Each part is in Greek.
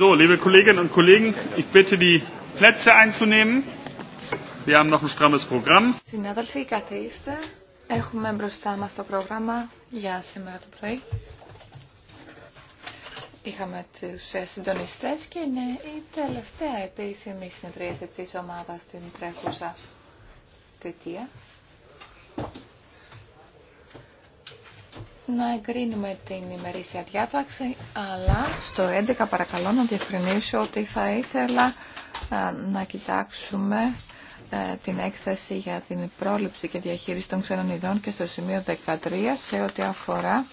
So, liebe Kolleginnen und Kollegen, ich bitte die Plätze einzunehmen. Wir haben noch ein strammes Programm. Συνάδελφοι, καθίστε. Έχουμε μπροστά μας το πρόγραμμα για σήμερα το πρωί. Είχαμε τους ε, συντονιστές και είναι η τελευταία επίσημη συνεδρίαση της ομάδας στην τρέχουσα θετία. να εγκρίνουμε την ημερήσια διάταξη, αλλά στο 11 παρακαλώ να διευκρινίσω ότι θα ήθελα ε, να κοιτάξουμε ε, την έκθεση για την πρόληψη και διαχείριση των ξένων ειδών και στο σημείο 13 σε ό,τι αφορά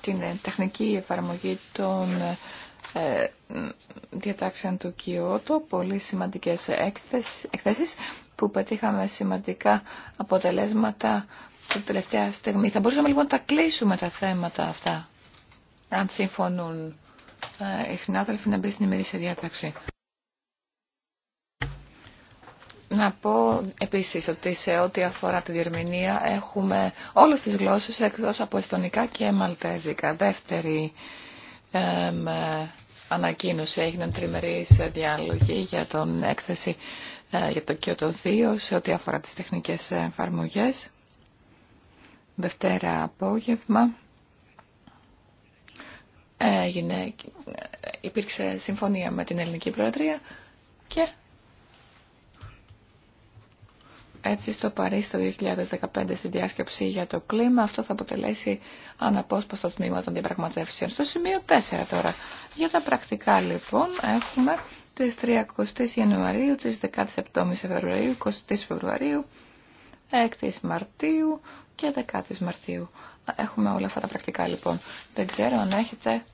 την ε, τεχνική εφαρμογή των διατάξεων του Κιώτο, πολύ σημαντικές εκθέσεις που πετύχαμε σημαντικά αποτελέσματα την τελευταία στιγμή. Θα μπορούσαμε λοιπόν να τα κλείσουμε τα θέματα αυτά, αν συμφωνούν ε, οι συνάδελφοι να μπει στην ημερήσια διάταξη. Να πω επίσης ότι σε ό,τι αφορά τη διερμηνία έχουμε όλες τις γλώσσες εκτός από εστονικά και μαλτέζικα. Δεύτερη με ανακοίνωση έγιναν τριμερείς διάλογοι για τον έκθεση ε, για το Κιώτο 2 σε ό,τι αφορά τις τεχνικές εφαρμογές. Δευτέρα απόγευμα έγινε, υπήρξε συμφωνία με την Ελληνική Προεδρία και έτσι στο Παρίσι το 2015 στη διάσκεψη για το κλίμα αυτό θα αποτελέσει αναπόσπαστο τμήμα των διαπραγματεύσεων. Στο σημείο 4 τώρα. Για τα πρακτικά λοιπόν έχουμε τις 30 Ιανουαρίου, τις 17 Φεβρουαρίου, 20 Φεβρουαρίου, 6 Μαρτίου και 10 Μαρτίου. Έχουμε όλα αυτά τα πρακτικά λοιπόν. Δεν ξέρω αν έχετε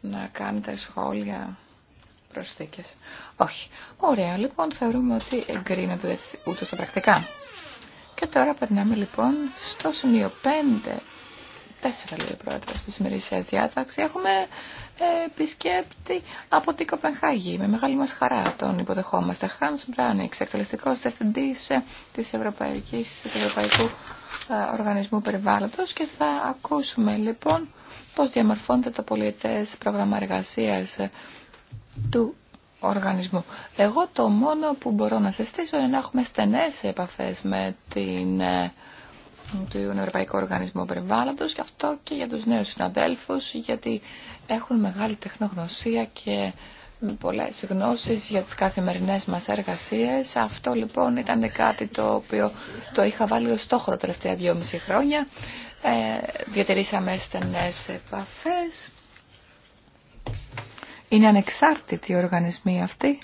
να κάνετε σχόλια προσθήκες. Όχι. Ωραία, λοιπόν, θεωρούμε ότι εγκρίνονται ούτως τα πρακτικά. Και τώρα περνάμε λοιπόν στο σημείο 5 τέσσερα λέει ο πρόεδρος της ημερησίας διάταξη. Έχουμε ε, επισκέπτη από την Κοπενχάγη. Με μεγάλη μας χαρά τον υποδεχόμαστε. Χάν Μπράνιξ, εκτελεστικός διευθυντής ε, της Ευρωπαϊκής, Ευρωπαϊκού ε, Οργανισμού Περιβάλλοντος και θα ακούσουμε λοιπόν πώς διαμορφώνεται το πολιετές πρόγραμμα εργασίας του οργανισμού. Εγώ το μόνο που μπορώ να συστήσω είναι να έχουμε στενές επαφές με την του Ευρωπαϊκού Οργανισμού Περιβάλλοντος και αυτό και για τους νέους συναδέλφους γιατί έχουν μεγάλη τεχνογνωσία και πολλές γνώσεις για τις καθημερινές μας εργασίες. Αυτό λοιπόν ήταν κάτι το οποίο το είχα βάλει ως στόχο τα τελευταία δυόμιση χρόνια. Ε, διατηρήσαμε στενές επαφές. Είναι ανεξάρτητοι οι οργανισμοί αυτοί.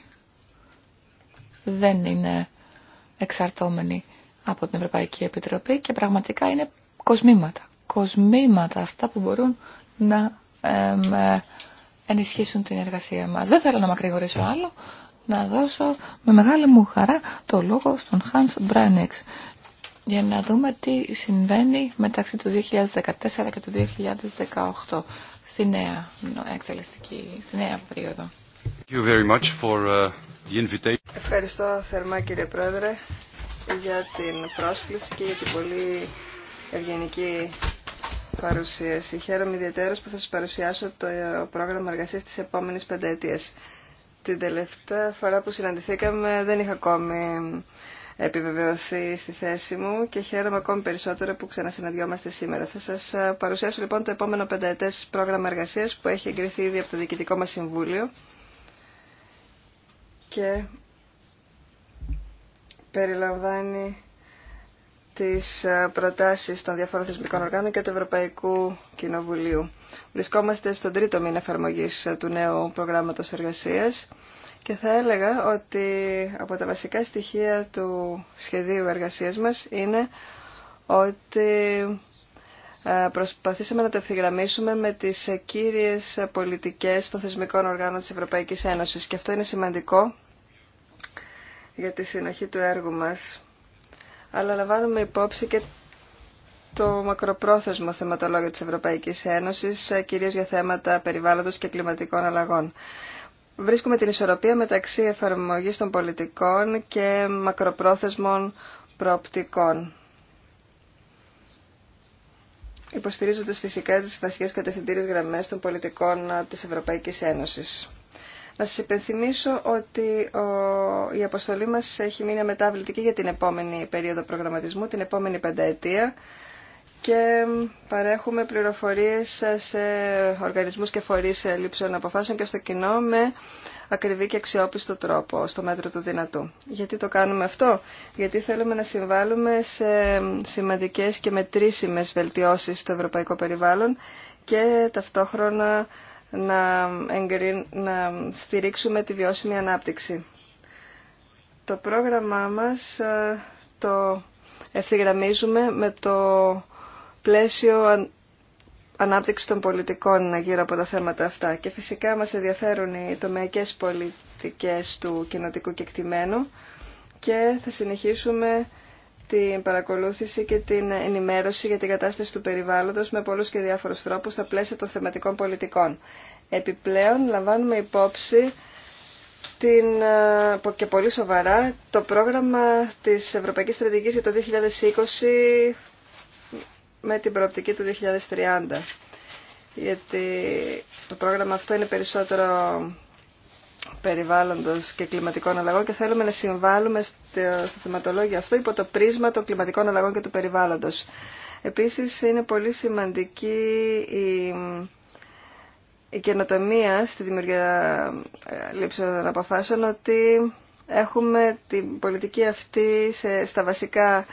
Δεν είναι εξαρτώμενοι από την Ευρωπαϊκή Επιτροπή και πραγματικά είναι κοσμήματα. Κοσμήματα αυτά που μπορούν να ε, ενισχύσουν την εργασία μας. Δεν θέλω να μακρηγορήσω ναι. άλλο, να δώσω με μεγάλη μου χαρά το λόγο στον Hans Μπράνεξ για να δούμε τι συμβαίνει μεταξύ του 2014 και του 2018 στη νέα εκτελεστική, στη νέα περίοδο. Uh, Ευχαριστώ θερμά κύριε Πρόεδρε για την πρόσκληση και για την πολύ ευγενική παρουσίαση. Χαίρομαι ιδιαίτερα που θα σας παρουσιάσω το ε, πρόγραμμα εργασίας της επόμενης πενταετίας. Την τελευταία φορά που συναντηθήκαμε δεν είχα ακόμη επιβεβαιωθεί στη θέση μου και χαίρομαι ακόμη περισσότερο που ξανασυναντιόμαστε σήμερα. Θα σας ε, παρουσιάσω λοιπόν το επόμενο πενταετές πρόγραμμα εργασίας που έχει εγκριθεί ήδη από το Διοικητικό μας Συμβούλιο και περιλαμβάνει τις ε, προτάσεις των διαφόρων θεσμικών οργάνων και του Ευρωπαϊκού Κοινοβουλίου. Βρισκόμαστε στον τρίτο μήνα εφαρμογή ε, του νέου προγράμματος εργασίας και θα έλεγα ότι από τα βασικά στοιχεία του σχεδίου εργασίας μας είναι ότι ε, προσπαθήσαμε να το ευθυγραμμίσουμε με τις κύριες πολιτικές των θεσμικών οργάνων της Ευρωπαϊκής Ένωσης και αυτό είναι σημαντικό για τη συνοχή του έργου μας, αλλά λαμβάνουμε υπόψη και το μακροπρόθεσμο θεματολόγιο της Ευρωπαϊκής Ένωσης, ε, κυρίως για θέματα περιβάλλοντος και κλιματικών αλλαγών. Βρίσκουμε την ισορροπία μεταξύ εφαρμογής των πολιτικών και μακροπρόθεσμων προοπτικών. Υποστηρίζοντας φυσικά τις βασικές κατευθυντήριες γραμμές των πολιτικών ε, της Ευρωπαϊκής Ένωσης. Να σας υπενθυμίσω ότι η αποστολή μας έχει μείνει και για την επόμενη περίοδο προγραμματισμού, την επόμενη πενταετία και παρέχουμε πληροφορίες σε οργανισμούς και φορείς λήψεων αποφάσεων και στο κοινό με ακριβή και αξιόπιστο τρόπο, στο μέτρο του δυνατού. Γιατί το κάνουμε αυτό? Γιατί θέλουμε να συμβάλλουμε σε σημαντικές και μετρήσιμες βελτιώσεις στο ευρωπαϊκό περιβάλλον και ταυτόχρονα να, να στηρίξουμε τη βιώσιμη ανάπτυξη. Το πρόγραμμά μας ε, το ευθυγραμμίζουμε με το πλαίσιο ανάπτυξη των πολιτικών γύρω από τα θέματα αυτά. Και φυσικά μας ενδιαφέρουν οι τομεακές πολιτικές του κοινοτικού κεκτημένου και θα συνεχίσουμε την παρακολούθηση και την ενημέρωση για την κατάσταση του περιβάλλοντος με πολλούς και διάφορους τρόπους στα πλαίσια των θεματικών πολιτικών. Επιπλέον λαμβάνουμε υπόψη την, ε, και πολύ σοβαρά το πρόγραμμα της Ευρωπαϊκής Στρατηγικής για το 2020 με την προοπτική του 2030. Γιατί το πρόγραμμα αυτό είναι περισσότερο περιβάλλοντος και κλιματικών αλλαγών και θέλουμε να συμβάλλουμε στο θεματολόγιο αυτό υπό το πρίσμα των κλιματικών αλλαγών και του περιβάλλοντος. Επίσης είναι πολύ σημαντική η, η καινοτομία στη δημιουργία ε, λήψεων αποφάσεων ότι έχουμε την πολιτική αυτή σε, στα βασικά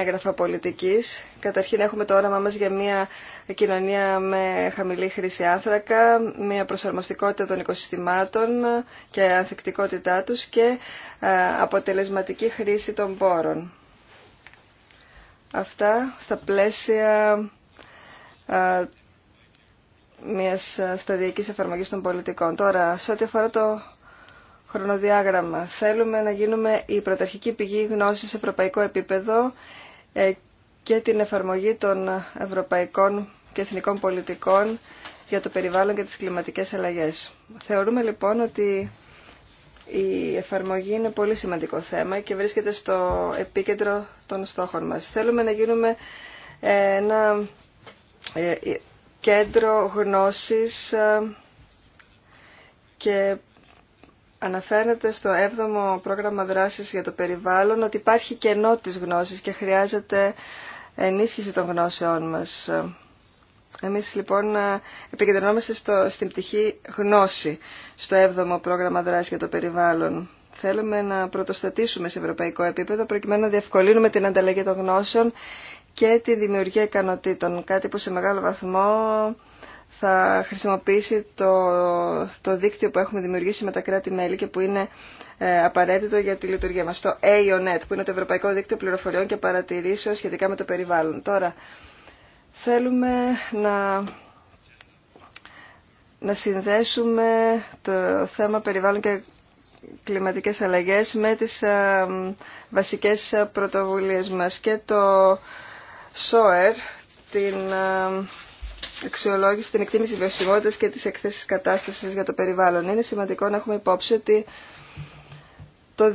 έγγραφα πολιτικής. Καταρχήν έχουμε το όραμά μας για μια κοινωνία με χαμηλή χρήση άνθρακα, μια προσαρμοστικότητα των οικοσυστημάτων και ανθεκτικότητά τους και ε, αποτελεσματική χρήση των πόρων. Αυτά στα πλαίσια ε, μιας σταδιακής εφαρμογής των πολιτικών. Τώρα, σε ό,τι αφορά το χρονοδιάγραμμα. Θέλουμε να γίνουμε η πρωταρχική πηγή γνώσης σε ευρωπαϊκό επίπεδο ε, και την εφαρμογή των ευρωπαϊκών και εθνικών πολιτικών για το περιβάλλον και τις κλιματικές αλλαγές. Θεωρούμε λοιπόν ότι η εφαρμογή είναι πολύ σημαντικό θέμα και βρίσκεται στο επίκεντρο των στόχων μας. Θέλουμε να γίνουμε ε, ένα ε, κέντρο γνώσης και Αναφέρεται στο 7ο πρόγραμμα δράσης για το περιβάλλον ότι υπάρχει κενό της γνώσης και χρειάζεται ενίσχυση των γνώσεών μας. Εμείς λοιπόν επικεντρωνόμαστε στο, στην πτυχή γνώση στο 7ο πρόγραμμα δράσης για το περιβάλλον. Θέλουμε να πρωτοστατήσουμε σε ευρωπαϊκό επίπεδο προκειμένου να διευκολύνουμε την ανταλλαγή των γνώσεων και τη δημιουργία ικανοτήτων, κάτι που σε μεγάλο βαθμό θα χρησιμοποιήσει το, το δίκτυο που έχουμε δημιουργήσει με τα κράτη-μέλη και που είναι ε, απαραίτητο για τη λειτουργία μας. Το AONET που είναι το Ευρωπαϊκό Δίκτυο Πληροφοριών και Παρατηρήσεων σχετικά με το περιβάλλον. Τώρα θέλουμε να, να συνδέσουμε το θέμα περιβάλλον και κλιματικές αλλαγές με τις α, ε, βασικές πρωτοβουλίες μας και το SOER, την... Ε, αξιολόγηση, την εκτίμηση βιωσιμότητας και τις εκθέσεις κατάστασης για το περιβάλλον. Είναι σημαντικό να έχουμε υπόψη ότι το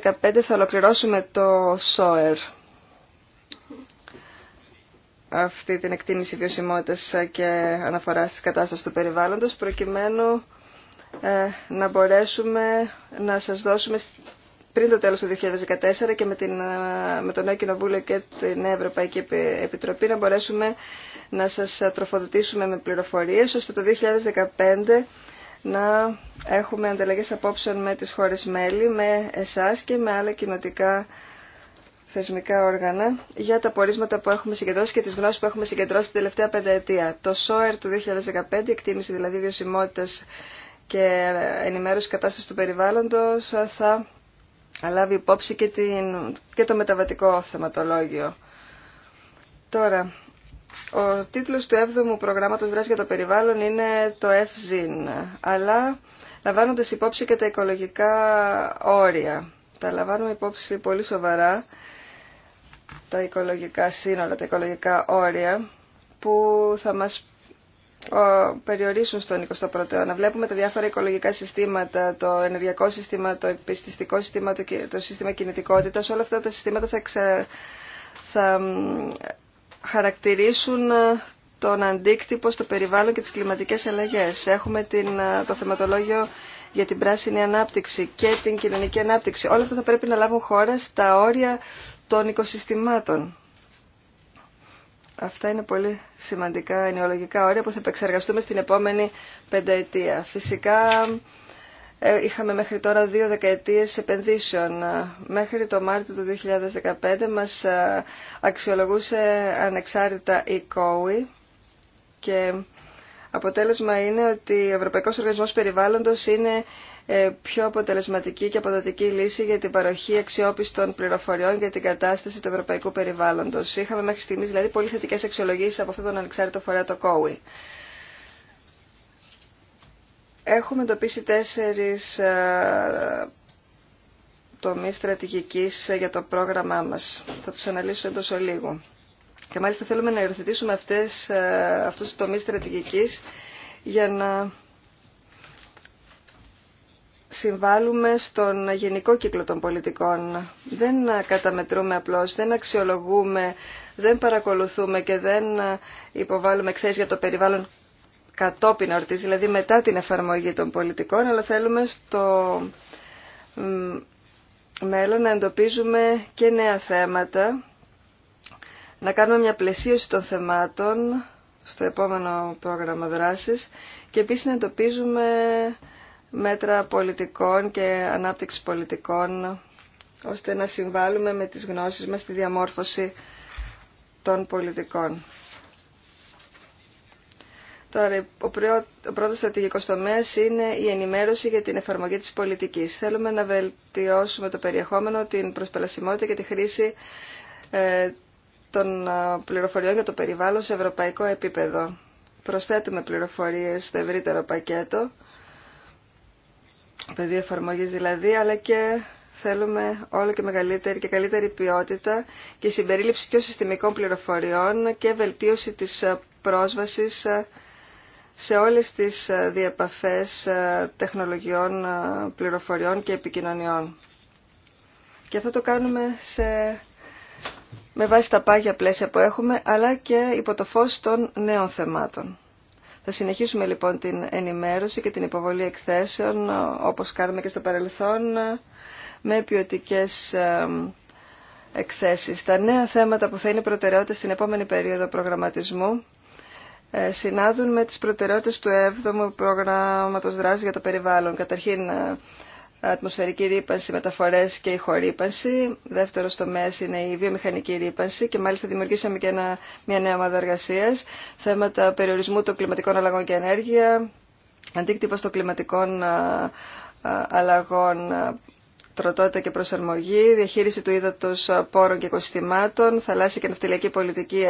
2015 θα ολοκληρώσουμε το ΣΟΕΡ αυτή την εκτίμηση βιωσιμότητας και αναφορά στις κατάσταση του περιβάλλοντος προκειμένου ε, να μπορέσουμε να σας δώσουμε πριν το τέλος του 2014 και με, την, ε, με το νέο Κοινοβούλιο και την Ευρωπαϊκή Επιτροπή να μπορέσουμε να σας τροφοδοτήσουμε με πληροφορίες ώστε το 2015 να έχουμε ανταλλαγές απόψεων με τις χώρες μέλη, με εσάς και με άλλα κοινοτικά θεσμικά όργανα για τα πορίσματα που έχουμε συγκεντρώσει και τις γνώσεις που έχουμε συγκεντρώσει την τελευταία πενταετία. Το ΣΟΕΡ του 2015, εκτίμηση δηλαδή βιωσιμότητας και ενημέρωση κατάστασης του περιβάλλοντος, θα λάβει υπόψη και, την, και το μεταβατικό θεματολόγιο. Τώρα, ο τίτλος του 7ου προγράμματος δράσης για το περιβάλλον είναι το FZIN, αλλά λαμβάνοντας υπόψη και τα οικολογικά όρια. Τα λαμβάνουμε υπόψη πολύ σοβαρά, τα οικολογικά σύνορα, τα οικολογικά όρια, που θα μας περιορίσουν στον 21ο αιώνα. Βλέπουμε τα διάφορα οικολογικά συστήματα, το ενεργειακό σύστημα, το επιστηστικό σύστημα, το, το σύστημα κινητικότητας, όλα αυτά τα συστήματα θα, θα χαρακτηρίσουν ε, τον αντίκτυπο στο περιβάλλον και τις κλιματικές αλλαγές. Έχουμε την, ε, το θεματολόγιο για την πράσινη ανάπτυξη και την κοινωνική ανάπτυξη. Όλα αυτά θα πρέπει να λάβουν χώρα στα όρια των οικοσυστημάτων. Αυτά είναι πολύ σημαντικά ενοιολογικά όρια που θα επεξεργαστούμε στην επόμενη πενταετία. Φυσικά ε, είχαμε μέχρι τώρα δύο δεκαετίες επενδύσεων. Μέχρι το Μάρτιο του 2015 μας ε, αξιολογούσε ανεξάρτητα η COE και αποτέλεσμα είναι ότι ο Ευρωπαϊκός Οργανισμός Περιβάλλοντος είναι ε, πιο αποτελεσματική και αποδοτική λύση για την παροχή αξιόπιστων πληροφοριών για την κατάσταση του ευρωπαϊκού περιβάλλοντο. Είχαμε μέχρι στιγμή δηλαδή πολύ θετικέ αξιολογήσει από αυτόν τον ανεξάρτητο φορέα το COWI. Έχουμε εντοπίσει τέσσερι ε, τομεί στρατηγική ε, για το πρόγραμμά μα. Θα του αναλύσω εντό ολίγου. Και μάλιστα θέλουμε να υιοθετήσουμε αυτού του τομεί στρατηγική για να συμβάλλουμε στον γενικό κύκλο των πολιτικών. Δεν καταμετρούμε απλώς, δεν αξιολογούμε, δεν παρακολουθούμε και δεν υποβάλλουμε εκθέσεις για το περιβάλλον κατόπιν ορτής, δηλαδή μετά την εφαρμογή των πολιτικών, αλλά θέλουμε στο μέλλον να εντοπίζουμε και νέα θέματα, να κάνουμε μια πλαισίωση των θεμάτων στο επόμενο πρόγραμμα δράσης και επίσης να εντοπίζουμε μέτρα πολιτικών και ανάπτυξη πολιτικών ώστε να συμβάλλουμε με τις γνώσεις μας στη διαμόρφωση των πολιτικών. Τώρα, ο, πρώτο ο πρώτος στρατηγικός τομέας είναι η ενημέρωση για την εφαρμογή της πολιτικής. Θέλουμε να βελτιώσουμε το περιεχόμενο, την προσπελασιμότητα και τη χρήση ε, των ε, πληροφοριών για το περιβάλλον σε ευρωπαϊκό επίπεδο. Προσθέτουμε πληροφορίες στο ευρύτερο πακέτο πεδίο εφαρμογή δηλαδή, αλλά και θέλουμε όλο και μεγαλύτερη και καλύτερη ποιότητα και συμπερίληψη πιο συστημικών πληροφοριών και βελτίωση της πρόσβασης σε όλες τις διαπαφές τεχνολογιών, πληροφοριών και επικοινωνιών. Και αυτό το κάνουμε σε... με βάση τα πάγια πλαίσια που έχουμε, αλλά και υπό το φως των νέων θεμάτων. Θα συνεχίσουμε λοιπόν την ενημέρωση και την υποβολή εκθέσεων, όπως κάνουμε και στο παρελθόν, με ποιοτικέ εκθέσεις. Τα νέα θέματα που θα είναι προτεραιότητες στην επόμενη περίοδο προγραμματισμού ε, συνάδουν με τις προτεραιότητες του 7ου προγράμματος δράσης για το περιβάλλον. Καταρχήν, ε, ατμοσφαιρική ρήπανση, μεταφορές και η Δεύτερο τομέα είναι η βιομηχανική ρήπανση και μάλιστα δημιουργήσαμε και ένα, μια νέα ομάδα εργασία. Θέματα περιορισμού των κλιματικών αλλαγών και ενέργεια, αντίκτυπο των κλιματικών αλλαγών τροτότητα και προσαρμογή, διαχείριση του ύδατος πόρων και οικοσυστημάτων, θαλάσσια και ναυτιλιακή πολιτική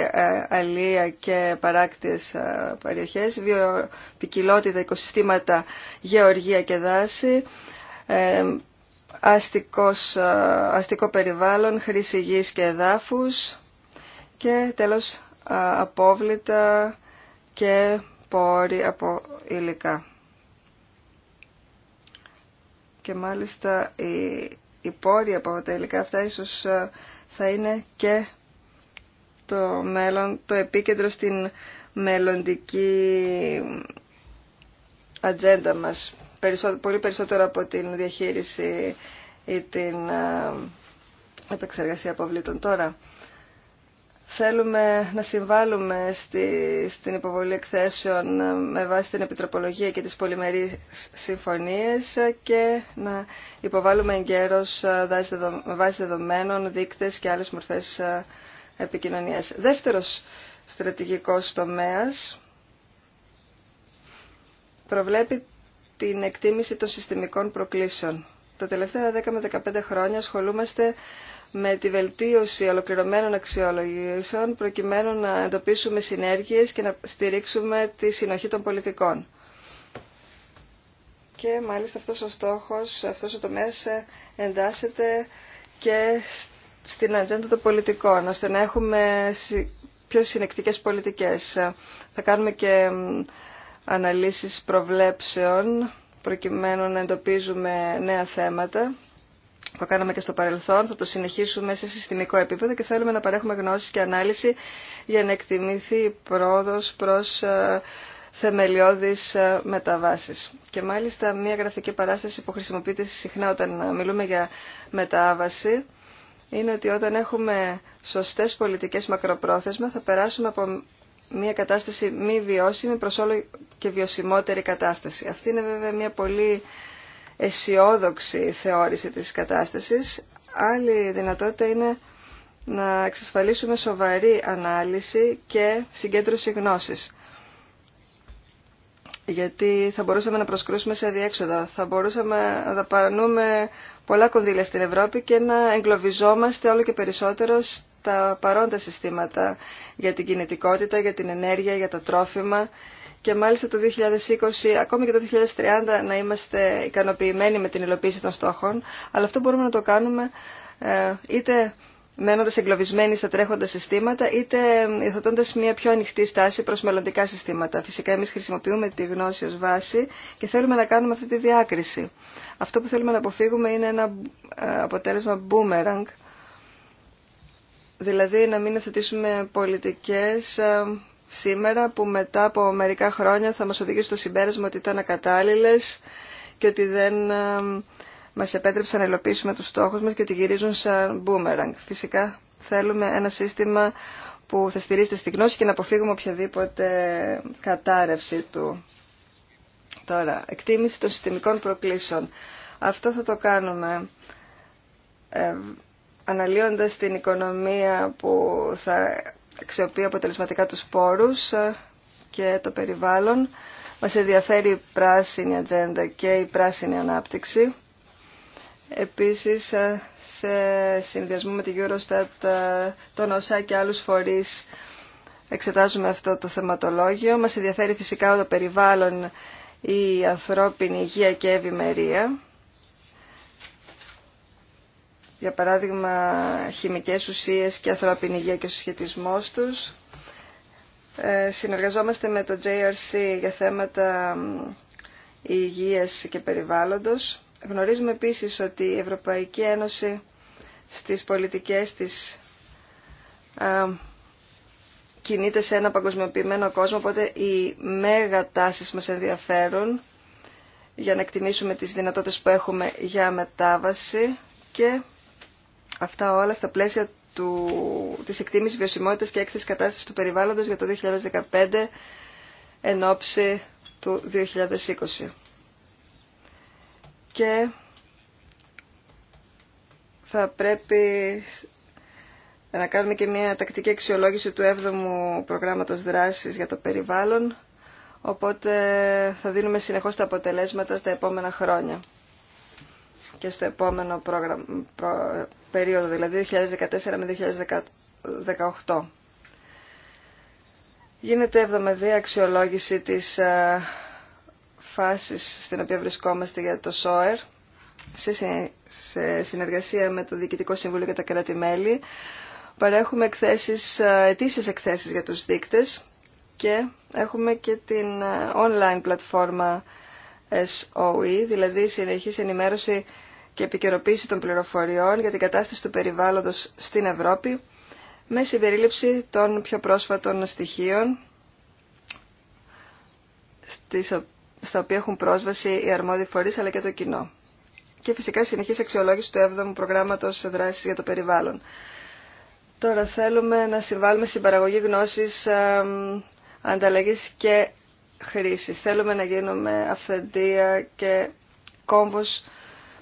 αλία και παράκτιες περιοχέ, βιοπικιλότητα, οικοσυστήματα, γεωργία και δάση, ε, αστικός, ε, αστικό περιβάλλον, χρήση γης και εδάφους και τέλος ε, απόβλητα και πόροι από υλικά. Και μάλιστα οι, πόροι από τα υλικά αυτά ίσως θα είναι και το μέλλον, το επίκεντρο στην μελλοντική ατζέντα μας πολύ περισσότερο από την διαχείριση ή την ε, επεξεργασία αποβλήτων. Τώρα, θέλουμε να συμβάλλουμε στη, στην υποβολή εκθέσεων ε, με βάση την επιτροπολογία και τις πολυμερείς συμφωνίες και να υποβάλουμε εγκαίρως ε, με βάση δεδομένων, δείκτες και άλλες μορφές επικοινωνίας. Δεύτερος στρατηγικός τομέας προβλέπει την εκτίμηση των συστημικών προκλήσεων. Τα τελευταία 10 με 15 χρόνια ασχολούμαστε με τη βελτίωση ολοκληρωμένων αξιολογήσεων προκειμένου να εντοπίσουμε συνέργειες και να στηρίξουμε τη συνοχή των πολιτικών. Και μάλιστα αυτός ο στόχος, αυτός ο τομέας εντάσσεται και στην ατζέντα των πολιτικών, ώστε να έχουμε πιο συνεκτικές πολιτικές. Θα κάνουμε και αναλύσεις προβλέψεων προκειμένου να εντοπίζουμε νέα θέματα. Το κάναμε και στο παρελθόν, θα το συνεχίσουμε σε συστημικό επίπεδο και θέλουμε να παρέχουμε γνώση και ανάλυση για να εκτιμηθεί η πρόοδος προς ε, θεμελιώδεις ε, μεταβάσεις. Και μάλιστα μια γραφική παράσταση που χρησιμοποιείται συχνά όταν μιλούμε για μετάβαση είναι ότι όταν έχουμε σωστές πολιτικές μακροπρόθεσμα θα περάσουμε από μια κατάσταση μη βιώσιμη προς όλο και βιωσιμότερη κατάσταση. Αυτή είναι βέβαια μια πολύ αισιόδοξη θεώρηση της κατάστασης. Άλλη δυνατότητα είναι να εξασφαλίσουμε σοβαρή ανάλυση και συγκέντρωση γνώσης. Γιατί θα μπορούσαμε να προσκρούσουμε σε αδιέξοδα. θα μπορούσαμε να δαπανούμε πολλά κονδύλια στην Ευρώπη και να εγκλωβιζόμαστε όλο και περισσότερο τα παρόντα συστήματα για την κινητικότητα, για την ενέργεια, για τα τρόφιμα και μάλιστα το 2020, ακόμη και το 2030 να είμαστε ικανοποιημένοι με την υλοποίηση των στόχων, αλλά αυτό μπορούμε να το κάνουμε ε, είτε μένοντας εγκλωβισμένοι στα τρέχοντα συστήματα, είτε υιοθετώντας μια πιο ανοιχτή στάση προς μελλοντικά συστήματα. Φυσικά εμείς χρησιμοποιούμε τη γνώση ως βάση και θέλουμε να κάνουμε αυτή τη διάκριση. Αυτό που θέλουμε να αποφύγουμε είναι ένα ε, αποτέλεσμα boomerang, Δηλαδή να μην εθετήσουμε πολιτικές ε, σήμερα που μετά από μερικά χρόνια θα μας οδηγήσουν στο συμπέρασμα ότι ήταν ακατάλληλες και ότι δεν ε, μας επέτρεψαν να υλοποιήσουμε τους στόχους μας και ότι γυρίζουν σαν boomerang. Φυσικά θέλουμε ένα σύστημα που θα στηρίζεται στη γνώση και να αποφύγουμε οποιαδήποτε κατάρρευση του. Τώρα, εκτίμηση των συστημικών προκλήσεων. Αυτό θα το κάνουμε ε, αναλύοντας την οικονομία που θα αξιοποιεί αποτελεσματικά τους πόρους και το περιβάλλον. Μας ενδιαφέρει η πράσινη ατζέντα και η πράσινη ανάπτυξη. Επίσης, σε συνδυασμό με τη Eurostat, τον ΟΣΑ και άλλους φορείς εξετάζουμε αυτό το θεματολόγιο. Μας ενδιαφέρει φυσικά το περιβάλλον, η ανθρώπινη υγεία και ευημερία για παράδειγμα χημικές ουσίες και ανθρώπινη υγεία και ο συσχετισμός τους. Ε, συνεργαζόμαστε με το JRC για θέματα υγείας και περιβάλλοντος. Γνωρίζουμε επίσης ότι η Ευρωπαϊκή Ένωση στις πολιτικές της ε, κινείται σε ένα παγκοσμιοποιημένο κόσμο, οπότε οι μέγα τάσεις μας ενδιαφέρουν για να εκτιμήσουμε τις δυνατότητες που έχουμε για μετάβαση και Αυτά όλα στα πλαίσια του, της εκτίμησης βιωσιμότητας και έκθεσης κατάστασης του περιβάλλοντος για το 2015 εν ώψη του 2020. Και θα πρέπει να κάνουμε και μια τακτική αξιολόγηση του 7ου προγράμματος δράσης για το περιβάλλον, οπότε θα δίνουμε συνεχώς τα αποτελέσματα στα επόμενα χρόνια και στο επόμενο περίοδο, δηλαδή 2014 με 2018. Γίνεται εβδομαδία αξιολόγηση της ε, φάσης στην οποία βρισκόμαστε για το ΣΟΕΡ σε συνεργασία με το Διοικητικό Συμβούλιο και τα κράτη-μέλη. Παρέχουμε εκθέσεις, ε, ετήσιες εκθέσεις για τους δείκτες και έχουμε και την ε, online πλατφόρμα SOE, δηλαδή συνεχή ενημέρωση και επικαιροποίηση των πληροφοριών για την κατάσταση του περιβάλλοντος στην Ευρώπη με συμπερίληψη των πιο πρόσφατων στοιχείων στα οποία έχουν πρόσβαση οι αρμόδιοι φορείς αλλά και το κοινό. Και φυσικά συνεχής αξιολόγηση του 7ου προγράμματος δράσης για το περιβάλλον. Τώρα θέλουμε να συμβάλλουμε στην παραγωγή γνώσης, ανταλλαγής και χρήσης. Θέλουμε να γίνουμε αυθεντία και κόμβος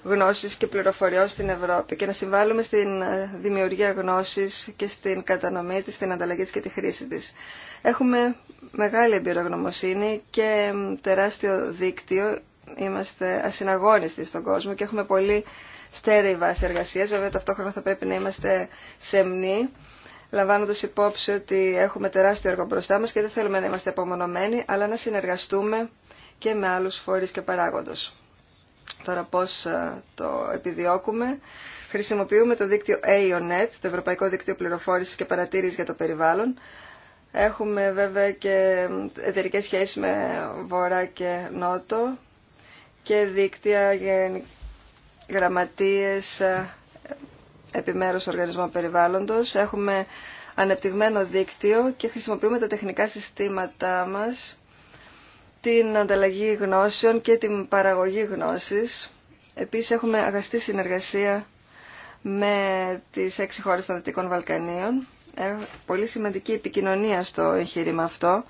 γνώσης και πληροφοριών στην Ευρώπη και να συμβάλλουμε στην ε, δημιουργία γνώσης και στην κατανομή της, στην ανταλλαγή της και τη χρήση της. Έχουμε μεγάλη εμπειρογνωμοσύνη και τεράστιο δίκτυο. Είμαστε ασυναγώνιστοι στον κόσμο και έχουμε πολύ στέρεη βάση εργασίας. Βέβαια ταυτόχρονα θα πρέπει να είμαστε σεμνοί λαμβάνοντα υπόψη ότι έχουμε τεράστιο έργο μπροστά μα και δεν θέλουμε να είμαστε απομονωμένοι, αλλά να συνεργαστούμε και με άλλους φορείς και παράγοντε. Τώρα πώς ε, το επιδιώκουμε. Χρησιμοποιούμε το δίκτυο AONET, το Ευρωπαϊκό Δίκτυο Πληροφόρηση και Παρατήρησης για το Περιβάλλον. Έχουμε βέβαια και εταιρικέ σχέσει με Βορρά και Νότο και δίκτυα γραμματείες ε, επιμέρους οργανισμών περιβάλλοντος. Έχουμε ανεπτυγμένο δίκτυο και χρησιμοποιούμε τα τεχνικά συστήματά μας, την ανταλλαγή γνώσεων και την παραγωγή γνώσης. Επίσης έχουμε αγαστή συνεργασία με τις έξι χώρες των Δυτικών Βαλκανίων. Έχω ε, πολύ σημαντική επικοινωνία στο εγχείρημα αυτό.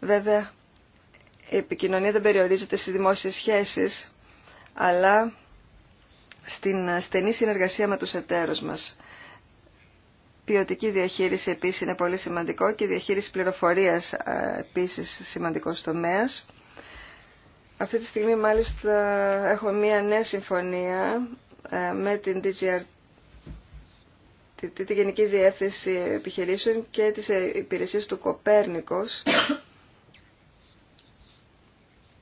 Βέβαια, η επικοινωνία δεν περιορίζεται στις δημόσιες σχέσεις, αλλά στην στενή συνεργασία με τους εταίρους μας. Ποιοτική διαχείριση επίσης είναι πολύ σημαντικό και διαχείριση πληροφορίας ε, επίσης σημαντικός τομέας. Αυτή τη στιγμή μάλιστα έχω μία νέα συμφωνία ε, με την DGR, τη, τη, τη Γενική Διεύθυνση Επιχειρήσεων και τις ε, υπηρεσίες του Κοπέρνικος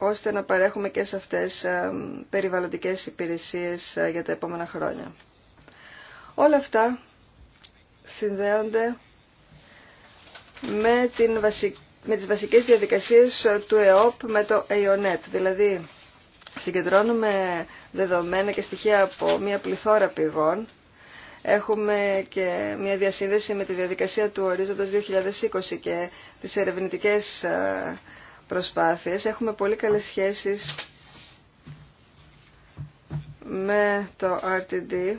ώστε να παρέχουμε και σε αυτές ε, περιβαλλοντικές υπηρεσίες ε, για τα επόμενα χρόνια. Όλα αυτά συνδέονται με, την με τις βασικές διαδικασίες ε, του ΕΟΠ με το ΕΙΟΝΕΤ. Δηλαδή, συγκεντρώνουμε δεδομένα και στοιχεία από μια πληθώρα πηγών. Έχουμε και μια διασύνδεση με τη διαδικασία του ορίζοντας 2020 και τις ερευνητικές προσπάθειες. Έχουμε πολύ καλές σχέσεις με το RTD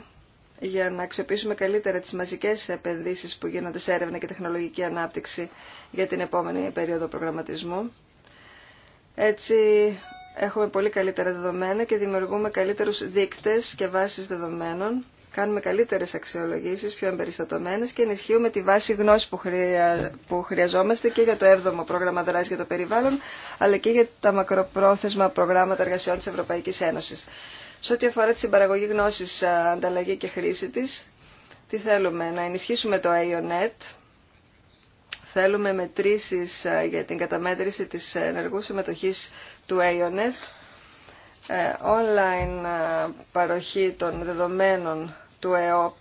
για να αξιοποιήσουμε καλύτερα τις μαζικές επενδύσεις που γίνονται σε έρευνα και τεχνολογική ανάπτυξη για την επόμενη περίοδο προγραμματισμού. Έτσι έχουμε πολύ καλύτερα δεδομένα και δημιουργούμε καλύτερους δείκτες και βάσεις δεδομένων κάνουμε καλύτερες αξιολογήσεις, πιο εμπεριστατωμένες και ενισχύουμε τη βάση γνώση που, χρειαζόμαστε και για το 7ο πρόγραμμα δράση για το περιβάλλον, αλλά και για τα μακροπρόθεσμα προγράμματα εργασιών της Ευρωπαϊκής Ένωσης. Σε ό,τι αφορά τη συμπαραγωγή γνώσης, ανταλλαγή και χρήση της, τι θέλουμε, να ενισχύσουμε το AONET, θέλουμε μετρήσεις για την καταμέτρηση της ενεργού συμμετοχής του Aionet ε, online παροχή των δεδομένων του ΕΟΠ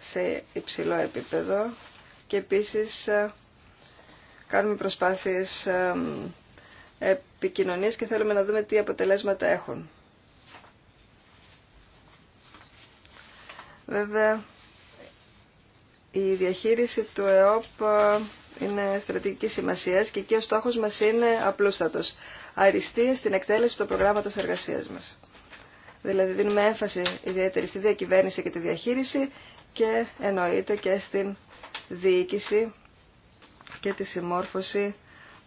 σε υψηλό επίπεδο και επίσης ε, κάνουμε προσπάθειες ε, επικοινωνίας και θέλουμε να δούμε τι αποτελέσματα έχουν. Βέβαια, η διαχείριση του ΕΟΠ ε, είναι στρατηγική σημασία και εκεί ο στόχος μας είναι απλούστατος. Αριστεία στην εκτέλεση του προγράμματος εργασίας μας. Δηλαδή δίνουμε έμφαση ιδιαίτερη στη διακυβέρνηση και τη διαχείριση και εννοείται και στην διοίκηση και τη συμμόρφωση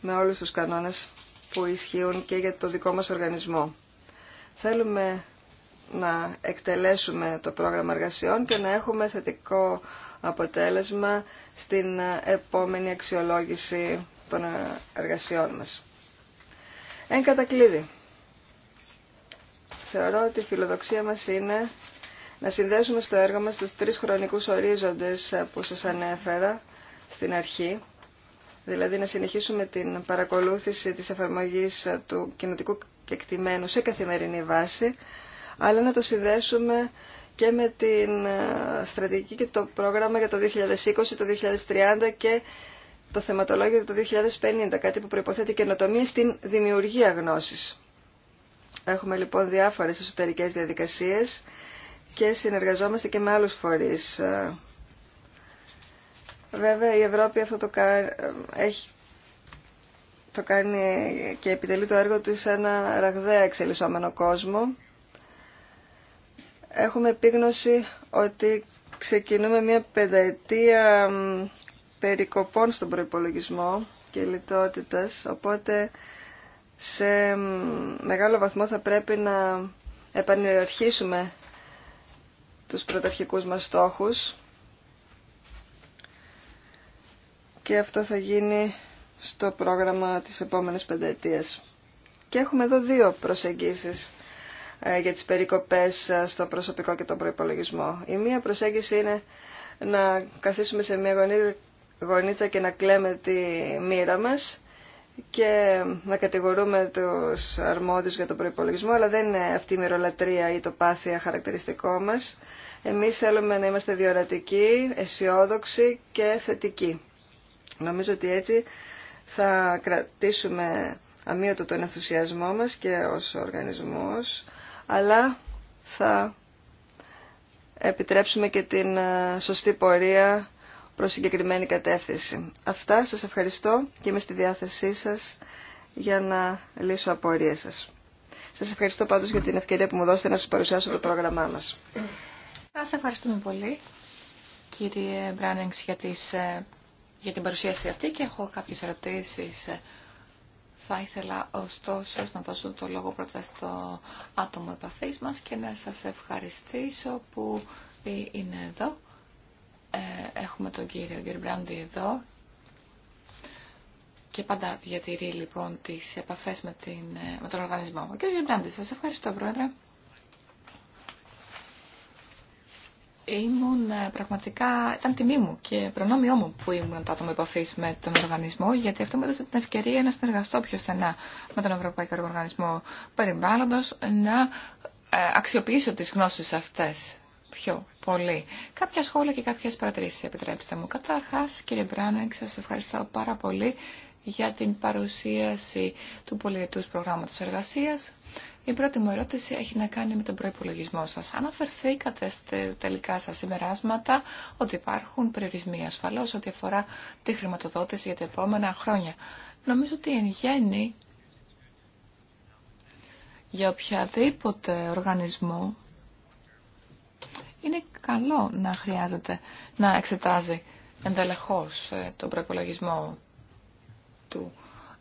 με όλους τους κανόνες που ισχύουν και για το δικό μας οργανισμό. Θέλουμε να εκτελέσουμε το πρόγραμμα εργασιών και να έχουμε θετικό αποτέλεσμα στην επόμενη αξιολόγηση των εργασιών μας. Εν κατακλείδη, Θεωρώ ότι η φιλοδοξία μας είναι να συνδέσουμε στο έργο μας τους τρεις χρονικούς ορίζοντες ε, που σας ανέφερα στην αρχή, δηλαδή να συνεχίσουμε την παρακολούθηση της εφαρμογής ε, του κοινοτικού κεκτημένου σε καθημερινή βάση, αλλά να το συνδέσουμε και με την ε, στρατηγική και το πρόγραμμα για το 2020, το 2030 και το θεματολόγιο για το 2050, κάτι που προϋποθέτει καινοτομία στην δημιουργία γνώσης. Έχουμε λοιπόν διάφορες εσωτερικές διαδικασίες και συνεργαζόμαστε και με άλλους φορείς. Βέβαια η Ευρώπη αυτό το, κα... έχει... το κάνει και επιτελεί το έργο του σε ένα ραγδαία εξελισσόμενο κόσμο. Έχουμε επίγνωση ότι ξεκινούμε μια πενταετία περικοπών στον προϋπολογισμό και λιτότητας, οπότε σε μεγάλο βαθμό θα πρέπει να επανειεραρχήσουμε τους πρωταρχικούς μας στόχους και αυτό θα γίνει στο πρόγραμμα της επόμενης πενταετίας. Και έχουμε εδώ δύο προσεγγίσεις ε, για τις περικοπές ε, στο προσωπικό και τον προϋπολογισμό. Η μία προσέγγιση είναι να καθίσουμε σε μια γωνίτσα και να κλαίμε τη μοίρα μας και να κατηγορούμε τους αρμόδιους για τον προϋπολογισμό, αλλά δεν είναι αυτή η μυρολατρεία ή το πάθεια χαρακτηριστικό μας. Εμείς θέλουμε να είμαστε διορατικοί, αισιόδοξοι και θετικοί. Νομίζω ότι έτσι θα κρατήσουμε αμύωτο τον ενθουσιασμό μας και ως οργανισμός, αλλά θα επιτρέψουμε και την ε, σωστή πορεία προς συγκεκριμένη κατεύθυνση. Αυτά σας ευχαριστώ και είμαι στη διάθεσή σας για να λύσω απορίες σας. Σας ευχαριστώ πάντως για την ευκαιρία που μου δώσετε να σας παρουσιάσω το πρόγραμμά μας. Σας ευχαριστούμε πολύ κύριε Μπράνεγκς για, τις, ε, για την παρουσίαση αυτή και έχω κάποιες ερωτήσεις. Θα ήθελα ωστόσο να δώσω το λόγο πρώτα στο άτομο επαφής μας και να σας ευχαριστήσω που ε, είναι εδώ ε, έχουμε τον κύριο Γκερμπράντι εδώ και πάντα διατηρεί λοιπόν τις επαφές με, την, ε, με τον οργανισμό. Ο κύριος Γκερμπράντι, σας ευχαριστώ πρόεδρε. Ήμουν ε, πραγματικά, ήταν τιμή μου και προνόμιό μου που ήμουν το άτομο επαφή με τον οργανισμό, γιατί αυτό μου έδωσε την ευκαιρία να συνεργαστώ πιο στενά με τον Ευρωπαϊκό Οργανισμό Περιβάλλοντο, να αξιοποιήσω τι γνώσει αυτέ πιο πολύ. Κάποια σχόλια και κάποιες παρατηρήσεις, επιτρέψτε μου. Καταρχάς, κύριε Μπράνεξ, σας ευχαριστώ πάρα πολύ για την παρουσίαση του πολυετούς προγράμματος εργασίας. Η πρώτη μου ερώτηση έχει να κάνει με τον προϋπολογισμό σας. Αναφερθήκατε στα τελικά σας συμπεράσματα ότι υπάρχουν περιορισμοί ασφαλώς ό,τι αφορά τη χρηματοδότηση για τα επόμενα χρόνια. Νομίζω ότι εν γέννη για οποιαδήποτε οργανισμό είναι καλό να χρειάζεται να εξετάζει εντελεχώς ε, τον προπολογισμό του.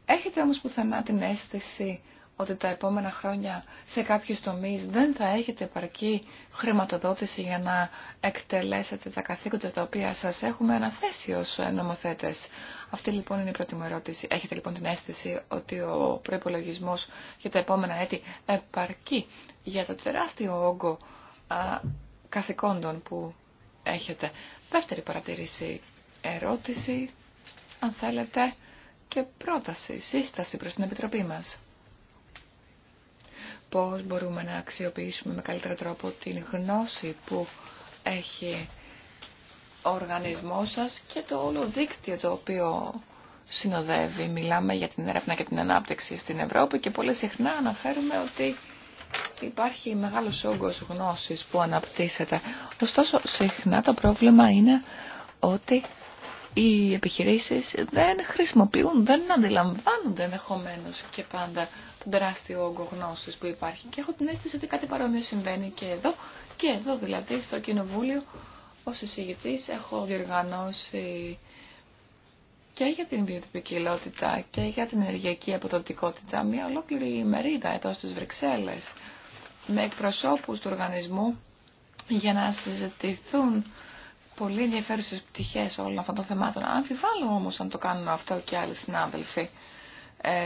Έχετε όμως πουθενά την αίσθηση ότι τα επόμενα χρόνια σε κάποιους τομείς δεν θα έχετε επαρκή χρηματοδότηση για να εκτελέσετε τα καθήκοντα τα οποία σας έχουμε αναθέσει ως νομοθέτες. Αυτή λοιπόν είναι η πρώτη μου ερώτηση. Έχετε λοιπόν την αίσθηση ότι ο προϋπολογισμός για τα επόμενα έτη επαρκεί για το τεράστιο όγκο καθηκόντων που έχετε. Δεύτερη παρατηρήση, ερώτηση, αν θέλετε, και πρόταση, σύσταση προς την Επιτροπή μας. Πώς μπορούμε να αξιοποιήσουμε με καλύτερο τρόπο την γνώση που έχει ο οργανισμός σας και το όλο δίκτυο το οποίο συνοδεύει. Μιλάμε για την έρευνα και την ανάπτυξη στην Ευρώπη και πολύ συχνά αναφέρουμε ότι Υπάρχει μεγάλος όγκος γνώσης που αναπτύσσεται. Ωστόσο, συχνά το πρόβλημα είναι ότι οι επιχειρήσεις δεν χρησιμοποιούν, δεν αντιλαμβάνονται ενδεχομένω και πάντα τον τεράστιο όγκο γνώσης που υπάρχει. Και έχω την αίσθηση ότι κάτι παρόμοιο συμβαίνει και εδώ, και εδώ δηλαδή στο Κοινοβούλιο ως εισηγητής έχω διοργανώσει και για την βιοτυπικιλότητα και για την ενεργειακή αποδοτικότητα μια ολόκληρη ημερίδα εδώ στις Βρυξέλλες με εκπροσώπους του οργανισμού για να συζητηθούν πολύ ενδιαφέρουσες πτυχές όλων αυτών των θεμάτων. Αμφιβάλλω όμως αν το κάνουν αυτό και άλλοι συνάδελφοι.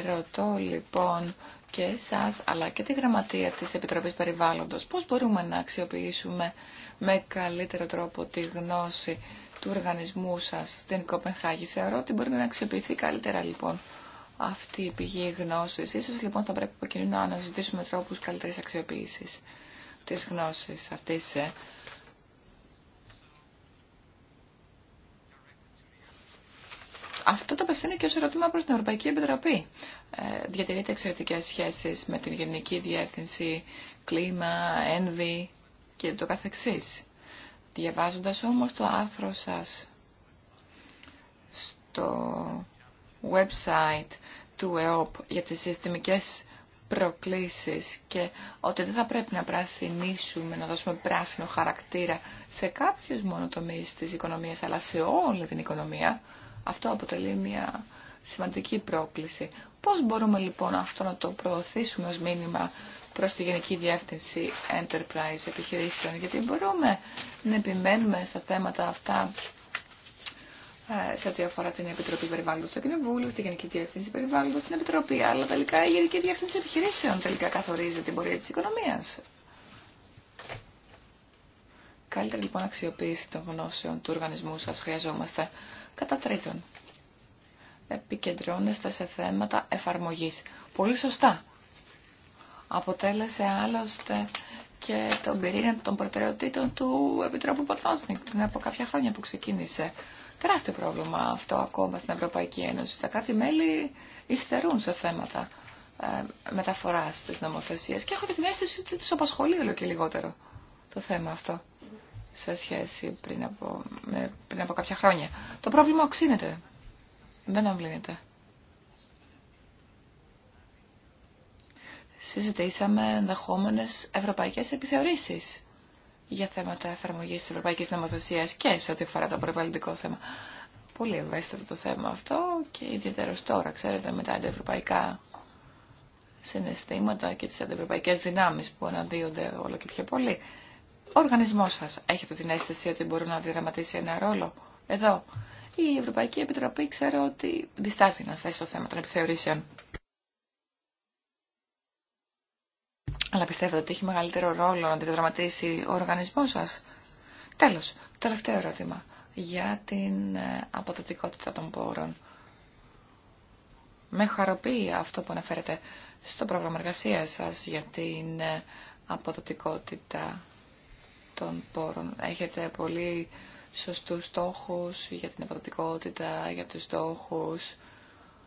Ρωτώ λοιπόν και εσάς αλλά και τη γραμματεία της Επιτροπής Περιβάλλοντος πώς μπορούμε να αξιοποιήσουμε με καλύτερο τρόπο τη γνώση του οργανισμού σας στην Κοπενχάγη. Θεωρώ ότι μπορεί να αξιοποιηθεί καλύτερα λοιπόν αυτή η πηγή γνώση. Ίσως λοιπόν θα πρέπει από κοινού να αναζητήσουμε τρόπους καλύτερης αξιοποίησης της γνώσης αυτής. Ε. Αυτό το απευθύνει και ω ερώτημα προς την Ευρωπαϊκή Επιτροπή. Ε, διατηρείται εξαιρετικές σχέσεις με την Γενική Διεύθυνση, Κλίμα, Ένβη και το καθεξής. Διαβάζοντας όμως το άρθρο σας στο website του ΕΟΠ για τις συστημικές προκλήσεις και ότι δεν θα πρέπει να πρασινίσουμε, να δώσουμε πράσινο χαρακτήρα σε κάποιους μόνο τομείς της οικονομίας, αλλά σε όλη την οικονομία, αυτό αποτελεί μια σημαντική πρόκληση. Πώς μπορούμε λοιπόν αυτό να το προωθήσουμε ως μήνυμα προς τη Γενική Διεύθυνση Enterprise Επιχειρήσεων, γιατί μπορούμε να επιμένουμε στα θέματα αυτά ε, σε ό,τι αφορά την Επιτροπή Περιβάλλοντος του Κοινοβούλου, στη Γενική Διεύθυνση Περιβάλλοντος, στην Επιτροπή, αλλά τελικά η Γενική Διεύθυνση Επιχειρήσεων τελικά καθορίζει την πορεία της οικονομίας. Καλύτερα λοιπόν αξιοποίηση των γνώσεων του οργανισμού σας χρειαζόμαστε. Κατά τρίτον, επικεντρώνεστε σε θέματα εφαρμογής. Πολύ σωστά αποτέλεσε άλλωστε και τον πυρήνα των προτεραιοτήτων του Επιτρόπου Ποτόσνικ πριν από κάποια χρόνια που ξεκίνησε. Τεράστιο πρόβλημα αυτό ακόμα στην Ευρωπαϊκή Ένωση. Τα κράτη-μέλη υστερούν σε θέματα ε, μεταφορά τη νομοθεσία και έχω την αίσθηση ότι του απασχολεί όλο και λιγότερο το θέμα αυτό σε σχέση πριν από, πριν από κάποια χρόνια. Το πρόβλημα οξύνεται. Δεν αμβλύνεται. συζητήσαμε ενδεχόμενε ευρωπαϊκέ επιθεωρήσεις για θέματα εφαρμογή τη Ευρωπαϊκή νομοθεσίας και σε ό,τι αφορά το περιβαλλοντικό θέμα. Πολύ ευαίσθητο το θέμα αυτό και ιδιαίτερο τώρα, ξέρετε, με τα αντιευρωπαϊκά συναισθήματα και τι αντιευρωπαϊκέ δυνάμει που αναδύονται όλο και πιο πολύ. Ο οργανισμός σας, έχετε την αίσθηση ότι μπορεί να διαδραματίσει ένα ρόλο εδώ. Η Ευρωπαϊκή Επιτροπή ξέρω ότι διστάζει να θέσει το θέμα των επιθεωρήσεων. Αλλά πιστεύετε ότι έχει μεγαλύτερο ρόλο να αντιδραματίσει ο οργανισμός σας. Τέλος, τελευταίο ερώτημα για την ε, αποδοτικότητα των πόρων. Με χαροποιεί αυτό που αναφέρετε στο πρόγραμμα εργασία σας για την ε, αποδοτικότητα των πόρων. Έχετε πολύ σωστούς στόχους για την αποδοτικότητα, για τους στόχους.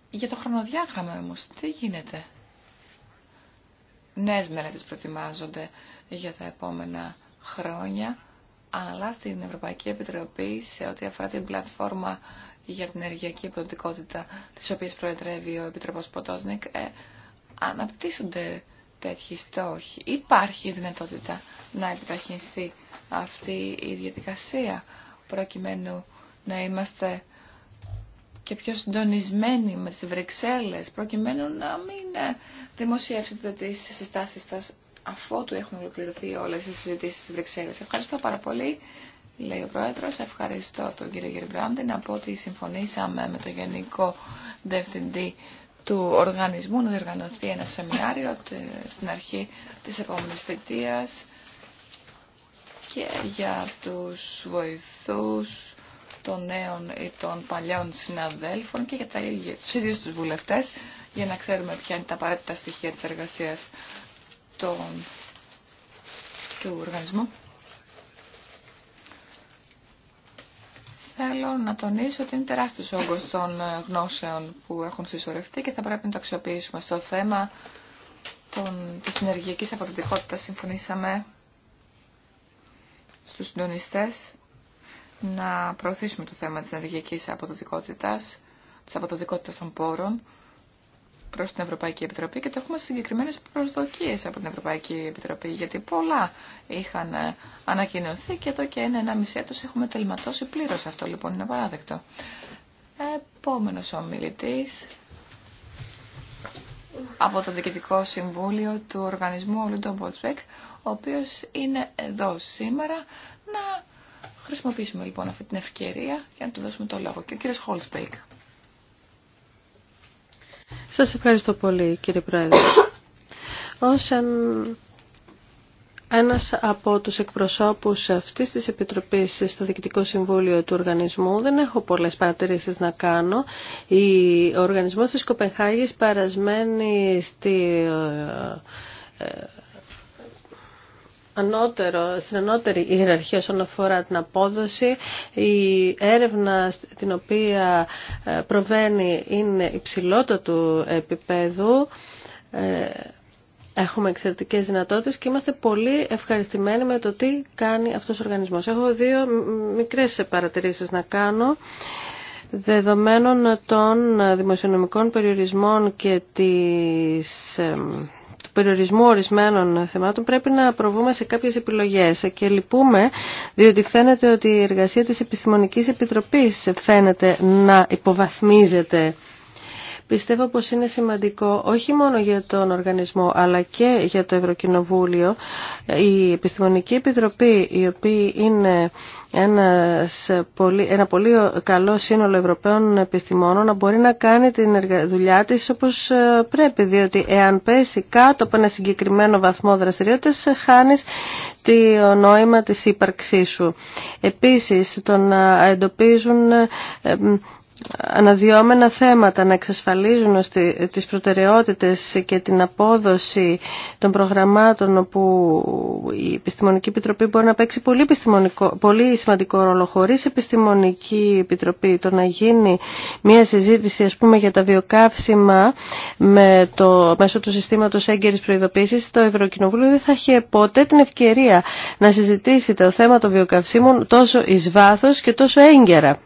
Για το χρονοδιάγραμμα όμως, τι γίνεται νέες μελέτες προετοιμάζονται για τα επόμενα χρόνια, αλλά στην Ευρωπαϊκή Επιτροπή σε ό,τι αφορά την πλατφόρμα για την ενεργειακή επιδοτικότητα της οποίας προεδρεύει ο Επιτροπός Ποτόσνικ, ε, αναπτύσσονται τέτοιοι στόχοι. Υπάρχει δυνατότητα να επιταχυνθεί αυτή η διαδικασία προκειμένου να είμαστε και πιο συντονισμένοι με τις Βρυξέλλες προκειμένου να μην ε, δημοσιεύσετε τις συστάσεις σας αφότου έχουν ολοκληρωθεί όλες οι συζητήσεις στις Βρυξέλλες. Ευχαριστώ πάρα πολύ, λέει ο Πρόεδρος. Ευχαριστώ τον κύριο Γερμπράντη να πω ότι συμφωνήσαμε με τον Γενικό Διευθυντή του οργανισμού να διοργανωθεί ένα σεμινάριο στην αρχή της επόμενης θητείας και για τους βοηθούς των νέων ή των παλιών συναδέλφων και για, τα ίδια, τους ίδιους τους βουλευτές για να ξέρουμε ποια είναι τα απαραίτητα στοιχεία της εργασίας του οργανισμού. Θέλω να τονίσω ότι είναι τεράστιο όγκο των ε, γνώσεων που έχουν συσσωρευτεί και θα πρέπει να το αξιοποιήσουμε στο θέμα των, της συνεργειακής αποδοτικότητας. Συμφωνήσαμε στους συντονιστές να προωθήσουμε το θέμα της ενεργειακής αποδοτικότητας, της αποδοτικότητας των πόρων προς την Ευρωπαϊκή Επιτροπή και το έχουμε συγκεκριμένες προσδοκίες από την Ευρωπαϊκή Επιτροπή γιατί πολλά είχαν ε, ανακοινωθεί και εδώ και ένα, ένα μισή έτος έχουμε τελματώσει πλήρως αυτό λοιπόν είναι παράδεκτο. Επόμενος ομιλητής από το Διοικητικό Συμβούλιο του Οργανισμού Λούντον ο οποίος είναι εδώ σήμερα να χρησιμοποιήσουμε λοιπόν αυτή την ευκαιρία για να του δώσουμε το λόγο. Και ο κύριος Χολσπέικ. Σας ευχαριστώ πολύ κύριε Πρόεδρε. Ως ένας από τους εκπροσώπους αυτής της Επιτροπής στο Διοικητικό Συμβούλιο του Οργανισμού δεν έχω πολλές παρατηρήσεις να κάνω. Ο Οργανισμός της Κοπενχάγης παρασμένει στη ε, ε, ανώτερο, στην ανώτερη ιεραρχία όσον αφορά την απόδοση. Η έρευνα την οποία ε, προβαίνει είναι υψηλότατου επίπεδου. Ε, έχουμε εξαιρετικές δυνατότητες και είμαστε πολύ ευχαριστημένοι με το τι κάνει αυτός ο οργανισμός. Έχω δύο μικρές παρατηρήσεις να κάνω. Δεδομένων των δημοσιονομικών περιορισμών και της περιορισμού ορισμένων θεμάτων πρέπει να προβούμε σε κάποιες επιλογές και λυπούμε διότι φαίνεται ότι η εργασία της Επιστημονικής Επιτροπής φαίνεται να υποβαθμίζεται Πιστεύω πως είναι σημαντικό όχι μόνο για τον οργανισμό αλλά και για το Ευρωκοινοβούλιο η Επιστημονική Επιτροπή η οποία είναι ένας πολύ, ένα πολύ καλό σύνολο Ευρωπαίων επιστημόνων να μπορεί να κάνει την δουλειά της όπως ε, πρέπει διότι εάν πέσει κάτω από ένα συγκεκριμένο βαθμό δραστηριότητας χάνεις το νόημα της ύπαρξής σου. Επίσης το να εντοπίζουν ε, αναδυόμενα θέματα να εξασφαλίζουν τις προτεραιότητες και την απόδοση των προγραμμάτων όπου η Επιστημονική Επιτροπή μπορεί να παίξει πολύ, πολύ σημαντικό ρόλο χωρίς Επιστημονική Επιτροπή το να γίνει μια συζήτηση ας πούμε για τα βιοκαύσιμα με το, μέσω του συστήματος έγκαιρης προειδοποίησης το Ευρωκοινοβούλιο δεν θα είχε ποτέ την ευκαιρία να συζητήσει το θέμα των βιοκαυσίμων τόσο εις βάθος και τόσο έγκαιρα.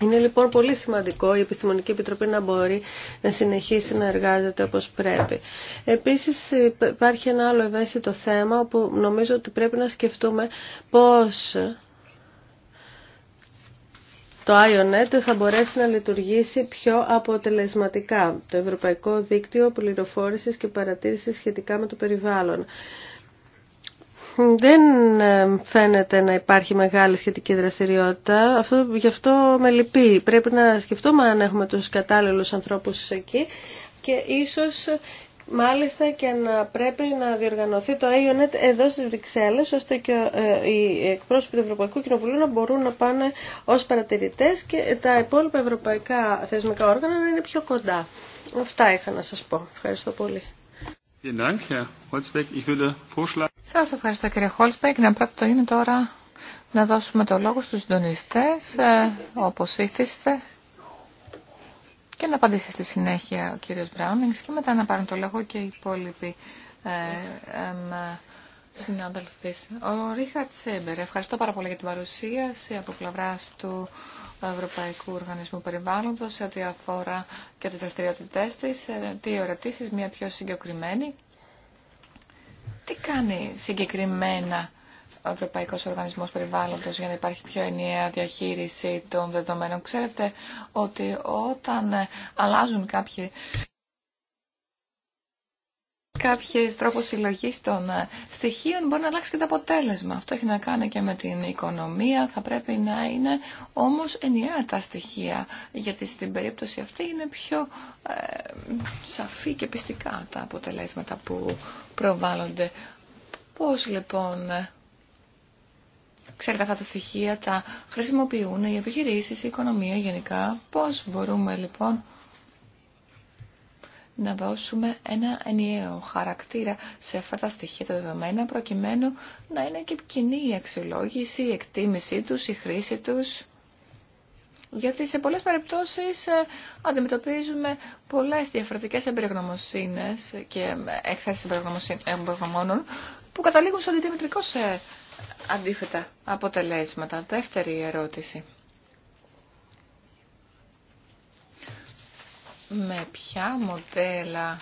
Είναι λοιπόν πολύ σημαντικό η Επιστημονική Επιτροπή να μπορεί να συνεχίσει να εργάζεται όπως πρέπει. Επίσης υπάρχει ένα άλλο ευαίσθητο θέμα όπου νομίζω ότι πρέπει να σκεφτούμε πώς το IONET θα μπορέσει να λειτουργήσει πιο αποτελεσματικά, το Ευρωπαϊκό Δίκτυο Πληροφόρησης και Παρατήρησης σχετικά με το περιβάλλον δεν ε, φαίνεται να υπάρχει μεγάλη σχετική δραστηριότητα. Αυτό, γι' αυτό με λυπεί. Πρέπει να σκεφτούμε αν έχουμε τους κατάλληλους ανθρώπους εκεί και ίσως Μάλιστα και να πρέπει να διοργανωθεί το AONET εδώ στις Βρυξέλλες ώστε και ε, οι εκπρόσωποι του Ευρωπαϊκού Κοινοβουλίου να μπορούν να πάνε ως παρατηρητές και τα υπόλοιπα ευρωπαϊκά θεσμικά όργανα να είναι πιο κοντά. Αυτά είχα να σας πω. Ευχαριστώ πολύ. Σας ευχαριστώ κύριε Χόλσπεκ. Να το είναι τώρα να δώσουμε το λόγο στους συντονιστέ ε, όπως ήθιστε, και να απαντήσει στη συνέχεια ο κύριο Μπράουνινγκς και μετά να πάρουν το λόγο και οι υπόλοιποι ε, ε, συνάδελφοι. Ο Ρίχαρτ Σέμπερ, ευχαριστώ πάρα πολύ για την παρουσίαση από πλευρά του Ευρωπαϊκού Οργανισμού Περιβάλλοντος σε ό,τι αφορά και τις δραστηριότητε της. Δύο ε, ερωτήσεις, μία πιο συγκεκριμένη. Τι κάνει συγκεκριμένα ο Ευρωπαϊκός Οργανισμός Περιβάλλοντος για να υπάρχει πιο ενιαία διαχείριση των δεδομένων. Ξέρετε ότι όταν αλλάζουν κάποιοι κάποιες τρόπο συλλογή των ε, στοιχείων μπορεί να αλλάξει και το αποτέλεσμα. Αυτό έχει να κάνει και με την οικονομία. Θα πρέπει να είναι όμως ενιαία τα στοιχεία, γιατί στην περίπτωση αυτή είναι πιο ε, σαφή και πιστικά τα αποτελέσματα που προβάλλονται. Πώ λοιπόν... Ε, ξέρετε, αυτά τα στοιχεία τα χρησιμοποιούν οι επιχειρήσεις, η οικονομία γενικά. Πώς μπορούμε λοιπόν να δώσουμε ένα ενιαίο χαρακτήρα σε αυτά τα στοιχεία τα δεδομένα προκειμένου να είναι και κοινή η αξιολόγηση, η εκτίμησή τους, η χρήση τους. Γιατί σε πολλές περιπτώσεις ε, αντιμετωπίζουμε πολλές διαφορετικές εμπειρογνωμοσύνες και ε, εκθέσεις εμπειρογνωμόνων που καταλήγουν σε αντιδημητρικώς ε, αντίθετα αποτελέσματα. Δεύτερη ερώτηση. με ποια μοντέλα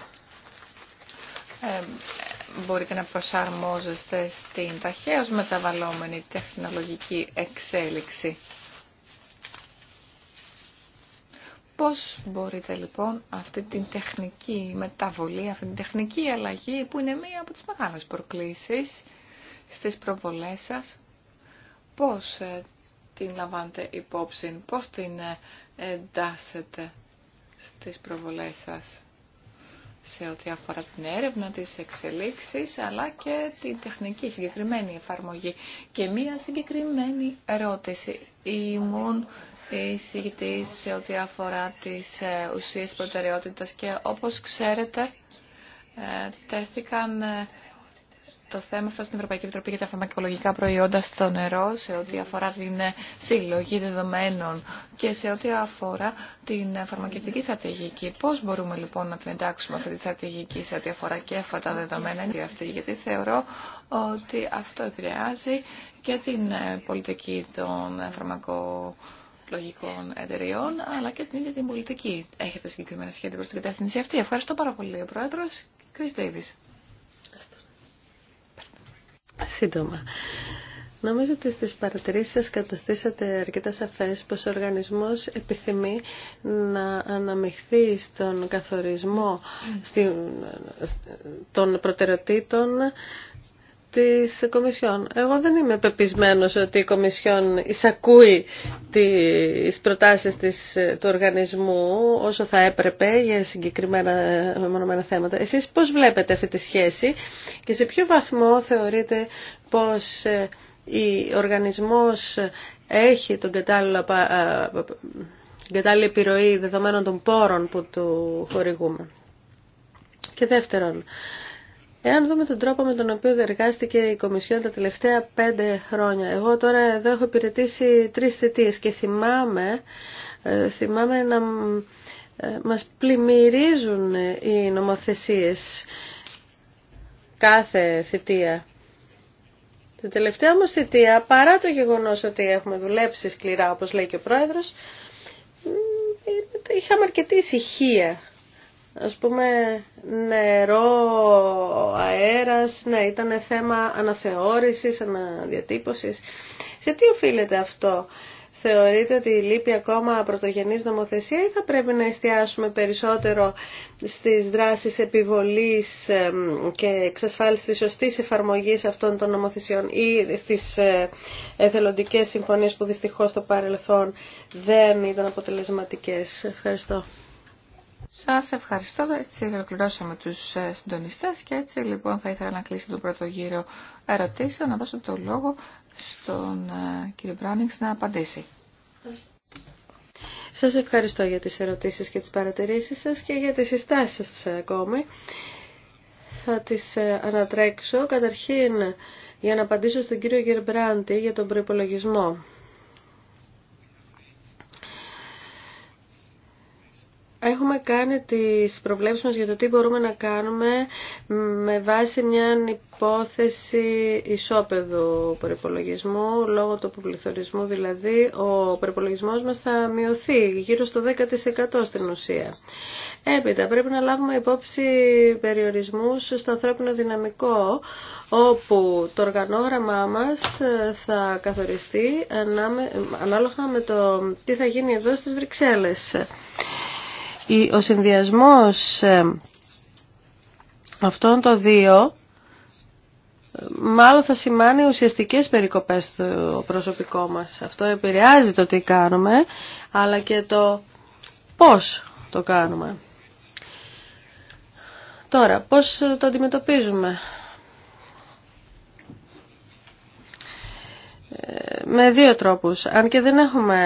μπορείτε να προσαρμόζεστε στην ταχαίως μεταβαλλόμενη τεχνολογική εξέλιξη. Πώς μπορείτε λοιπόν αυτή την τεχνική μεταβολή, αυτή την τεχνική αλλαγή που είναι μία από τις μεγάλες προκλήσεις στις προβολές σας, πώς ε, την λαμβάνετε υπόψη, πώς την ε, εντάσσετε στις προβολές σας σε ό,τι αφορά την έρευνα, τις εξελίξεις, αλλά και την τεχνική συγκεκριμένη εφαρμογή. Και μία συγκεκριμένη ερώτηση. Ήμουν εισηγητής σε ό,τι αφορά τις ε, ουσίες προτεραιότητας και όπως ξέρετε ε, τέθηκαν ε, το θέμα αυτό στην Ευρωπαϊκή Επιτροπή για τα φαρμακολογικά προϊόντα στο νερό, σε ό,τι αφορά την συλλογή δεδομένων και σε ό,τι αφορά την φαρμακευτική στρατηγική. Πώ μπορούμε λοιπόν να την εντάξουμε αυτή τη στρατηγική σε ό,τι αφορά και αυτά τα δεδομένα αυτή, γιατί θεωρώ ότι αυτό επηρεάζει και την πολιτική των φαρμακολογικών εταιριών, αλλά και την ίδια την πολιτική. Έχετε συγκεκριμένα σχέδια προς την κατεύθυνση αυτή. Ευχαριστώ πάρα πολύ, ο Πρόεδρος. Chris σύντομα. Νομίζω ότι στις παρατηρήσεις σας καταστήσατε αρκετά σαφές πως ο οργανισμός επιθυμεί να αναμειχθεί στον καθορισμό των προτεραιοτήτων της Κομισιόν. Εγώ δεν είμαι πεπισμένος ότι η Κομισιόν εισακούει τις προτάσεις της, του οργανισμού όσο θα έπρεπε για συγκεκριμένα μεμονωμένα θέματα. Εσείς πώς βλέπετε αυτή τη σχέση και σε ποιο βαθμό θεωρείτε πως ο ε, οργανισμός έχει τον κατάλληλο την κατάλληλη επιρροή δεδομένων των πόρων που του χορηγούμε. Και δεύτερον, Εάν δούμε τον τρόπο με τον οποίο εργάστηκε η Κομισιόν τα τελευταία πέντε χρόνια, εγώ τώρα εδώ έχω υπηρετήσει τρεις θητείες και θυμάμαι, ε, θυμάμαι να ε, μας πλημμυρίζουν οι νομοθεσίες κάθε θητεία. Τα τελευταία όμως θητεία, παρά το γεγονός ότι έχουμε δουλέψει σκληρά, όπως λέει και ο Πρόεδρος, ε, είχαμε αρκετή ησυχία ας πούμε νερό, αέρας, ναι, ήταν θέμα αναθεώρησης, αναδιατύπωσης. Σε τι οφείλεται αυτό, θεωρείτε ότι λείπει ακόμα πρωτογενής νομοθεσία ή θα πρέπει να εστιάσουμε περισσότερο στις δράσεις επιβολής και εξασφάλισης της σωστής εφαρμογής αυτών των νομοθεσιών ή στις ε, εθελοντικές συμφωνίες που δυστυχώς στο παρελθόν δεν ήταν αποτελεσματικές. Ευχαριστώ. Σας ευχαριστώ. Έτσι ολοκληρώσαμε τους ε, συντονιστές και έτσι λοιπόν θα ήθελα να κλείσω τον πρώτο γύρο ερωτήσεων, να δώσω το λόγο στον ε, κύριο Μπράνιξ να απαντήσει. Σας ευχαριστώ για τις ερωτήσεις και τις παρατηρήσεις σας και για τις συστάσεις σας ε, ακόμη. Θα τις ανατρέξω καταρχήν για να απαντήσω στον κύριο Γερμπράντη για τον προϋπολογισμό. Έχουμε κάνει τις προβλέψεις μας για το τι μπορούμε να κάνουμε με βάση μια υπόθεση ισόπεδου προπολογισμού, λόγω του πληθωρισμού δηλαδή, ο προπολογισμός μας θα μειωθεί γύρω στο 10% στην ουσία. Έπειτα πρέπει να λάβουμε υπόψη περιορισμούς στο ανθρώπινο δυναμικό, όπου το οργανόγραμμά μας θα καθοριστεί ανάλογα με το τι θα γίνει εδώ στις Βρυξέλλες. Ο συνδυασμός ε, αυτών των δύο μάλλον θα σημάνει ουσιαστικές περικοπές στο προσωπικό μας. Αυτό επηρεάζει το τι κάνουμε, αλλά και το πώς το κάνουμε. Τώρα, πώς το αντιμετωπίζουμε. με δύο τρόπους. Αν και δεν έχουμε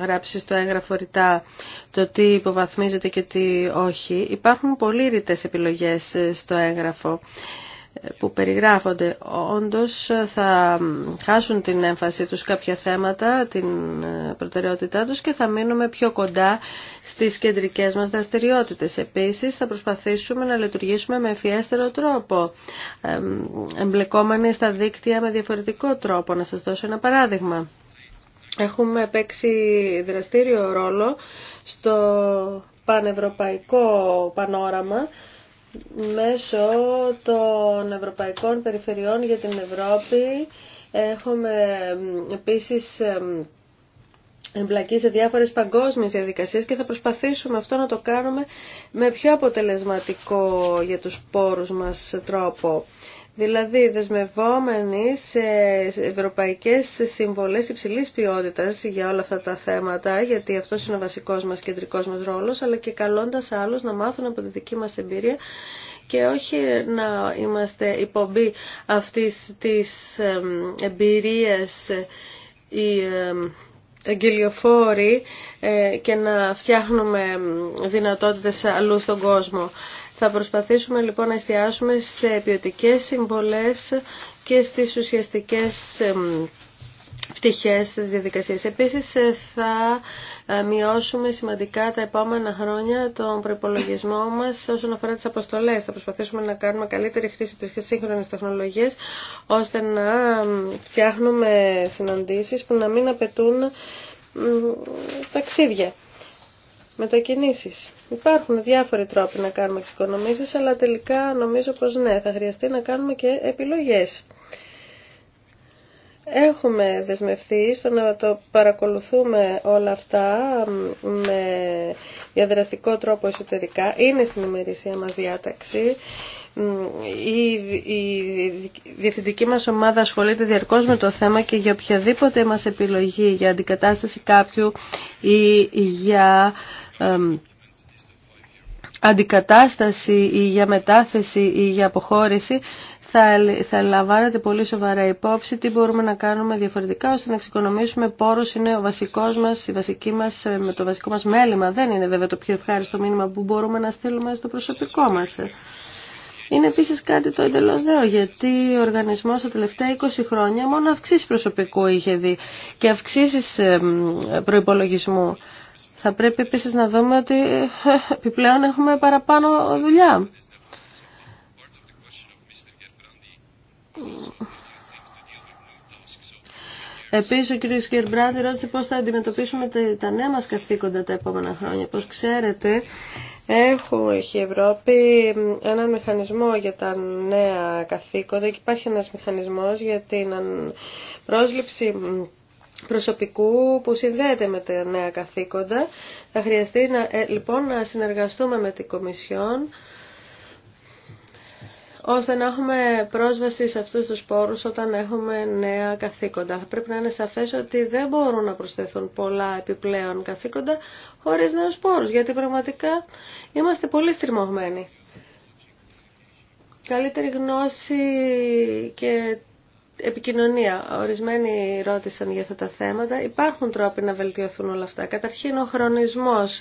γράψει στο έγγραφο ρητά το τι υποβαθμίζεται και τι όχι, υπάρχουν πολύ ρητές επιλογές στο έγγραφο που περιγράφονται όντως θα χάσουν την έμφαση τους κάποια θέματα, την ε, προτεραιότητά τους και θα μείνουμε πιο κοντά στις κεντρικές μας δραστηριότητες. Επίσης θα προσπαθήσουμε να λειτουργήσουμε με ευφιέστερο τρόπο, εμπλεκόμενοι στα δίκτυα με διαφορετικό τρόπο. Να σας δώσω ένα παράδειγμα. Έχουμε παίξει δραστήριο ρόλο στο πανευρωπαϊκό πανόραμα μέσω των Ευρωπαϊκών Περιφερειών για την Ευρώπη. Έχουμε επίσης εμπλακεί σε διάφορες παγκόσμιες διαδικασίες και θα προσπαθήσουμε αυτό να το κάνουμε με πιο αποτελεσματικό για τους πόρους μας τρόπο. Δηλαδή δεσμευόμενοι σε ευρωπαϊκές συμβολές υψηλής ποιότητας για όλα αυτά τα θέματα, γιατί αυτός είναι ο βασικός μας κεντρικός μας ρόλος, αλλά και καλώντας άλλους να μάθουν από τη δική μας εμπειρία και όχι να είμαστε υπομπή αυτής της εμπειρίας η αγγελιοφόροι ε, και να φτιάχνουμε δυνατότητες αλλού στον κόσμο. Θα προσπαθήσουμε λοιπόν να εστιάσουμε σε ποιοτικέ συμβολές και στις ουσιαστικές πτυχές της διαδικασίας. Επίσης ε, θα ε, μειώσουμε σημαντικά τα επόμενα χρόνια τον προπολογισμό μας όσον αφορά τις αποστολές. Θα προσπαθήσουμε να κάνουμε καλύτερη χρήση της σύγχρονης τεχνολογίας ώστε να φτιάχνουμε συναντήσεις που να μην απαιτούν ταξίδια μετακινήσεις. Υπάρχουν διάφοροι τρόποι να κάνουμε εξοικονομήσεις, αλλά τελικά νομίζω πως ναι, θα χρειαστεί να κάνουμε και επιλογές. Έχουμε δεσμευθεί στο να το παρακολουθούμε όλα αυτά με διαδραστικό τρόπο εσωτερικά. Είναι στην ημερήσια μας διάταξη. Η διευθυντική μας ομάδα ασχολείται διαρκώς με το θέμα και για οποιαδήποτε μας επιλογή για αντικατάσταση κάποιου ή για αντικατάσταση ή για μετάθεση ή για αποχώρηση θα, θα πολύ σοβαρά υπόψη τι μπορούμε να κάνουμε διαφορετικά ώστε να εξοικονομήσουμε πόρους είναι ο βασικός μας, η βασική μας, ε, με το βασικό μας μέλημα. Δεν είναι βέβαια το πιο ευχάριστο μήνυμα που μπορούμε να στείλουμε στο προσωπικό μας. Είναι επίσης κάτι το εντελώς νέο, γιατί ο οργανισμός τα τελευταία 20 χρόνια μόνο αυξήσει προσωπικού είχε δει και αυξήσεις προϋπολογισμού. Θα πρέπει επίσης να δούμε ότι ε, επιπλέον έχουμε παραπάνω δουλειά. Επίσης ο κ. Κερμπράντη ρώτησε πώς θα αντιμετωπίσουμε τα νέα μας καθήκοντα τα επόμενα χρόνια. Πώς ξέρετε, Έχω η Ευρώπη έναν μηχανισμό για τα νέα καθήκοντα και υπάρχει ένας μηχανισμός για την πρόσληψη προσωπικού που συνδέεται με τα νέα καθήκοντα. Θα χρειαστεί να, ε, λοιπόν να συνεργαστούμε με την Κομισιόν ώστε να έχουμε πρόσβαση σε αυτούς τους πόρους όταν έχουμε νέα καθήκοντα. Θα πρέπει να είναι σαφές ότι δεν μπορούν να προσθεθούν πολλά επιπλέον καθήκοντα χωρίς νέους πόρους, γιατί πραγματικά είμαστε πολύ στριμωγμένοι. Καλύτερη γνώση και επικοινωνία. Ορισμένοι ρώτησαν για αυτά τα θέματα. Υπάρχουν τρόποι να βελτιωθούν όλα αυτά. Καταρχήν ο χρονισμός.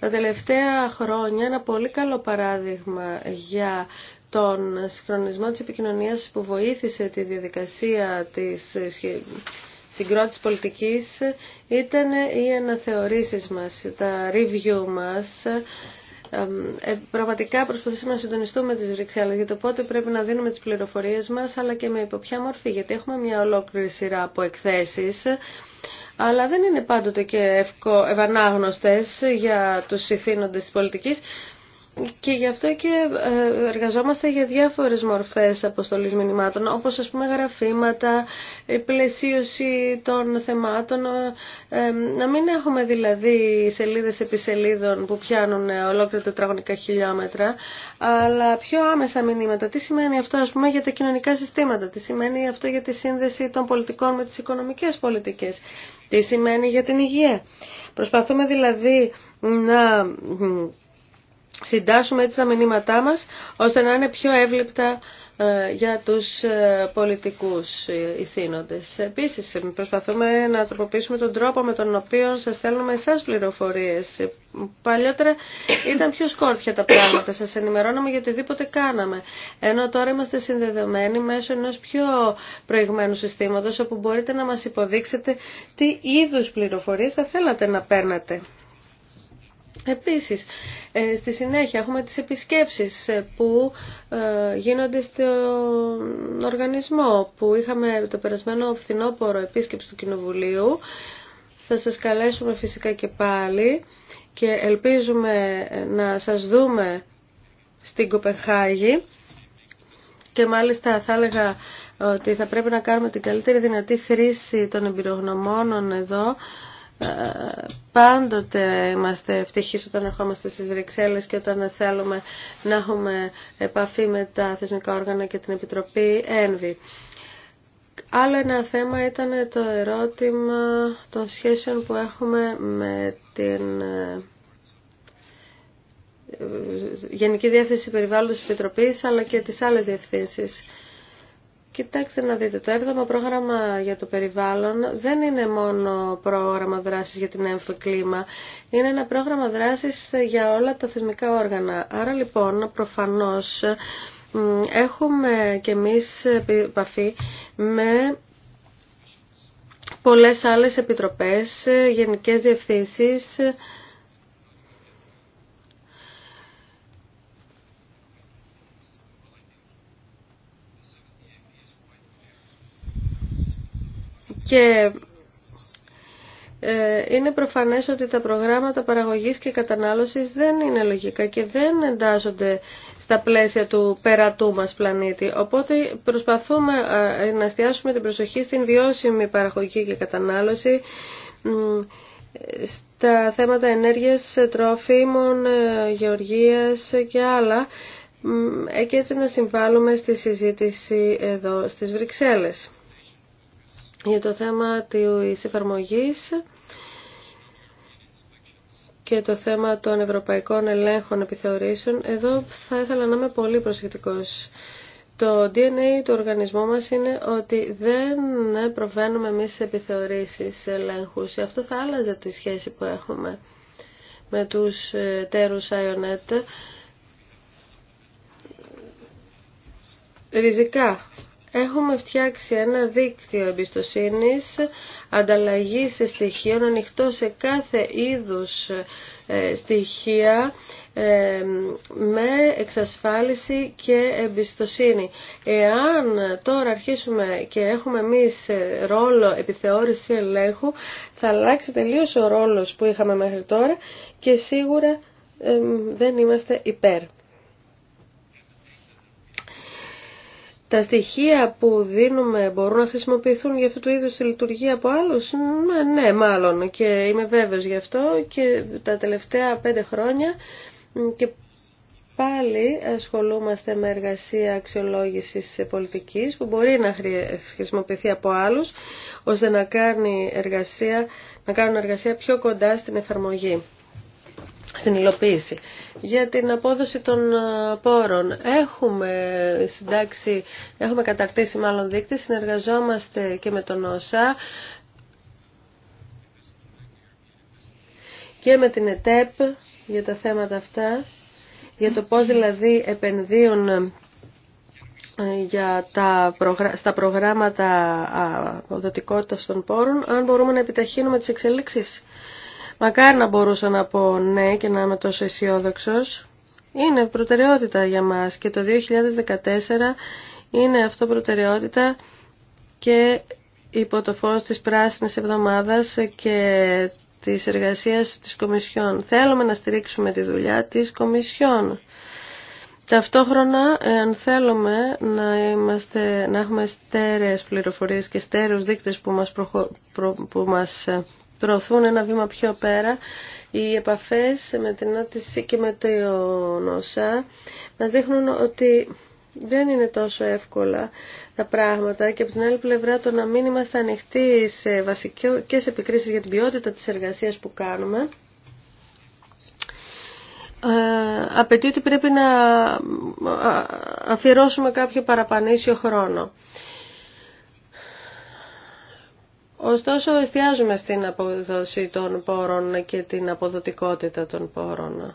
Τα τελευταία χρόνια ένα πολύ καλό παράδειγμα για τον συγχρονισμό της επικοινωνίας που βοήθησε τη διαδικασία της συγκρότησης πολιτικής ήταν οι αναθεωρήσεις μας, τα review μας ε, πραγματικά προσπαθήσαμε να συντονιστούμε τις Βρυξέλλες για το πότε πρέπει να δίνουμε τις πληροφορίες μας αλλά και με ποια μορφή γιατί έχουμε μια ολόκληρη σειρά από εκθέσεις αλλά δεν είναι πάντοτε και ευκο, ευανάγνωστες για τους ηθήνοντες της πολιτικής και γι' αυτό και ε, εργαζόμαστε για διάφορες μορφές αποστολής μηνυμάτων, όπως ας πούμε γραφήματα, ε, πλαισίωση των θεμάτων. Ε, να μην έχουμε δηλαδή σελίδες επί σελίδων που πιάνουν ολόκληρα τετραγωνικά χιλιόμετρα, αλλά πιο άμεσα μηνύματα. Τι σημαίνει αυτό ας πούμε για τα κοινωνικά συστήματα, τι σημαίνει αυτό για τη σύνδεση των πολιτικών με τις οικονομικές πολιτικές, τι σημαίνει για την υγεία. Προσπαθούμε δηλαδή να συντάσσουμε έτσι τα μηνύματά μας ώστε να είναι πιο εύληπτα ε, για τους ε, πολιτικούς ε, ηθήνοντες. Επίσης, προσπαθούμε να τροποποιήσουμε τον τρόπο με τον οποίο σας στέλνουμε εσάς πληροφορίες. Παλιότερα ήταν πιο σκόρπια τα πράγματα, σας ενημερώναμε για οτιδήποτε κάναμε. Ενώ τώρα είμαστε συνδεδεμένοι μέσω ενός πιο προηγμένου συστήματος, όπου μπορείτε να μας υποδείξετε τι είδους πληροφορίες θα θέλατε να παίρνατε. Επίσης, ε, στη συνέχεια έχουμε τις επισκέψεις ε, που ε, γίνονται στον οργανισμό, που είχαμε το περασμένο φθινόπωρο επίσκεψη του Κοινοβουλίου. Θα σας καλέσουμε φυσικά και πάλι και ελπίζουμε να σας δούμε στην Κοπεχάγη και μάλιστα θα έλεγα ότι θα πρέπει να κάνουμε την καλύτερη δυνατή χρήση των εμπειρογνωμόνων εδώ ε, πάντοτε είμαστε ευτυχείς όταν ερχόμαστε στις Βρυξέλλες και όταν θέλουμε να έχουμε επαφή με τα θεσμικά όργανα και την Επιτροπή ΕΝΒΗ. Άλλο ένα θέμα ήταν το ερώτημα των σχέσεων που έχουμε με την ε, Γενική Διεύθυνση Περιβάλλοντος Επιτροπής αλλά και τις άλλες διευθύνσεις. Κοιτάξτε να δείτε, το 7ο πρόγραμμα για το περιβάλλον δεν είναι μόνο πρόγραμμα δράσης για την έμφυλη κλίμα, είναι ένα πρόγραμμα δράσης για όλα τα θεσμικά όργανα. Άρα λοιπόν προφανώς έχουμε και εμείς επαφή με πολλές άλλες επιτροπές, γενικές διευθύνσεις, Και ε, είναι προφανές ότι τα προγράμματα παραγωγής και κατανάλωσης δεν είναι λογικά και δεν εντάσσονται στα πλαίσια του περατού μας πλανήτη. Οπότε προσπαθούμε ε, να εστιάσουμε την προσοχή στην βιώσιμη παραγωγή και κατανάλωση στα θέματα ενέργειας, τροφίμων, ε, γεωργίας και άλλα και έτσι να συμβάλλουμε στη συζήτηση εδώ στις Βρυξέλλες για το θέμα της εφαρμογής και το θέμα των ευρωπαϊκών ελέγχων επιθεωρήσεων, εδώ θα ήθελα να είμαι πολύ προσεκτικός. Το DNA του οργανισμού μας είναι ότι δεν προβαίνουμε εμείς σε επιθεωρήσεις, ελέγχους. Αυτό θα άλλαζε τη σχέση που έχουμε με τους ε, τέρους IONET. Ριζικά Έχουμε φτιάξει ένα δίκτυο εμπιστοσύνης, ανταλλαγή σε στοιχείων, ανοιχτό σε κάθε είδους ε, στοιχεία ε, με εξασφάλιση και εμπιστοσύνη. Εάν τώρα αρχίσουμε και έχουμε εμείς ε, ρόλο επιθεώρηση ελέγχου, θα αλλάξει τελείως ο ρόλος που είχαμε μέχρι τώρα και σίγουρα δεν είμαστε υπέρ. τα στοιχεία που δίνουμε μπορούν να χρησιμοποιηθούν για αυτού του είδους τη λειτουργία από άλλους. Ναι, μάλλον και είμαι βέβαιος γι' αυτό και τα τελευταία πέντε χρόνια και πάλι ασχολούμαστε με εργασία αξιολόγησης πολιτικής που μπορεί να χρησιμοποιηθεί από άλλους ώστε να, κάνει εργασία, να κάνουν εργασία πιο κοντά στην εφαρμογή στην υλοποίηση. Για την απόδοση των ε, πόρων έχουμε συντάξει, έχουμε καταρτήσει μάλλον δείκτες, συνεργαζόμαστε και με τον ΩΣΑ και με την ΕΤΕΠ για τα θέματα αυτά, για το πώς δηλαδή επενδύουν ε, για τα στα προγράμματα αποδοτικότητας των πόρων, αν μπορούμε να επιταχύνουμε τις εξελίξεις Μακάρι να μπορούσα να πω ναι και να είμαι τόσο αισιόδοξο. Είναι προτεραιότητα για μας και το 2014 είναι αυτό προτεραιότητα και υπό το φως της πράσινης εβδομάδας και της εργασίας της Κομισιόν. Θέλουμε να στηρίξουμε τη δουλειά της Κομισιόν. Ταυτόχρονα, αν θέλουμε να, είμαστε, να έχουμε στέρεες πληροφορίες και στέρεους δείκτες που μας, προχω... που ε, Τροθούν ένα βήμα πιο πέρα οι επαφές με την νότιση και με το νόσα μας δείχνουν ότι δεν είναι τόσο εύκολα τα πράγματα και από την άλλη πλευρά το να μην είμαστε ανοιχτοί σε βασικές επικρίσεις για την ποιότητα της εργασίας που κάνουμε ε, απαιτεί ότι πρέπει να ε, αφιερώσουμε κάποιο παραπανήσιο χρόνο. Ωστόσο, εστιάζουμε στην αποδοσή των πόρων και την αποδοτικότητα των πόρων.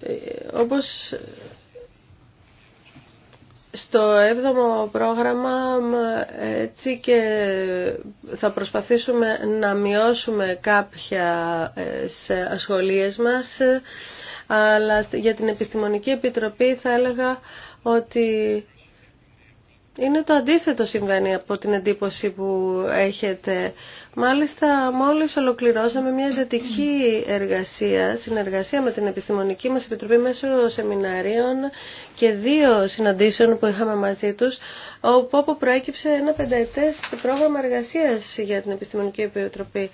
Ε, όπως στο έβδομο πρόγραμμα έτσι και θα προσπαθήσουμε να μειώσουμε κάποια ε, σε ασχολίες μας αλλά για την Επιστημονική Επιτροπή θα έλεγα ότι είναι το αντίθετο συμβαίνει από την εντύπωση που έχετε. Μάλιστα, μόλις ολοκληρώσαμε μια εντατική εργασία, συνεργασία με την Επιστημονική μας Επιτροπή μέσω σεμιναρίων και δύο συναντήσεων που είχαμε μαζί τους, όπου προέκυψε ένα πενταετές πρόγραμμα εργασίας για την Επιστημονική Επιτροπή.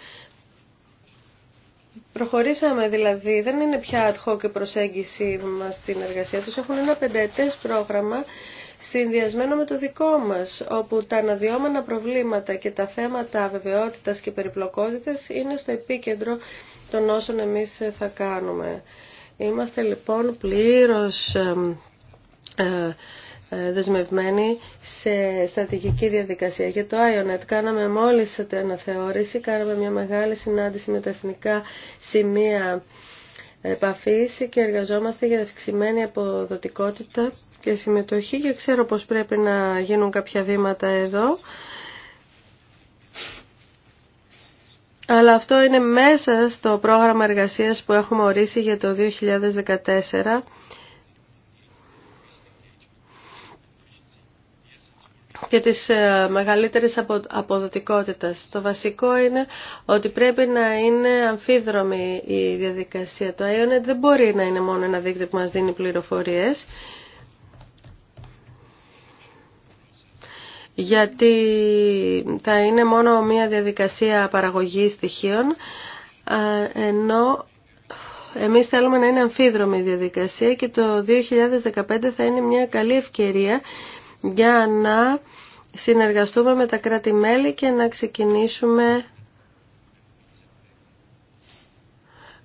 Προχωρήσαμε δηλαδή, δεν είναι πια ad hoc προσέγγιση μας στην εργασία τους, έχουν ένα πενταετές πρόγραμμα συνδυασμένο με το δικό μας, όπου τα αναδυόμενα προβλήματα και τα θέματα βεβαιότητας και περιπλοκότητα είναι στο επίκεντρο των όσων εμείς θα κάνουμε. Είμαστε λοιπόν πλήρως ε, ε, δεσμευμένοι σε στρατηγική διαδικασία. Για το IONET κάναμε μόλις αναθεώρηση, κάναμε μια μεγάλη συνάντηση με τα εθνικά σημεία επαφής και εργαζόμαστε για αυξημένη αποδοτικότητα και συμμετοχή και ξέρω πως πρέπει να γίνουν κάποια βήματα εδώ. Αλλά αυτό είναι μέσα στο πρόγραμμα εργασίας που έχουμε ορίσει για το 2014 και της ε, μεγαλύτερης αποδοτικότητας. Το βασικό είναι ότι πρέπει να είναι αμφίδρομη η διαδικασία. Το IONET δεν μπορεί να είναι μόνο ένα δίκτυο που μας δίνει πληροφορίες, γιατί θα είναι μόνο μία διαδικασία παραγωγής στοιχείων, ενώ εμείς θέλουμε να είναι αμφίδρομη η διαδικασία και το 2015 θα είναι μια καλή ευκαιρία για να συνεργαστούμε με τα κράτη-μέλη και να ξεκινήσουμε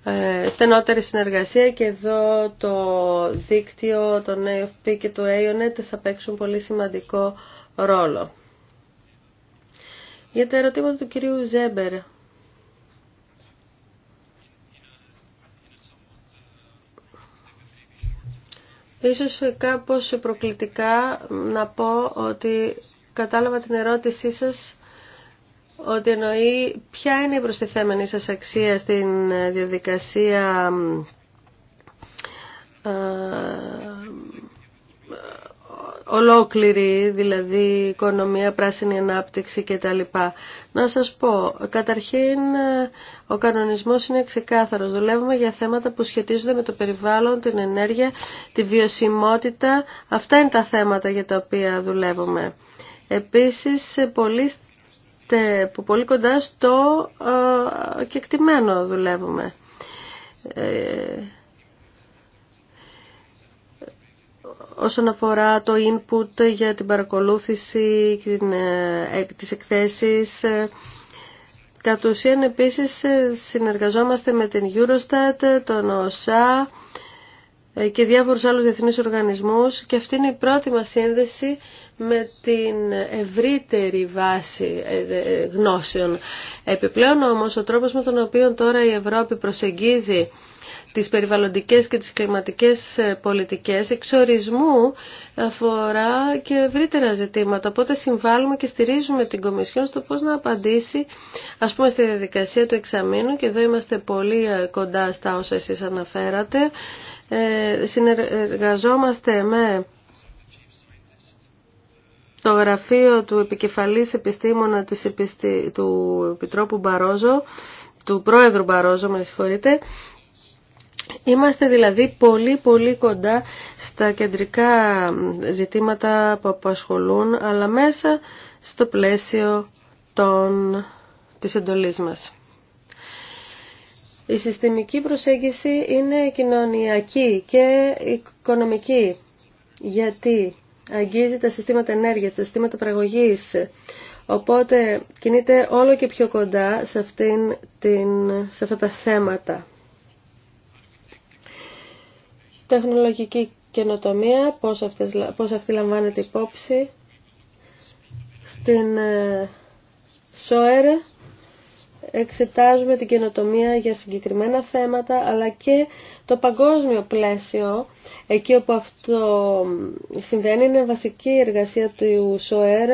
ε, στενότερη συνεργασία και εδώ το δίκτυο, το AFP και το AONET θα παίξουν πολύ σημαντικό ρόλο. Για τα ερωτήματα του κυρίου Ζέμπερ. Ίσως κάπως προκλητικά να πω ότι κατάλαβα την ερώτησή σας ότι εννοεί ποια είναι η προστιθέμενη σας αξία στην διαδικασία ολόκληρη δηλαδή οικονομία, πράσινη ανάπτυξη κτλ. Να σας πω, καταρχήν ο κανονισμός είναι ξεκάθαρος. Δουλεύουμε για θέματα που σχετίζονται με το περιβάλλον, την ενέργεια, τη βιωσιμότητα. Αυτά είναι τα θέματα για τα οποία δουλεύουμε. Επίσης, πολύ, πολύ κοντά στο ε, κεκτημένο δουλεύουμε. Ε, όσον αφορά το input για την παρακολούθηση της ε, εκθέσεις. Ε, κατ' ουσίαν επίσης ε, συνεργαζόμαστε με την Eurostat, τον ΟΣΑ και διάφορους άλλους διεθνείς οργανισμούς και αυτή είναι η πρώτη μας σύνδεση με την ευρύτερη βάση γνώσεων. Επιπλέον όμως ο τρόπος με τον οποίο τώρα η Ευρώπη προσεγγίζει τις περιβαλλοντικές και τις κλιματικές ε, πολιτικές εξορισμού αφορά και ευρύτερα ζητήματα. Οπότε συμβάλλουμε και στηρίζουμε την Κομισιόν στο πώς να απαντήσει ας πούμε στη διαδικασία του εξαμήνου και εδώ είμαστε πολύ ε, κοντά στα όσα εσείς αναφέρατε. Ε, συνεργαζόμαστε με το γραφείο του επικεφαλής επιστήμονα της του Επιτρόπου Μπαρόζο, του πρόεδρου Μπαρόζο, με συγχωρείτε, Είμαστε δηλαδή πολύ πολύ κοντά στα κεντρικά ζητήματα που απασχολούν, αλλά μέσα στο πλαίσιο των, της εντολής μας. Η συστημική προσέγγιση είναι κοινωνιακή και οικονομική, γιατί αγγίζει τα συστήματα ενέργειας, τα συστήματα παραγωγής, οπότε κινείται όλο και πιο κοντά σε, αυτήν την, σε αυτά τα θέματα. Τεχνολογική καινοτομία, πώς, αυτές, πώς αυτή λαμβάνεται υπόψη στην ε, ΣΟΕΡ εξετάζουμε την καινοτομία για συγκεκριμένα θέματα αλλά και το παγκόσμιο πλαίσιο εκεί όπου αυτό συμβαίνει είναι βασική εργασία του ΣΟΕΡ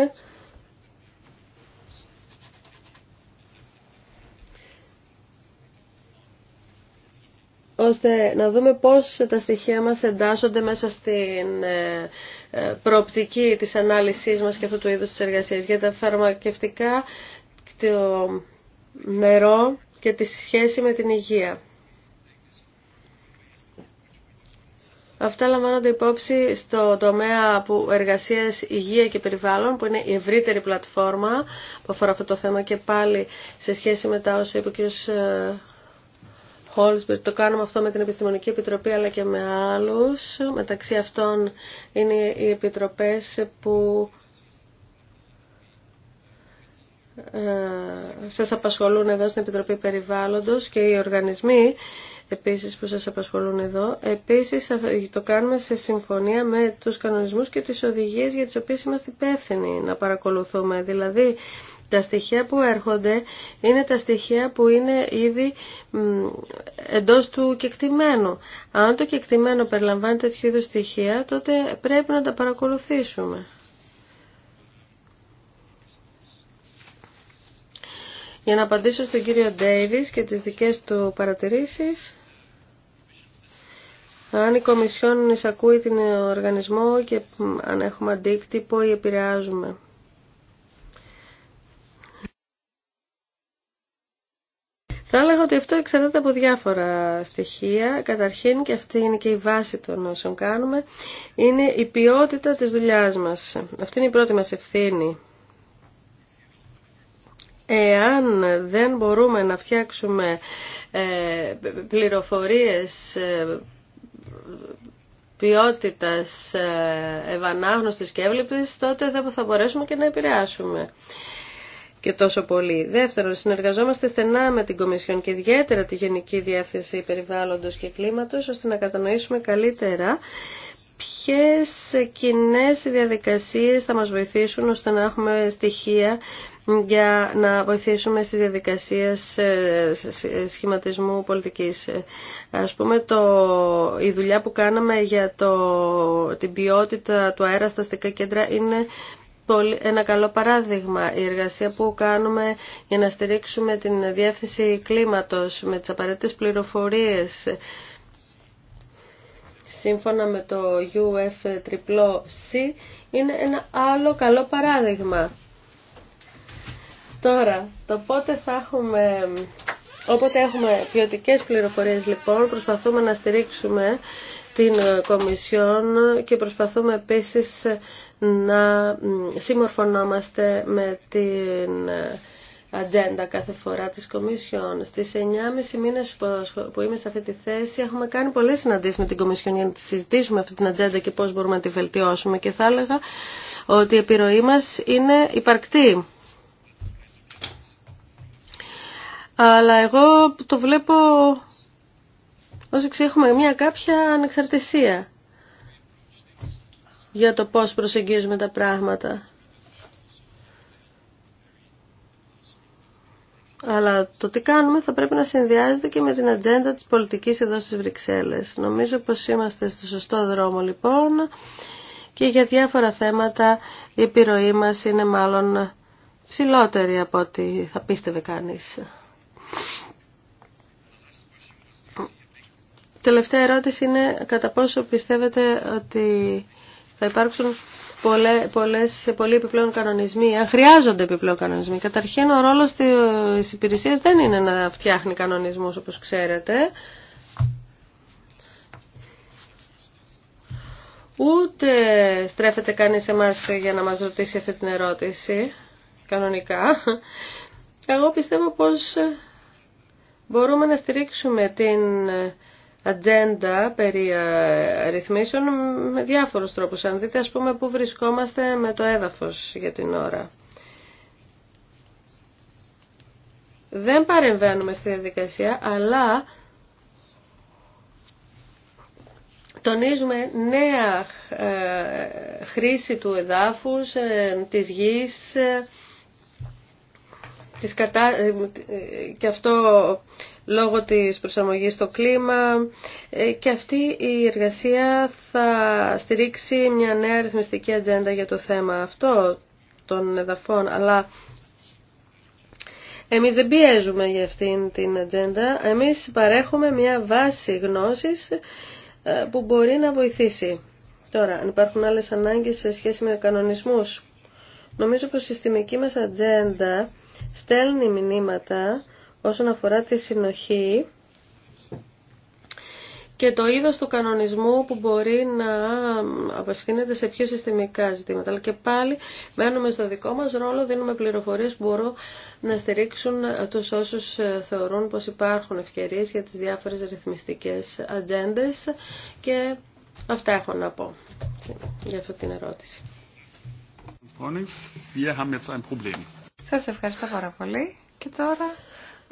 ώστε να δούμε πώς τα στοιχεία μας εντάσσονται μέσα στην ε, ε, προοπτική της ανάλυσής μας και αυτού του είδους της εργασίας. Για τα φαρμακευτικά, το νερό και τη σχέση με την υγεία. Αυτά λαμβάνονται υπόψη στο τομέα που εργασίας υγεία και περιβάλλον, που είναι η ευρύτερη πλατφόρμα που αφορά αυτό το θέμα και πάλι σε σχέση με τα όσα είπε ο κ. Το κάνουμε αυτό με την Επιστημονική Επιτροπή αλλά και με άλλους. Μεταξύ αυτών είναι οι επιτροπές που ε, σας απασχολούν εδώ στην Επιτροπή Περιβάλλοντος και οι οργανισμοί επίσης που σας απασχολούν εδώ. Επίσης ε, το κάνουμε σε συμφωνία με τους κανονισμούς και τις οδηγίες για τις οποίες είμαστε υπεύθυνοι να παρακολουθούμε. Δηλαδή τα στοιχεία που έρχονται είναι τα στοιχεία που είναι ήδη εντός του κεκτημένου. Αν το κεκτημένο περιλαμβάνει τέτοιου είδους στοιχεία, τότε πρέπει να τα παρακολουθήσουμε. Για να απαντήσω στον κύριο Ντέιβις και τις δικές του παρατηρήσεις, αν η Κομισιόν εισακούει την οργανισμό και αν έχουμε αντίκτυπο ή επηρεάζουμε. Θα έλεγα ότι αυτό εξαρτάται από διάφορα στοιχεία. Καταρχήν, και αυτή είναι και η βάση των όσων κάνουμε, είναι η ποιότητα της δουλειάς μας. Αυτή είναι η πρώτη μας ευθύνη. Εάν δεν μπορούμε να φτιάξουμε ε, πληροφορίες ε, ποιότητας ε, ευανάγνωστης και έβλεπτης, τότε δεν θα μπορέσουμε και να επηρεάσουμε και τόσο πολύ. Δεύτερον, συνεργαζόμαστε στενά με την Κομισιόν και ιδιαίτερα τη Γενική Διεύθυνση Περιβάλλοντος και Κλίματος, ώστε να κατανοήσουμε καλύτερα ποιε κοινέ διαδικασίες θα μας βοηθήσουν ώστε να έχουμε στοιχεία για να βοηθήσουμε στις διαδικασίες ε, σχηματισμού πολιτικής. Ας πούμε, το, η δουλειά που κάναμε για το, την ποιότητα του αέρα στα αστικά κέντρα είναι ένα καλό παράδειγμα. Η εργασία που κάνουμε για να στηρίξουμε την διεύθυνση κλίματος με τις απαραίτητες πληροφορίες σύμφωνα με το UFCCC είναι ένα άλλο καλό παράδειγμα. Τώρα, το πότε θα έχουμε... Όποτε έχουμε ποιοτικές πληροφορίες λοιπόν, προσπαθούμε να στηρίξουμε την ε, Κομισιόν και προσπαθούμε επίσης ε, να συμμορφωνόμαστε με την ε, ατζέντα κάθε φορά της Κομισιόν. Στις 9,5 μήνες που είμαι σε αυτή τη θέση έχουμε κάνει πολλές συναντήσεις με την Κομισιόν για να τη συζητήσουμε αυτή την ατζέντα και πώς μπορούμε να τη βελτιώσουμε και θα έλεγα ότι η επιρροή μας είναι υπαρκτή. Αλλά εγώ το βλέπω όσοι εξή έχουμε μια κάποια ανεξαρτησία για το πώς προσεγγίζουμε τα πράγματα. Αλλά το τι κάνουμε θα πρέπει να συνδυάζεται και με την ατζέντα της πολιτικής εδώ στις Βρυξέλλες. Νομίζω πως είμαστε στο σωστό δρόμο λοιπόν και για διάφορα θέματα η επιρροή μας είναι μάλλον ψηλότερη από ό,τι θα πίστευε κανείς. Τελευταία ερώτηση είναι κατά πόσο πιστεύετε ότι θα υπάρξουν πολλές, πολλές, πολλοί επιπλέον κανονισμοί, αν χρειάζονται επιπλέον κανονισμοί. Καταρχήν ο ρόλος της υπηρεσίας δεν είναι να φτιάχνει κανονισμούς όπως ξέρετε. Ούτε στρέφεται κανείς εμάς για να μας ρωτήσει αυτή την ερώτηση, κανονικά. Εγώ πιστεύω πως μπορούμε να στηρίξουμε την ατζέντα περί αριθμίσεων ε, με διάφορους τρόπους. Αν δείτε ας πούμε που βρισκόμαστε με το έδαφος για την ώρα. Δεν παρεμβαίνουμε στη διαδικασία, αλλά τονίζουμε νέα ε, χρήση του εδάφους, ε, της γης, της κατά... και αυτό λόγω της προσαρμογής στο κλίμα ε, και αυτή η εργασία θα στηρίξει μια νέα αριθμιστική ατζέντα για το θέμα αυτό των εδαφών, αλλά εμείς δεν πιέζουμε για αυτήν την ατζέντα, εμείς παρέχουμε μια βάση γνώσης ε, που μπορεί να βοηθήσει. Τώρα, αν υπάρχουν άλλες ανάγκες σε σχέση με κανονισμούς, νομίζω πως η συστημική μας ατζέντα στέλνει μηνύματα όσον αφορά τη συνοχή και το είδος του κανονισμού που μπορεί να απευθύνεται σε πιο συστημικά ζητήματα. Αλλά και πάλι μένουμε στο δικό μας ρόλο, δίνουμε πληροφορίες που μπορούν να στηρίξουν τους όσους ε, θεωρούν πως υπάρχουν ευκαιρίες για τις διάφορες ρυθμιστικές ατζέντε και αυτά έχω να πω για αυτή την ερώτηση. Σας ευχαριστώ πάρα πολύ και τώρα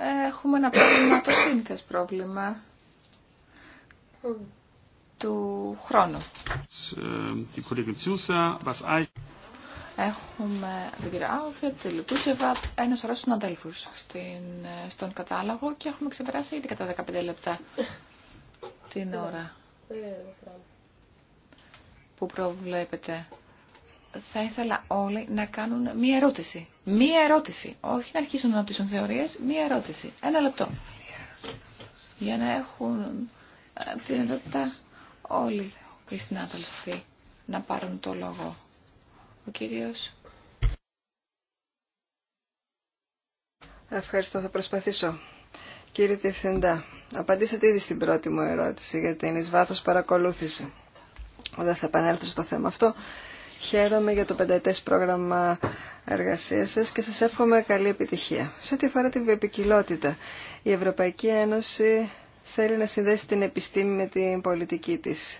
έχουμε ένα πρόβλημα, το σύνθες πρόβλημα του χρόνου. Έχουμε την κυρία Άουφια, τη Λουκούσεβα, ένα σωρό συναδέλφου στον κατάλογο και έχουμε ξεπεράσει ήδη κατά 15 λεπτά την ώρα ε, που προβλέπετε θα ήθελα όλοι να κάνουν μία ερώτηση. Μία ερώτηση. Όχι να αρχίσουν να αναπτύσσουν θεωρίες, μία ερώτηση. Ένα λεπτό. Για να έχουν ε, την δυνατότητα όλοι οι συνάδελφοι να πάρουν το λόγο. Ο κύριος. Ευχαριστώ, θα προσπαθήσω. Κύριε Διευθυντά, απαντήσατε ήδη στην πρώτη μου ερώτηση για την εις βάθος παρακολούθηση. Δεν θα επανέλθω στο θέμα αυτό. Χαίρομαι για το πενταετές πρόγραμμα εργασίας σας και σας εύχομαι καλή επιτυχία. Σε ό,τι αφορά την βιοπικιλότητα, η Ευρωπαϊκή Ένωση θέλει να συνδέσει την επιστήμη με την πολιτική της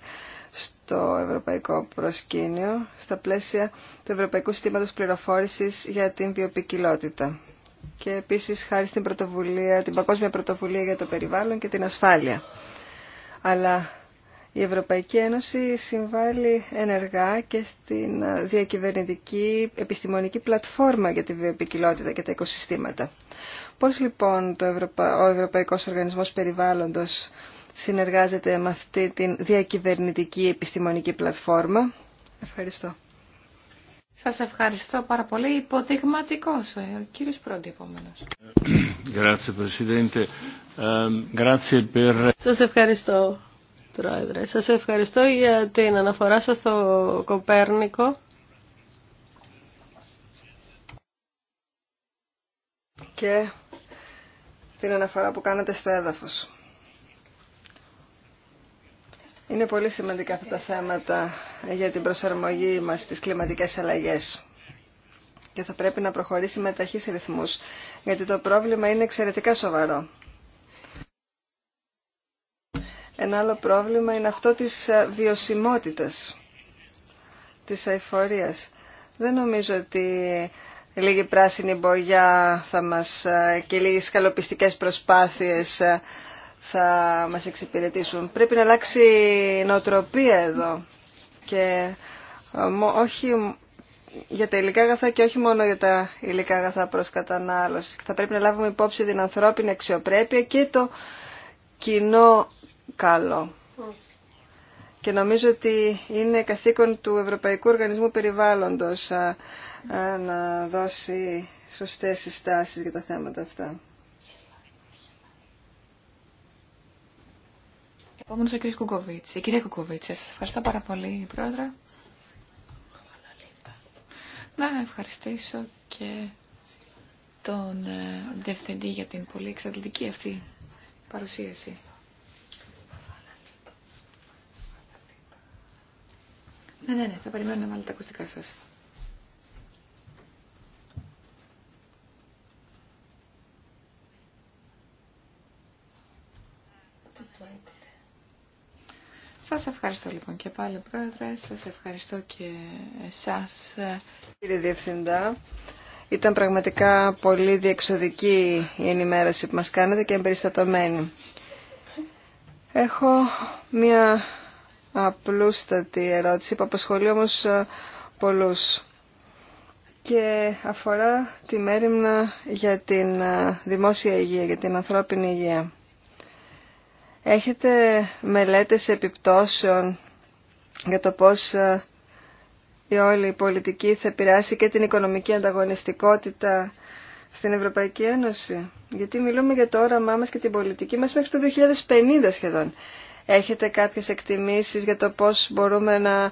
στο ευρωπαϊκό προσκήνιο, στα πλαίσια του Ευρωπαϊκού Συστήματος Πληροφόρησης για την Βιοπικιλότητα. Και επίσης χάρη στην πρωτοβουλία, την Παγκόσμια Πρωτοβουλία για το Περιβάλλον και την Ασφάλεια. Αλλά η Ευρωπαϊκή Ένωση συμβάλλει ενεργά και στην διακυβερνητική επιστημονική πλατφόρμα για τη βιοπικιλότητα και τα οικοσυστήματα. Πώς λοιπόν το ο Ευρωπαϊκός Οργανισμός Περιβάλλοντος συνεργάζεται με αυτή την διακυβερνητική επιστημονική πλατφόρμα. Ευχαριστώ. Σας ευχαριστώ πάρα πολύ. Υποδειγματικός ε, ο κύριος Πρόντι επόμενος. Ehm, Σας ευχαριστώ. Πρόεδρε. Σας ευχαριστώ για την αναφορά σας στο Κοπέρνικο. Και την αναφορά που κάνατε στο έδαφος. Είναι πολύ σημαντικά αυτά τα θέματα για την προσαρμογή μας στις κλιματικές αλλαγές και θα πρέπει να προχωρήσει με ταχύς ρυθμούς, γιατί το πρόβλημα είναι εξαιρετικά σοβαρό. Ένα άλλο πρόβλημα είναι αυτό της ε, βιωσιμότητας, της αηφορίας. Δεν νομίζω ότι λίγη πράσινη μπογιά θα μας, ε, και λίγες καλοπιστικές προσπάθειες ε, θα μας εξυπηρετήσουν. Πρέπει να αλλάξει η νοοτροπία εδώ και όχι για τα υλικά αγαθά και όχι μόνο για τα υλικά αγαθά προς κατανάλωση. Θα πρέπει να λάβουμε υπόψη την ανθρώπινη αξιοπρέπεια και το κοινό καλό. Και νομίζω ότι είναι καθήκον του Ευρωπαϊκού Οργανισμού Περιβάλλοντος να δώσει σωστές συστάσεις για τα θέματα αυτά. Επόμενος ο κ. Κουκοβίτς. Η κυρία Κουκοβίτς, σας ευχαριστώ πάρα πολύ, Πρόεδρε. Να ευχαριστήσω και τον ε, Διευθυντή για την πολύ εξαντλητική αυτή παρουσίαση. Ναι, ναι, ναι, θα περιμένω να βάλω τα ακουστικά σα. Σας ευχαριστώ λοιπόν και πάλι πρόεδρε, σας ευχαριστώ και εσάς. Κύριε Διευθυντά, ήταν πραγματικά πολύ διεξοδική η ενημέρωση που μας κάνετε και εμπεριστατωμένη. Έχω μια απλούστατη ερώτηση που απασχολεί όμως ε, πολλούς και αφορά τη μέρημνα για την ε, δημόσια υγεία, για την ανθρώπινη υγεία. Έχετε μελέτες επιπτώσεων για το πώς ε, η όλη πολιτική θα επηρεάσει και την οικονομική ανταγωνιστικότητα στην Ευρωπαϊκή Ένωση. Γιατί μιλούμε για το όραμά μας και την πολιτική μας μέχρι το 2050 σχεδόν. Έχετε κάποιες εκτιμήσεις για το πώς μπορούμε να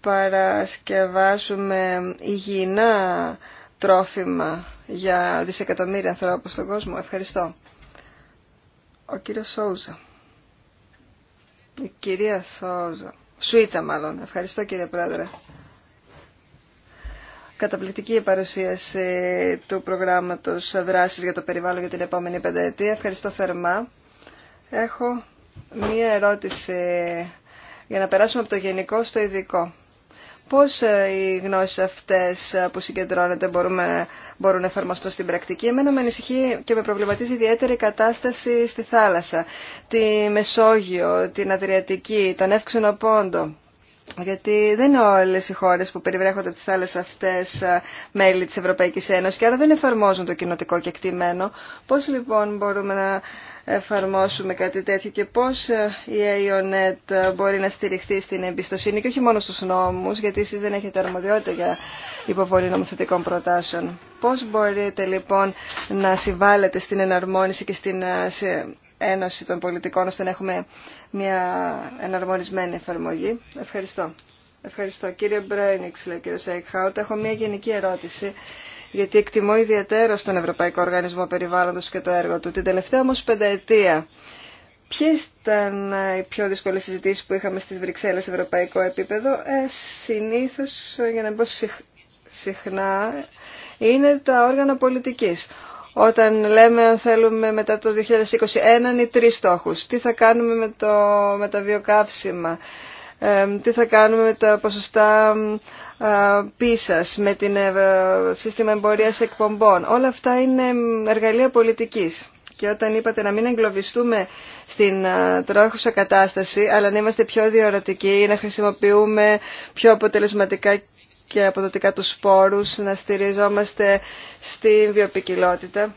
παρασκευάσουμε υγιεινά τρόφιμα για δισεκατομμύρια ανθρώπους στον κόσμο. Ευχαριστώ. Ο κύριος Σόουζα. Η κυρία Σόουζα. Σουίτσα μάλλον. Ευχαριστώ κύριε Πρόεδρε. Καταπληκτική η παρουσίαση του προγράμματος δράσης για το περιβάλλον για την επόμενη πενταετία. Ευχαριστώ θερμά. Έχω μία ερώτηση για να περάσουμε από το γενικό στο ειδικό. Πώς ε, οι γνώσεις αυτές ε, που συγκεντρώνεται μπορούμε, μπορούν να εφαρμοστούν στην πρακτική. Εμένα με ανησυχεί και με προβληματίζει ιδιαίτερη κατάσταση στη θάλασσα, τη Μεσόγειο, την Αδριατική, τον Εύξενο Πόντο. Γιατί δεν είναι όλε οι χώρε που περιβρέχονται από τι θάλασσε αυτέ ε, μέλη τη Ευρωπαϊκή Ένωση και άρα δεν εφαρμόζουν το κοινοτικό κεκτημένο. Πώ λοιπόν μπορούμε να εφαρμόσουμε κάτι τέτοιο και πώ ε, η AONET μπορεί να στηριχθεί στην εμπιστοσύνη και όχι μόνο στου νόμου, γιατί εσεί δεν έχετε αρμοδιότητα για υποβολή νομοθετικών προτάσεων. Πώ μπορείτε λοιπόν να συμβάλλετε στην εναρμόνιση και στην ε, ένωση των πολιτικών ώστε να έχουμε μια εναρμονισμένη εφαρμογή. Ευχαριστώ. Ευχαριστώ. Κύριε Μπρένιξ, λέει ο κύριο Σέικχαουτ, έχω μια γενική ερώτηση, γιατί εκτιμώ ιδιαίτερα στον Ευρωπαϊκό Οργανισμό Περιβάλλοντο και το έργο του. Την τελευταία όμω πενταετία, Ποιε ήταν ε, οι πιο δύσκολε συζητήσει που είχαμε στι Βρυξέλλε σε ευρωπαϊκό επίπεδο, ε, συνήθω, για να μην πω συχνά, είναι τα όργανα πολιτική όταν λέμε αν θέλουμε μετά το 2021 έναν ή τρεις στόχους. Τι θα κάνουμε με, το, με τα βιοκαύσιμα, τι θα κάνουμε με τα ποσοστά πίσας, με την ε, σύστημα εμπορίας εκπομπών. Όλα αυτά είναι εργαλεία πολιτικής. Και όταν είπατε να μην εγκλωβιστούμε στην τρόχουσα κατάσταση, αλλά να είμαστε πιο διορατικοί, να χρησιμοποιούμε πιο αποτελεσματικά και αποδοτικά τους σπόρους, να στηριζόμαστε στην βιοπικιλότητα.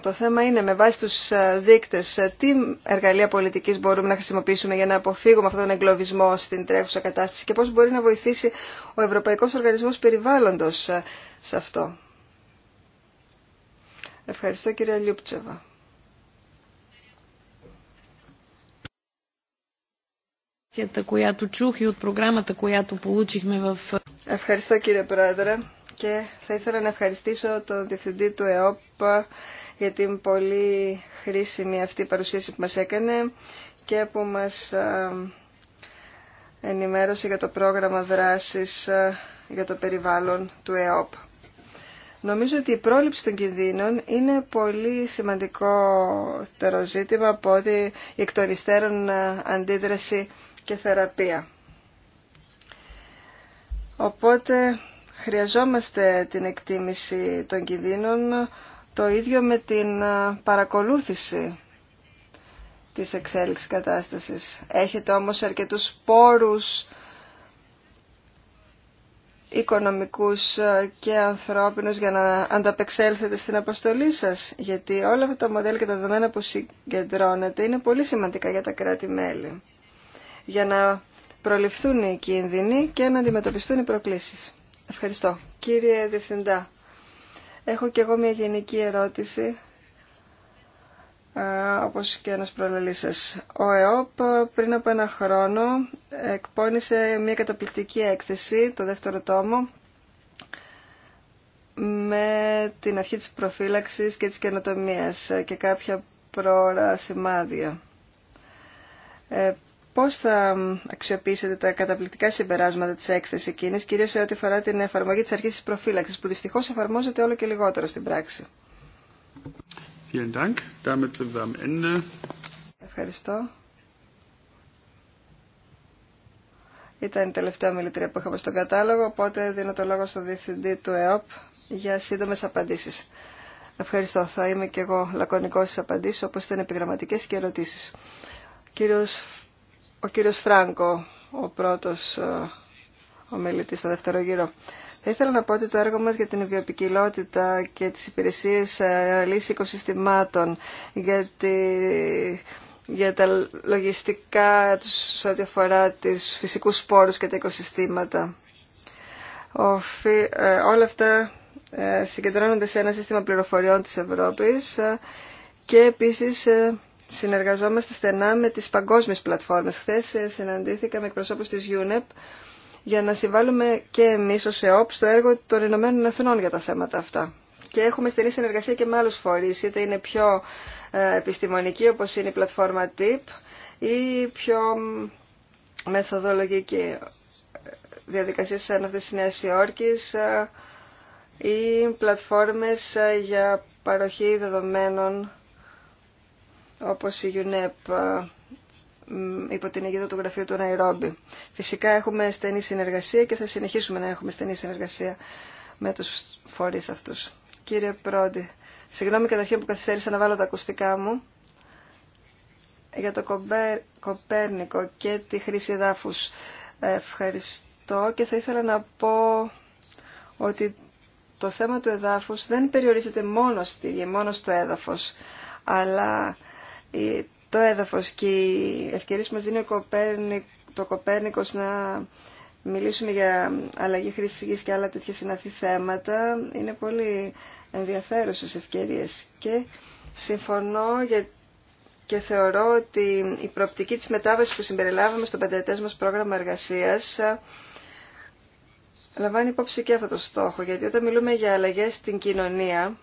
Το θέμα είναι με βάση τους ε, δείκτες ε, τι εργαλεία πολιτικής μπορούμε να χρησιμοποιήσουμε για να αποφύγουμε αυτόν τον εγκλωβισμό στην τρέχουσα κατάσταση και πώς μπορεί να βοηθήσει ο Ευρωπαϊκός Οργανισμός Περιβάλλοντος ε, σε αυτό. Ευχαριστώ κύριε Λιούπτσεβα. Ευχαριστώ κύριε Πρόεδρε και θα ήθελα να ευχαριστήσω τον Διευθυντή του ΕΟΠ για την πολύ χρήσιμη αυτή παρουσίαση που μας έκανε και που μας ε, ενημέρωσε για το πρόγραμμα δράσης ε, για το περιβάλλον του ΕΟΠ. Νομίζω ότι η πρόληψη των κινδύνων είναι πολύ σημαντικό ζήτημα από ότι η εκ ε, αντίδραση και θεραπεία. Οπότε χρειαζόμαστε την εκτίμηση των κινδύνων το ίδιο με την παρακολούθηση της εξέλιξης κατάστασης. Έχετε όμως αρκετούς πόρους οικονομικούς και ανθρώπινους για να ανταπεξέλθετε στην αποστολή σας. Γιατί όλα αυτά τα μοντέλα και τα δεδομένα που συγκεντρώνετε είναι πολύ σημαντικά για τα κράτη-μέλη για να προληφθούν οι κίνδυνοι και να αντιμετωπιστούν οι προκλήσεις. Ευχαριστώ. Κύριε Διευθυντά, έχω και εγώ μια γενική ερώτηση, όπως και ένας προλαλής Ο ΕΟΠ πριν από ένα χρόνο εκπώνησε μια καταπληκτική έκθεση, το δεύτερο τόμο, με την αρχή της προφύλαξης και της καινοτομίας και κάποια πρόωρα σημάδια. Ε, πώς θα αξιοποιήσετε τα καταπληκτικά συμπεράσματα της έκθεσης εκείνης, κυρίως σε ό,τι αφορά την εφαρμογή της αρχής της προφύλαξης, που δυστυχώς εφαρμόζεται όλο και λιγότερο στην πράξη. Ευχαριστώ. Ήταν η τελευταία μιλητρία που είχαμε στον κατάλογο, οπότε δίνω το λόγο στον Διευθυντή του ΕΟΠ για σύντομες απαντήσεις. Ευχαριστώ. Θα είμαι και εγώ λακωνικός στις απαντήσεις, όπως ήταν επιγραμματικέ και ερωτήσει. Κύριος ο κύριος Φράγκο, ο πρώτος ε, ομιλητής στο δεύτερο γύρο. Θα ήθελα να πω ότι το έργο μας για την βιοπικιλότητα και τις υπηρεσίες λύση οικοσυστημάτων, για, τη, για τα λογιστικά σε ό,τι αφορά τις φυσικούς σπόρους και τα οικοσυστήματα. Ε, όλα αυτά ε, συγκεντρώνονται σε ένα σύστημα πληροφοριών της Ευρώπης και επίσης συνεργαζόμαστε στενά με τις παγκόσμιες πλατφόρμες. χθε ε, συναντήθηκα με εκπροσώπους της UNEP για να συμβάλλουμε και εμείς ως ΕΟΠ στο έργο των Ηνωμένων Εθνών για τα θέματα αυτά. Και έχουμε στενή συνεργασία και με άλλους φορείς, είτε είναι πιο ε, επιστημονική όπως είναι η πλατφόρμα TIP ή πιο μεθοδολογική ε, διαδικασία σαν αυτές της Νέας Υόρκης ή πλατφόρμες για παροχή δεδομένων όπως η UNEP ε, υπό την αιγύδα του γραφείου του Ναϊρόμπι. Φυσικά έχουμε στενή συνεργασία και θα συνεχίσουμε να έχουμε στενή συνεργασία με τους φορείς αυτούς. Κύριε Πρόντι, συγγνώμη καταρχήν που καθυστέρησα να βάλω τα ακουστικά μου για το Κοπέρνικο και τη χρήση εδάφους. Ε, ευχαριστώ και θα ήθελα να πω ότι το θέμα του εδάφους δεν περιορίζεται μόνο, στη, μόνο στο έδαφος, αλλά το έδαφος και οι ευκαιρίες που μας δίνει το Κοπέρνικος να μιλήσουμε για αλλαγή χρήσης γης και άλλα τέτοια συναφή θέματα είναι πολύ ενδιαφέρουσες ευκαιρίες και συμφωνώ για και θεωρώ ότι η προοπτική της μετάβασης που συμπεριλάβαμε στο πενταετές μας πρόγραμμα εργασίας λαμβάνει υπόψη και αυτό το στόχο, γιατί όταν μιλούμε για αλλαγές στην κοινωνία,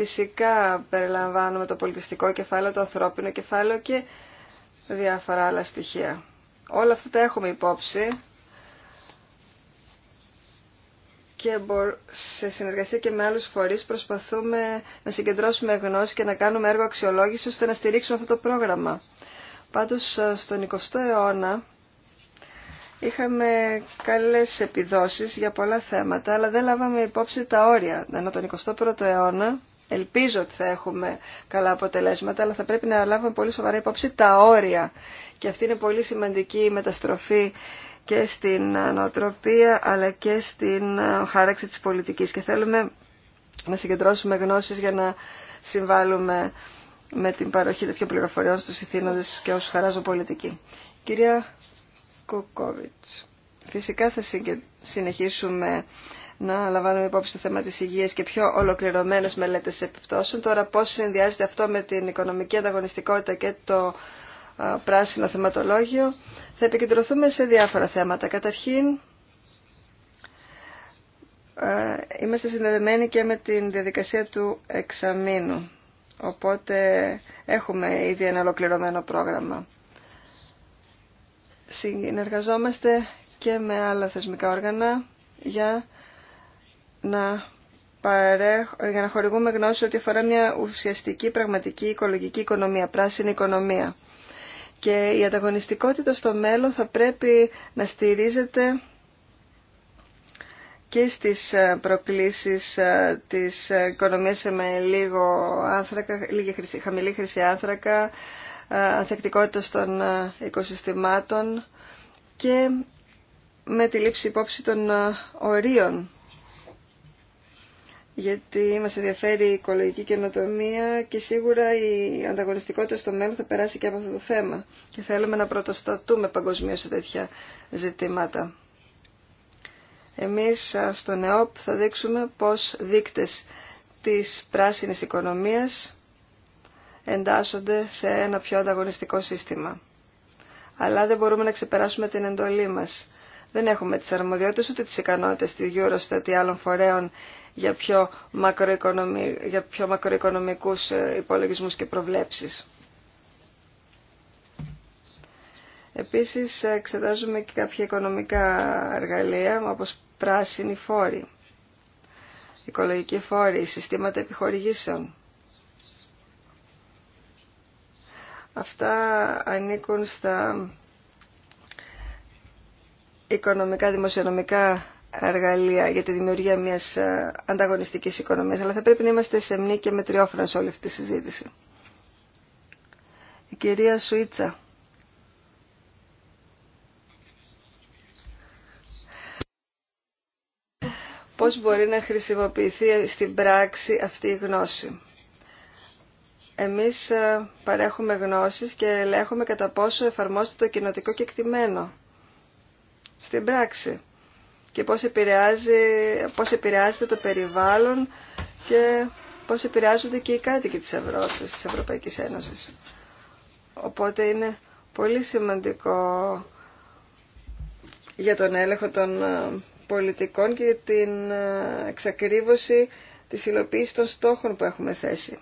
Φυσικά περιλαμβάνουμε το πολιτιστικό κεφάλαιο, το ανθρώπινο κεφάλαιο και διάφορα άλλα στοιχεία. Όλα αυτά τα έχουμε υπόψη και σε συνεργασία και με άλλους φορείς προσπαθούμε να συγκεντρώσουμε γνώση και να κάνουμε έργο αξιολόγηση ώστε να στηρίξουμε αυτό το πρόγραμμα. Πάντως στον 20ο αιώνα είχαμε καλές επιδόσεις για πολλά θέματα αλλά δεν λάβαμε υπόψη τα όρια. Ενώ τον 21ο αιώνα Ελπίζω ότι θα έχουμε καλά αποτελέσματα, αλλά θα πρέπει να λάβουμε πολύ σοβαρά υπόψη τα όρια. Και αυτή είναι πολύ σημαντική η μεταστροφή και στην νοοτροπία, αλλά και στην ε, χάραξη της πολιτικής. Και θέλουμε να συγκεντρώσουμε γνώσεις για να συμβάλλουμε με την παροχή τέτοιων πληροφοριών στους ηθήνοντες και όσους χαράζουν πολιτική. Κυρία Κουκόβιτς, φυσικά θα συνεχίσουμε να λαμβάνουμε υπόψη το θέμα της υγείας και πιο ολοκληρωμένες μελέτες επιπτώσεων. Τώρα πώς συνδυάζεται αυτό με την οικονομική ανταγωνιστικότητα και το ε, πράσινο θεματολόγιο. Θα επικεντρωθούμε σε διάφορα θέματα. Καταρχήν, ε, είμαστε συνδεδεμένοι και με την διαδικασία του εξαμήνου. Οπότε έχουμε ήδη ένα ολοκληρωμένο πρόγραμμα. Συνεργαζόμαστε και με άλλα θεσμικά όργανα για να παρέχω για να χορηγούμε γνώση ότι αφορά μια ουσιαστική πραγματική οικολογική οικονομία, πράσινη οικονομία. Και η ανταγωνιστικότητα στο μέλλον θα πρέπει να στηρίζεται και στις ε, προκλήσεις ε, της ε, οικονομίας με λίγο άνθρακα, λίγη χρυσή, χαμηλή χρυσή άνθρακα, ανθεκτικότητα των οικοσυστημάτων και με τη λήψη υπόψη των ορίων γιατί μας ενδιαφέρει η οικολογική καινοτομία και σίγουρα η ανταγωνιστικότητα στο μέλλον θα περάσει και από αυτό το θέμα και θέλουμε να πρωτοστατούμε παγκοσμίω σε τέτοια ζητήματα. Εμείς στο ΝΕΟΠ θα δείξουμε πώς δείκτες της πράσινης οικονομίας εντάσσονται σε ένα πιο ανταγωνιστικό σύστημα. Αλλά δεν μπορούμε να ξεπεράσουμε την εντολή μας. Δεν έχουμε τις αρμοδιότητες ούτε τις ικανότητες της Eurostat ή άλλων φορέων για πιο, για πιο μακροοικονομικούς ε, υπολογισμούς και προβλέψεις. Επίσης εξετάζουμε και κάποια οικονομικά εργαλεία όπως πράσινοι φόροι, οικολογικοί φόροι, συστήματα επιχορηγήσεων. Αυτά ανήκουν στα οικονομικά δημοσιονομικά εργαλεία για τη δημιουργία μιας ε, ανταγωνιστικής οικονομίας, αλλά θα πρέπει να είμαστε σεμνοί και μετριόφρον σε όλη αυτή τη συζήτηση. Η κυρία Σουίτσα. Πώς μπορεί να χρησιμοποιηθεί στην πράξη αυτή η γνώση. Εμείς ε, παρέχουμε γνώσεις και ελέγχουμε κατά πόσο εφαρμόζεται το κοινοτικό κεκτημένο. Στην πράξη και πώς, επηρεάζει, πώς επηρεάζεται το περιβάλλον και πώς επηρεάζονται και οι κάτοικοι της Ευρώπης, της Ευρωπαϊκής Ένωσης. Οπότε είναι πολύ σημαντικό για τον έλεγχο των ε, πολιτικών και για την ε, εξακρίβωση της υλοποίησης των στόχων που έχουμε θέσει.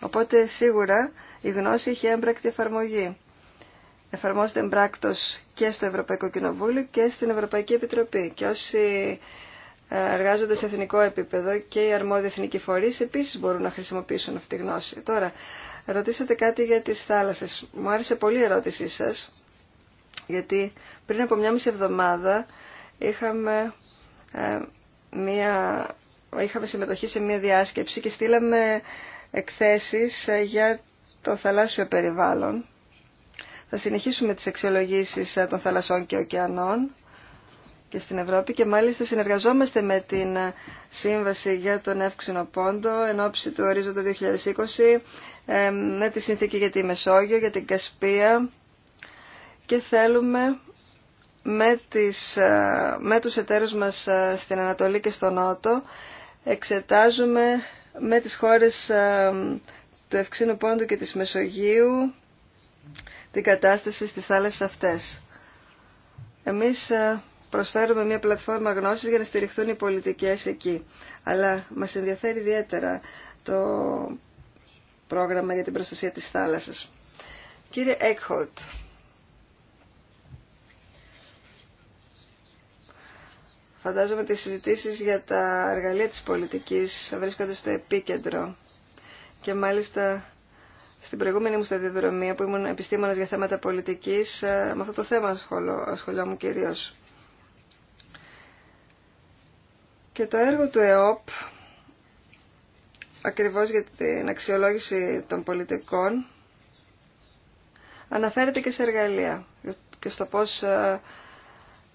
Οπότε σίγουρα η γνώση έχει έμπρακτη εφαρμογή εφαρμόζεται εμπράκτος και στο Ευρωπαϊκό Κοινοβούλιο και στην Ευρωπαϊκή Επιτροπή. Και όσοι ε, εργάζονται σε εθνικό επίπεδο και οι αρμόδιοι εθνικοί φορείς επίσης μπορούν να χρησιμοποιήσουν αυτή τη γνώση. Τώρα, ρωτήσατε κάτι για τις θάλασσες. Μου άρεσε πολύ η ερώτησή σας, γιατί πριν από μια μισή εβδομάδα είχαμε, ε, μια, συμμετοχή σε μια διάσκεψη και στείλαμε εκθέσεις ε, για το θαλάσσιο περιβάλλον θα συνεχίσουμε τις αξιολογήσεις ε, των θαλασσών και ωκεανών και στην Ευρώπη και μάλιστα συνεργαζόμαστε με την ε, Σύμβαση για τον Εύξηνο Πόντο εν ώψη του ορίζοντα 2020 ε, με τη Συνθήκη για τη Μεσόγειο, για την Κασπία και θέλουμε με, τις, με τους εταίρους μας στην Ανατολή και στο Νότο εξετάζουμε με τις χώρες του Ευξήνου Πόντου και της Μεσογείου την κατάσταση στις θάλασσες αυτές. Εμείς ε, προσφέρουμε μια πλατφόρμα γνώσης για να στηριχθούν οι πολιτικές εκεί. Αλλά μας ενδιαφέρει ιδιαίτερα το πρόγραμμα για την προστασία της θάλασσας. Κύριε Έκχοτ, φαντάζομαι ότι οι συζητήσεις για τα εργαλεία της πολιτικής βρίσκονται στο επίκεντρο και μάλιστα στην προηγούμενη μου σταδιοδρομία που ήμουν επιστήμονας για θέματα πολιτικής, ε, με αυτό το θέμα μου κυρίως. Και το έργο του ΕΟΠ, ακριβώς για την αξιολόγηση των πολιτικών, αναφέρεται και σε εργαλεία και στο πώς ε,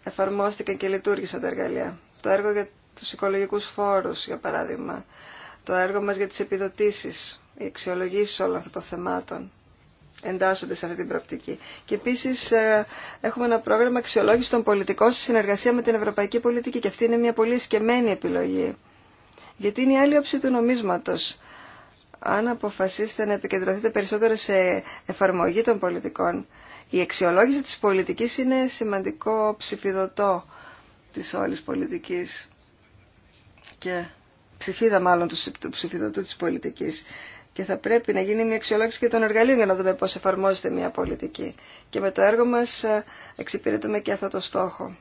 εφαρμόστηκαν και λειτουργήσαν τα εργαλεία. Το έργο για τους οικολογικούς φόρους, για παράδειγμα. Το έργο μας για τις επιδοτήσεις οι αξιολογήσει όλων αυτών των θεμάτων εντάσσονται σε αυτή την προοπτική. Και επίσης ε, έχουμε ένα πρόγραμμα αξιολόγηση των πολιτικών σε συνεργασία με την ευρωπαϊκή πολιτική και αυτή είναι μια πολύ σκεμμένη επιλογή. Γιατί είναι η άλλη όψη του νομίσματο. Αν αποφασίσετε να επικεντρωθείτε περισσότερο σε εφαρμογή των πολιτικών, η αξιολόγηση της πολιτικής είναι σημαντικό ψηφιδωτό της όλης πολιτικής και ψηφίδα μάλλον του ψηφιδωτού της πολιτικής και θα πρέπει να γίνει μια αξιολόγηση και των εργαλείων για να δούμε πώς εφαρμόζεται μια πολιτική. Και με το έργο μας ε, εξυπηρετούμε και αυτό το στόχο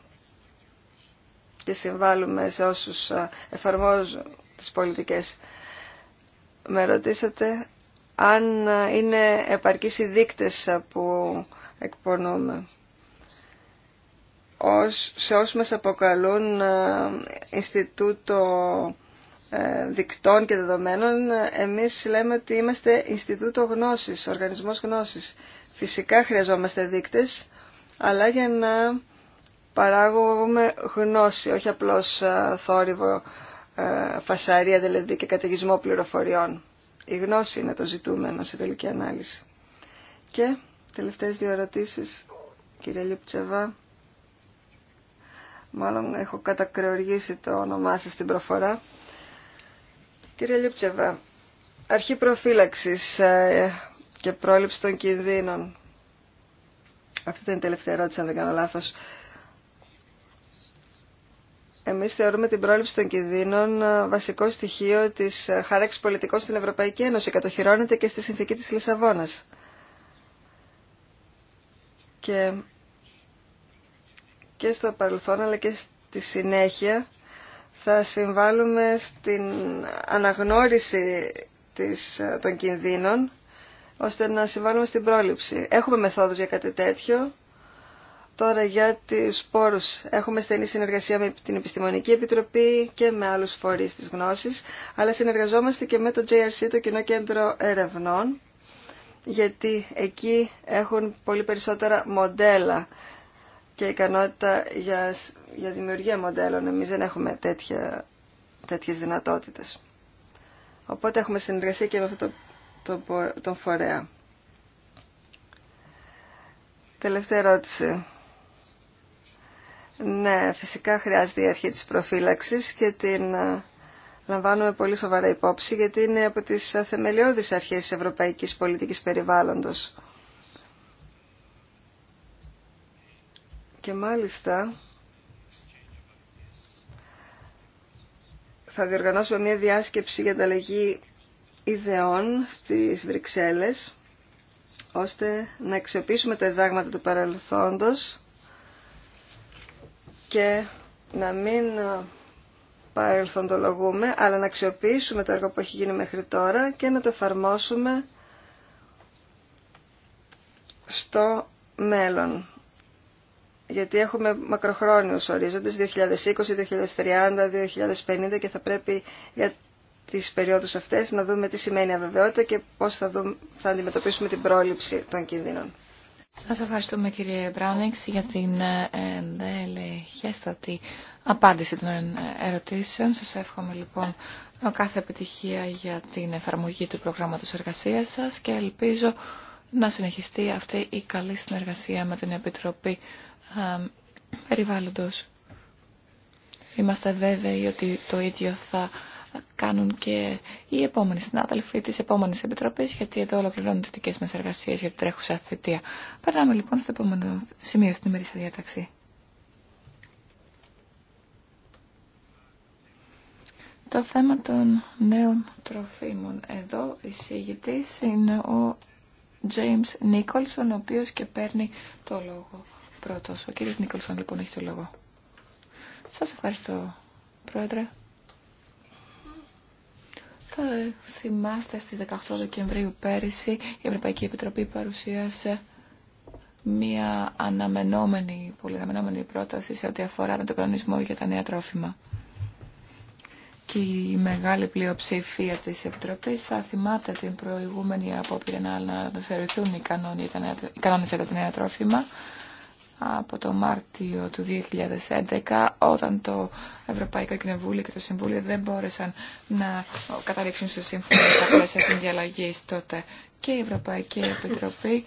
και συμβάλλουμε σε όσους ε, εφαρμόζουν τις πολιτικές. Με ρωτήσατε αν ε, είναι επαρκείς οι δείκτες που εκπονούμε. Σε όσους μας αποκαλούν Ινστιτούτο ε, δικτών και δεδομένων, εμείς λέμε ότι είμαστε Ινστιτούτο Γνώσης, Οργανισμός Γνώσης. Φυσικά χρειαζόμαστε δείκτες, αλλά για να παράγουμε γνώση, όχι απλώς ε, θόρυβο, ε, φασαρία δηλαδή και καταιγισμό πληροφοριών. Η γνώση είναι το ζητούμενο σε τελική ανάλυση. Και τελευταίες δύο ερωτήσεις, κύριε Λιπτσεβα Μάλλον έχω κατακρεουργήσει το όνομά σας στην προφορά. Κύριε Λιούπτσεβα, αρχή προφύλαξης ε, και πρόληψη των κινδύνων. Αυτή ήταν η τελευταία ερώτηση, αν δεν κάνω λάθος. Εμείς θεωρούμε την πρόληψη των κινδύνων ε, βασικό στοιχείο της ε, χάραξης πολιτικών στην Ευρωπαϊκή Ένωση. Κατοχυρώνεται και στη συνθήκη της Λισαβόνας. Και, και στο παρελθόν αλλά και στη συνέχεια θα συμβάλλουμε στην αναγνώριση της, των κινδύνων ώστε να συμβάλλουμε στην πρόληψη. Έχουμε μεθόδους για κάτι τέτοιο. Τώρα για τις σπόρους έχουμε στενή συνεργασία με την Επιστημονική Επιτροπή και με άλλους φορείς της γνώσης, αλλά συνεργαζόμαστε και με το JRC, το Κοινό Κέντρο Ερευνών, γιατί εκεί έχουν πολύ περισσότερα μοντέλα και ικανότητα για, δημιουργία μοντέλων. Εμείς δεν έχουμε τέτοια, τέτοιες δυνατότητες. Οπότε έχουμε συνεργασία και με αυτό το, το, τον φορέα. Τελευταία ερώτηση. Ναι, φυσικά χρειάζεται η αρχή της προφύλαξης και την ε, λαμβάνουμε πολύ σοβαρά υπόψη γιατί είναι από τις ε, θεμελιώδεις αρχές της ευρωπαϊκής πολιτικής περιβάλλοντος. Και μάλιστα θα διοργανώσουμε μια διάσκεψη για ανταλλαγή ιδεών στις Βρυξέλλες ώστε να αξιοποιήσουμε τα διδάγματα του παρελθόντος και να μην παρελθοντολογούμε, αλλά να αξιοποιήσουμε το έργο που έχει γίνει μέχρι τώρα και να το εφαρμόσουμε στο μέλλον γιατί έχουμε μακροχρόνιους ορίζοντες 2020, 2030, 2050 και θα πρέπει για τις περιόδους αυτές να δούμε τι σημαίνει αβεβαιότητα και πώς θα, δούμε, θα αντιμετωπίσουμε την πρόληψη των κινδύνων. Σας ευχαριστούμε κύριε Μπράουνιξ για την ε, ενδελεχέστατη απάντηση των ε, ερωτήσεων. Σας εύχομαι λοιπόν κάθε επιτυχία για την εφαρμογή του προγράμματος εργασίας σας και ελπίζω να συνεχιστεί αυτή η καλή συνεργασία με την Επιτροπή περιβάλλοντος. Είμαστε βέβαιοι ότι το ίδιο θα κάνουν και οι επόμενοι συνάδελφοι της επόμενης επιτροπής, γιατί εδώ ολοκληρώνουν τις δικές μας εργασίες για την τρέχουσα θητεία. Περνάμε λοιπόν στο επόμενο σημείο στην ημερήσια διάταξη. Το θέμα των νέων τροφίμων. Εδώ η συγητής είναι ο James Nicholson, ο οποίος και παίρνει το λόγο πρώτος. Ο κύριο Νίκολσον λοιπόν έχει το λόγο. Σα ευχαριστώ πρόεδρε. Θα θυμάστε στις 18 Δεκεμβρίου πέρυσι η Ευρωπαϊκή Επιτροπή παρουσίασε μία αναμενόμενη, πολύ αναμενόμενη πρόταση σε ό,τι αφορά τον κανονισμό για τα νέα τρόφιμα. Και η μεγάλη πλειοψηφία της Επιτροπής θα θυμάται την προηγούμενη απόπειρα να αναθεωρηθούν οι, κανόνε για τα νέα τρόφιμα από το Μάρτιο του 2011 όταν το Ευρωπαϊκό Κοινοβούλιο και το Συμβούλιο δεν μπόρεσαν να καταλήξουν στο Σύμφωνο τα πλαίσια συνδιαλλαγής τότε και η Ευρωπαϊκή Επιτροπή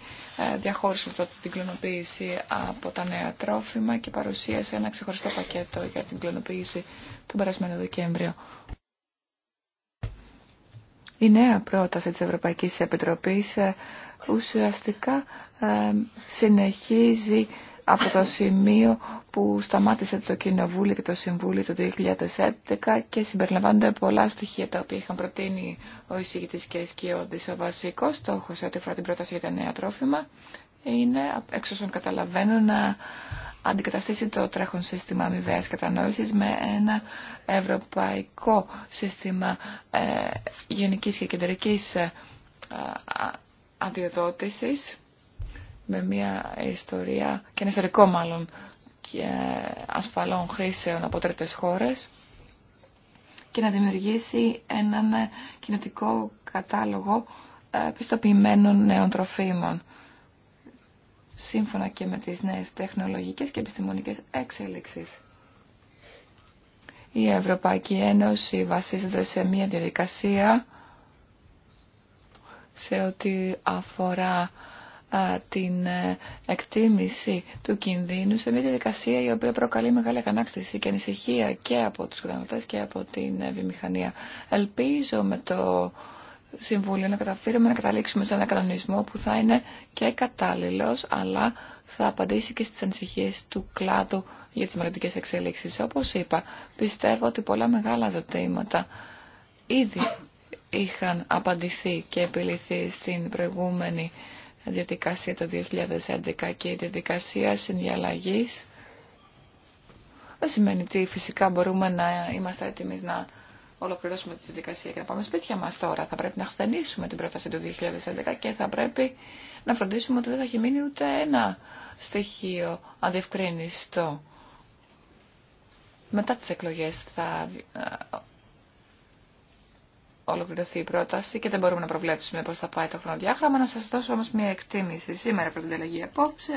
ε, διαχώρισε τότε την κλωνοποίηση από τα νέα τρόφιμα και παρουσίασε ένα ξεχωριστό πακέτο για την κλωνοποίηση τον περασμένο Δεκέμβριο. Η νέα πρόταση της Ευρωπαϊκής Επιτροπής ε, ουσιαστικά ε, συνεχίζει από το σημείο που σταμάτησε το Κοινοβούλιο και το Συμβούλιο το 2011 και συμπεριλαμβάνονται πολλά στοιχεία τα οποία είχαν προτείνει ο εισηγητής και εσκιώδης Ο βασικός στόχος ό,τι αφορά την πρόταση για τα νέα τρόφιμα είναι, εξ όσων καταλαβαίνω, να αντικαταστήσει το τρέχον σύστημα αμοιβαίας κατανόησης με ένα ευρωπαϊκό σύστημα ε, γενικής και κεντρικής ε, με μια ιστορία και ένα ιστορικό μάλλον και ασφαλών χρήσεων από τρίτες χώρες και να δημιουργήσει έναν κοινοτικό κατάλογο ε, πιστοποιημένων νέων τροφίμων σύμφωνα και με τις νέες τεχνολογικές και επιστημονικές εξέλιξεις. Η Ευρωπαϊκή Ένωση βασίζεται σε μια διαδικασία σε ό,τι αφορά την ε, εκτίμηση του κινδύνου σε μια διαδικασία η οποία προκαλεί μεγάλη αγανάκτηση και ανησυχία και από τους καταναλωτές και από την ε, βιομηχανία. Ελπίζω με το Συμβούλιο να καταφέρουμε να καταλήξουμε σε ένα κανονισμό που θα είναι και κατάλληλος αλλά θα απαντήσει και στις ανησυχίες του κλάδου για τις μελλοντικές εξέλιξεις. Όπως είπα, πιστεύω ότι πολλά μεγάλα ζητήματα ήδη είχαν απαντηθεί και επιληθεί στην προηγούμενη διαδικασία το 2011 και η διαδικασία συνδιαλλαγής δεν σημαίνει ότι φυσικά μπορούμε να είμαστε έτοιμοι να ολοκληρώσουμε τη διαδικασία και να πάμε σπίτια μας τώρα. Θα πρέπει να χθενήσουμε την πρόταση του 2011 και θα πρέπει να φροντίσουμε ότι δεν θα έχει μείνει ούτε ένα στοιχείο αδιευκρίνηστο. Μετά τις εκλογές θα ε, ολοκληρωθεί η πρόταση και δεν μπορούμε να προβλέψουμε πώς θα πάει το χρονοδιάγραμμα. Να σας δώσω όμως μια εκτίμηση σήμερα από την τελεγή απόψε.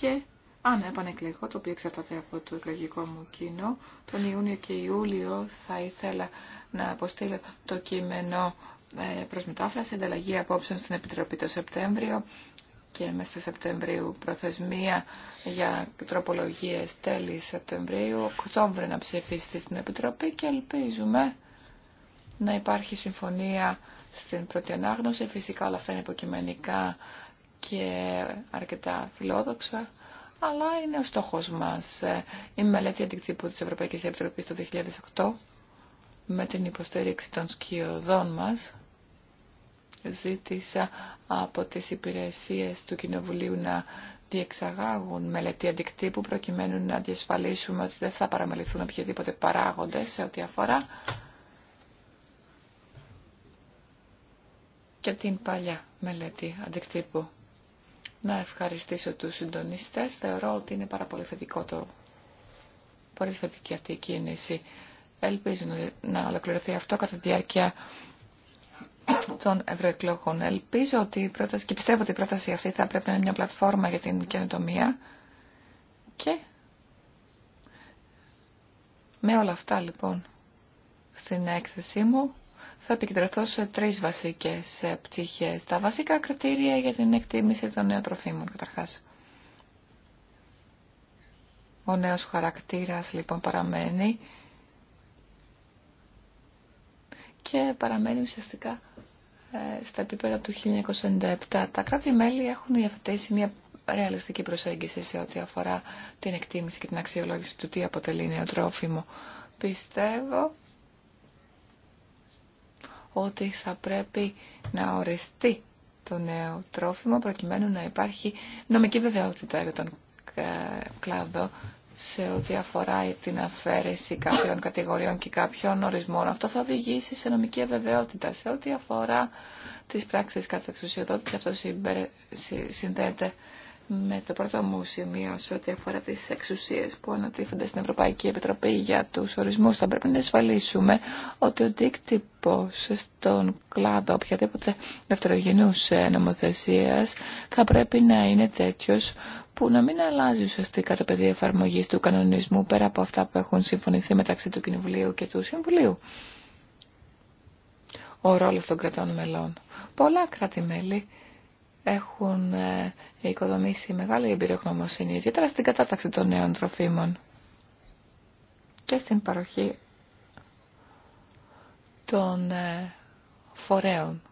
Και αν επανεκλεγώ, το οποίο εξαρτάται από το εκλογικό μου κοινό, τον Ιούνιο και Ιούλιο θα ήθελα να αποστείλω το κείμενο ε, προς μετάφραση, ανταλλαγή απόψεων στην Επιτροπή το Σεπτέμβριο και μέσα Σεπτεμβρίου προθεσμία για τροπολογίες τέλη Σεπτεμβρίου, Οκτώβριο να ψηφίσει στην Επιτροπή και ελπίζουμε να υπάρχει συμφωνία στην πρώτη ανάγνωση. Φυσικά όλα αυτά είναι υποκειμενικά και αρκετά φιλόδοξα, αλλά είναι ο στόχος μας. Η μελέτη αντικτύπου της Ευρωπαϊκής Επιτροπής το 2008 με την υποστήριξη των σκιωδών μας ζήτησα από τις υπηρεσίες του Κοινοβουλίου να διεξαγάγουν μελετή αντικτύπου προκειμένου να διασφαλίσουμε ότι δεν θα παραμεληθούν οποιοδήποτε παράγοντες σε ό,τι αφορά και την παλιά μελέτη αντικτύπου. Να ευχαριστήσω τους συντονίστες. Θεωρώ ότι είναι πάρα πολύ θετικό το πολύ θετική αυτή η κίνηση. Ελπίζω να ολοκληρωθεί αυτό κατά τη διάρκεια των ευρωεκλογών. Ελπίζω ότι η και πιστεύω ότι η πρόταση αυτή θα πρέπει να είναι μια πλατφόρμα για την καινοτομία και με όλα αυτά λοιπόν στην έκθεσή μου θα επικεντρωθώ σε τρεις βασικές ε, πτυχές. Τα βασικά κριτήρια για την εκτίμηση των νέων τροφίμων καταρχάς. Ο νέος χαρακτήρας λοιπόν παραμένει και παραμένει ουσιαστικά ε, στα επίπεδα του 1997. Τα κράτη-μέλη έχουν διαθέσει μια ρεαλιστική προσέγγιση σε ό,τι αφορά την εκτίμηση και την αξιολόγηση του τι αποτελεί νέο τρόφιμο. Πιστεύω ότι θα πρέπει να οριστεί το νέο τρόφιμο προκειμένου να υπάρχει νομική βεβαιότητα για τον ε, κλάδο σε ό,τι αφορά την αφαίρεση κάποιων κατηγοριών και κάποιων ορισμών. Αυτό θα οδηγήσει σε νομική αβεβαιότητα. Σε ό,τι αφορά τις πράξεις κάθε εξουσιοδότηση, αυτό συνδέεται με το πρώτο μου σημείο σε ό,τι αφορά τις εξουσίες που ανατίθενται στην Ευρωπαϊκή Επιτροπή για τους ορισμούς. Θα πρέπει να ασφαλίσουμε ότι ο δίκτυπος στον κλάδο οποιαδήποτε δευτερογενούς ε, νομοθεσίας θα πρέπει να είναι τέτοιος που να μην αλλάζει ουσιαστικά το πεδίο εφαρμογή του κανονισμού πέρα από αυτά που έχουν συμφωνηθεί μεταξύ του Κοινοβουλίου και του Συμβουλίου. Ο ρόλος των κρατών μελών. Πολλά κράτη-μέλη έχουν ε, οικοδομήσει μεγάλη εμπειρογνωμοσύνη, ιδιαίτερα στην κατάταξη των νέων τροφίμων και στην παροχή των ε, φορέων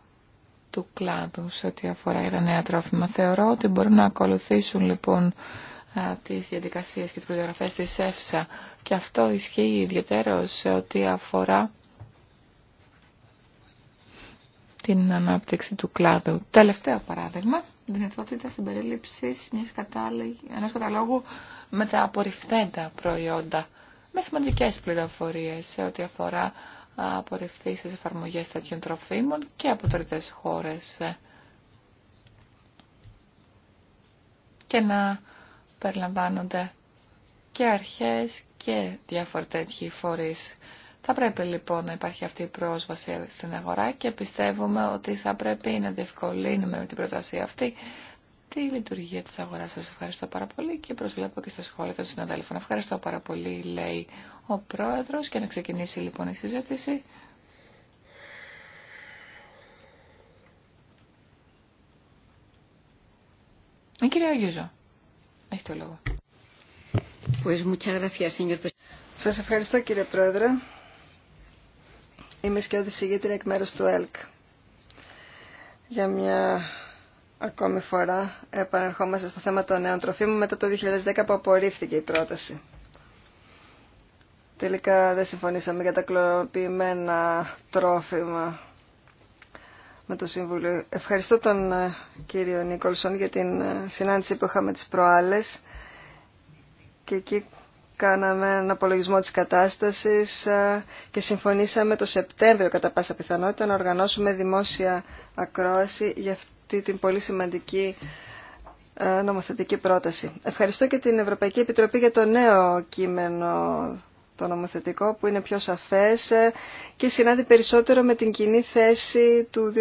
του κλάδου σε ό,τι αφορά για τα νέα τρόφιμα. Θεωρώ ότι μπορούν να ακολουθήσουν λοιπόν τις διαδικασίες και τις προδιαγραφές τη ΕΦΣΑ και αυτό ισχύει ιδιαίτερο σε ό,τι αφορά την ανάπτυξη του κλάδου. Τελευταίο παράδειγμα, δυνατότητα συμπερίληψη μιας ενός καταλόγου με τα απορριφθέντα προϊόντα με σημαντικέ πληροφορίες σε ό,τι αφορά απορριφθεί στις εφαρμογές τέτοιων τροφίμων και από τρίτες χώρες και να περιλαμβάνονται και αρχές και διαφορετικοί τέτοιοι φορείς. Θα πρέπει λοιπόν να υπάρχει αυτή η πρόσβαση στην αγορά και πιστεύουμε ότι θα πρέπει να διευκολύνουμε με την πρόταση αυτή τη λειτουργία της αγοράς. Σας ευχαριστώ πάρα πολύ και προσβλέπω και στα σχόλια των συναδέλφων. Ευχαριστώ πάρα πολύ, λέει ο Πρόεδρος, και να ξεκινήσει λοιπόν η συζήτηση. Η κυρία Αγιούζο, έχει το λόγο. Σας ευχαριστώ κύριε Πρόεδρε. Είμαι για την εκ μέρους του ΕΛΚ για μια Ακόμη φορά επαναρχόμαστε στο θέμα των νέων τροφίμων μετά το 2010 που απορρίφθηκε η πρόταση. Τελικά δεν συμφωνήσαμε για τα κλωροποιημένα τρόφιμα με το Συμβούλιο. Ευχαριστώ τον ε, κύριο Νίκολσον για την ε, συνάντηση που είχαμε τις προάλλες και εκεί κάναμε έναν απολογισμό της κατάστασης ε, και συμφωνήσαμε το Σεπτέμβριο κατά πάσα πιθανότητα να οργανώσουμε δημόσια ακρόαση για αυτό αυτή την πολύ σημαντική ε, νομοθετική πρόταση. Ευχαριστώ και την Ευρωπαϊκή Επιτροπή για το νέο κείμενο το νομοθετικό που είναι πιο σαφές ε, και συνάδει περισσότερο με την κοινή θέση του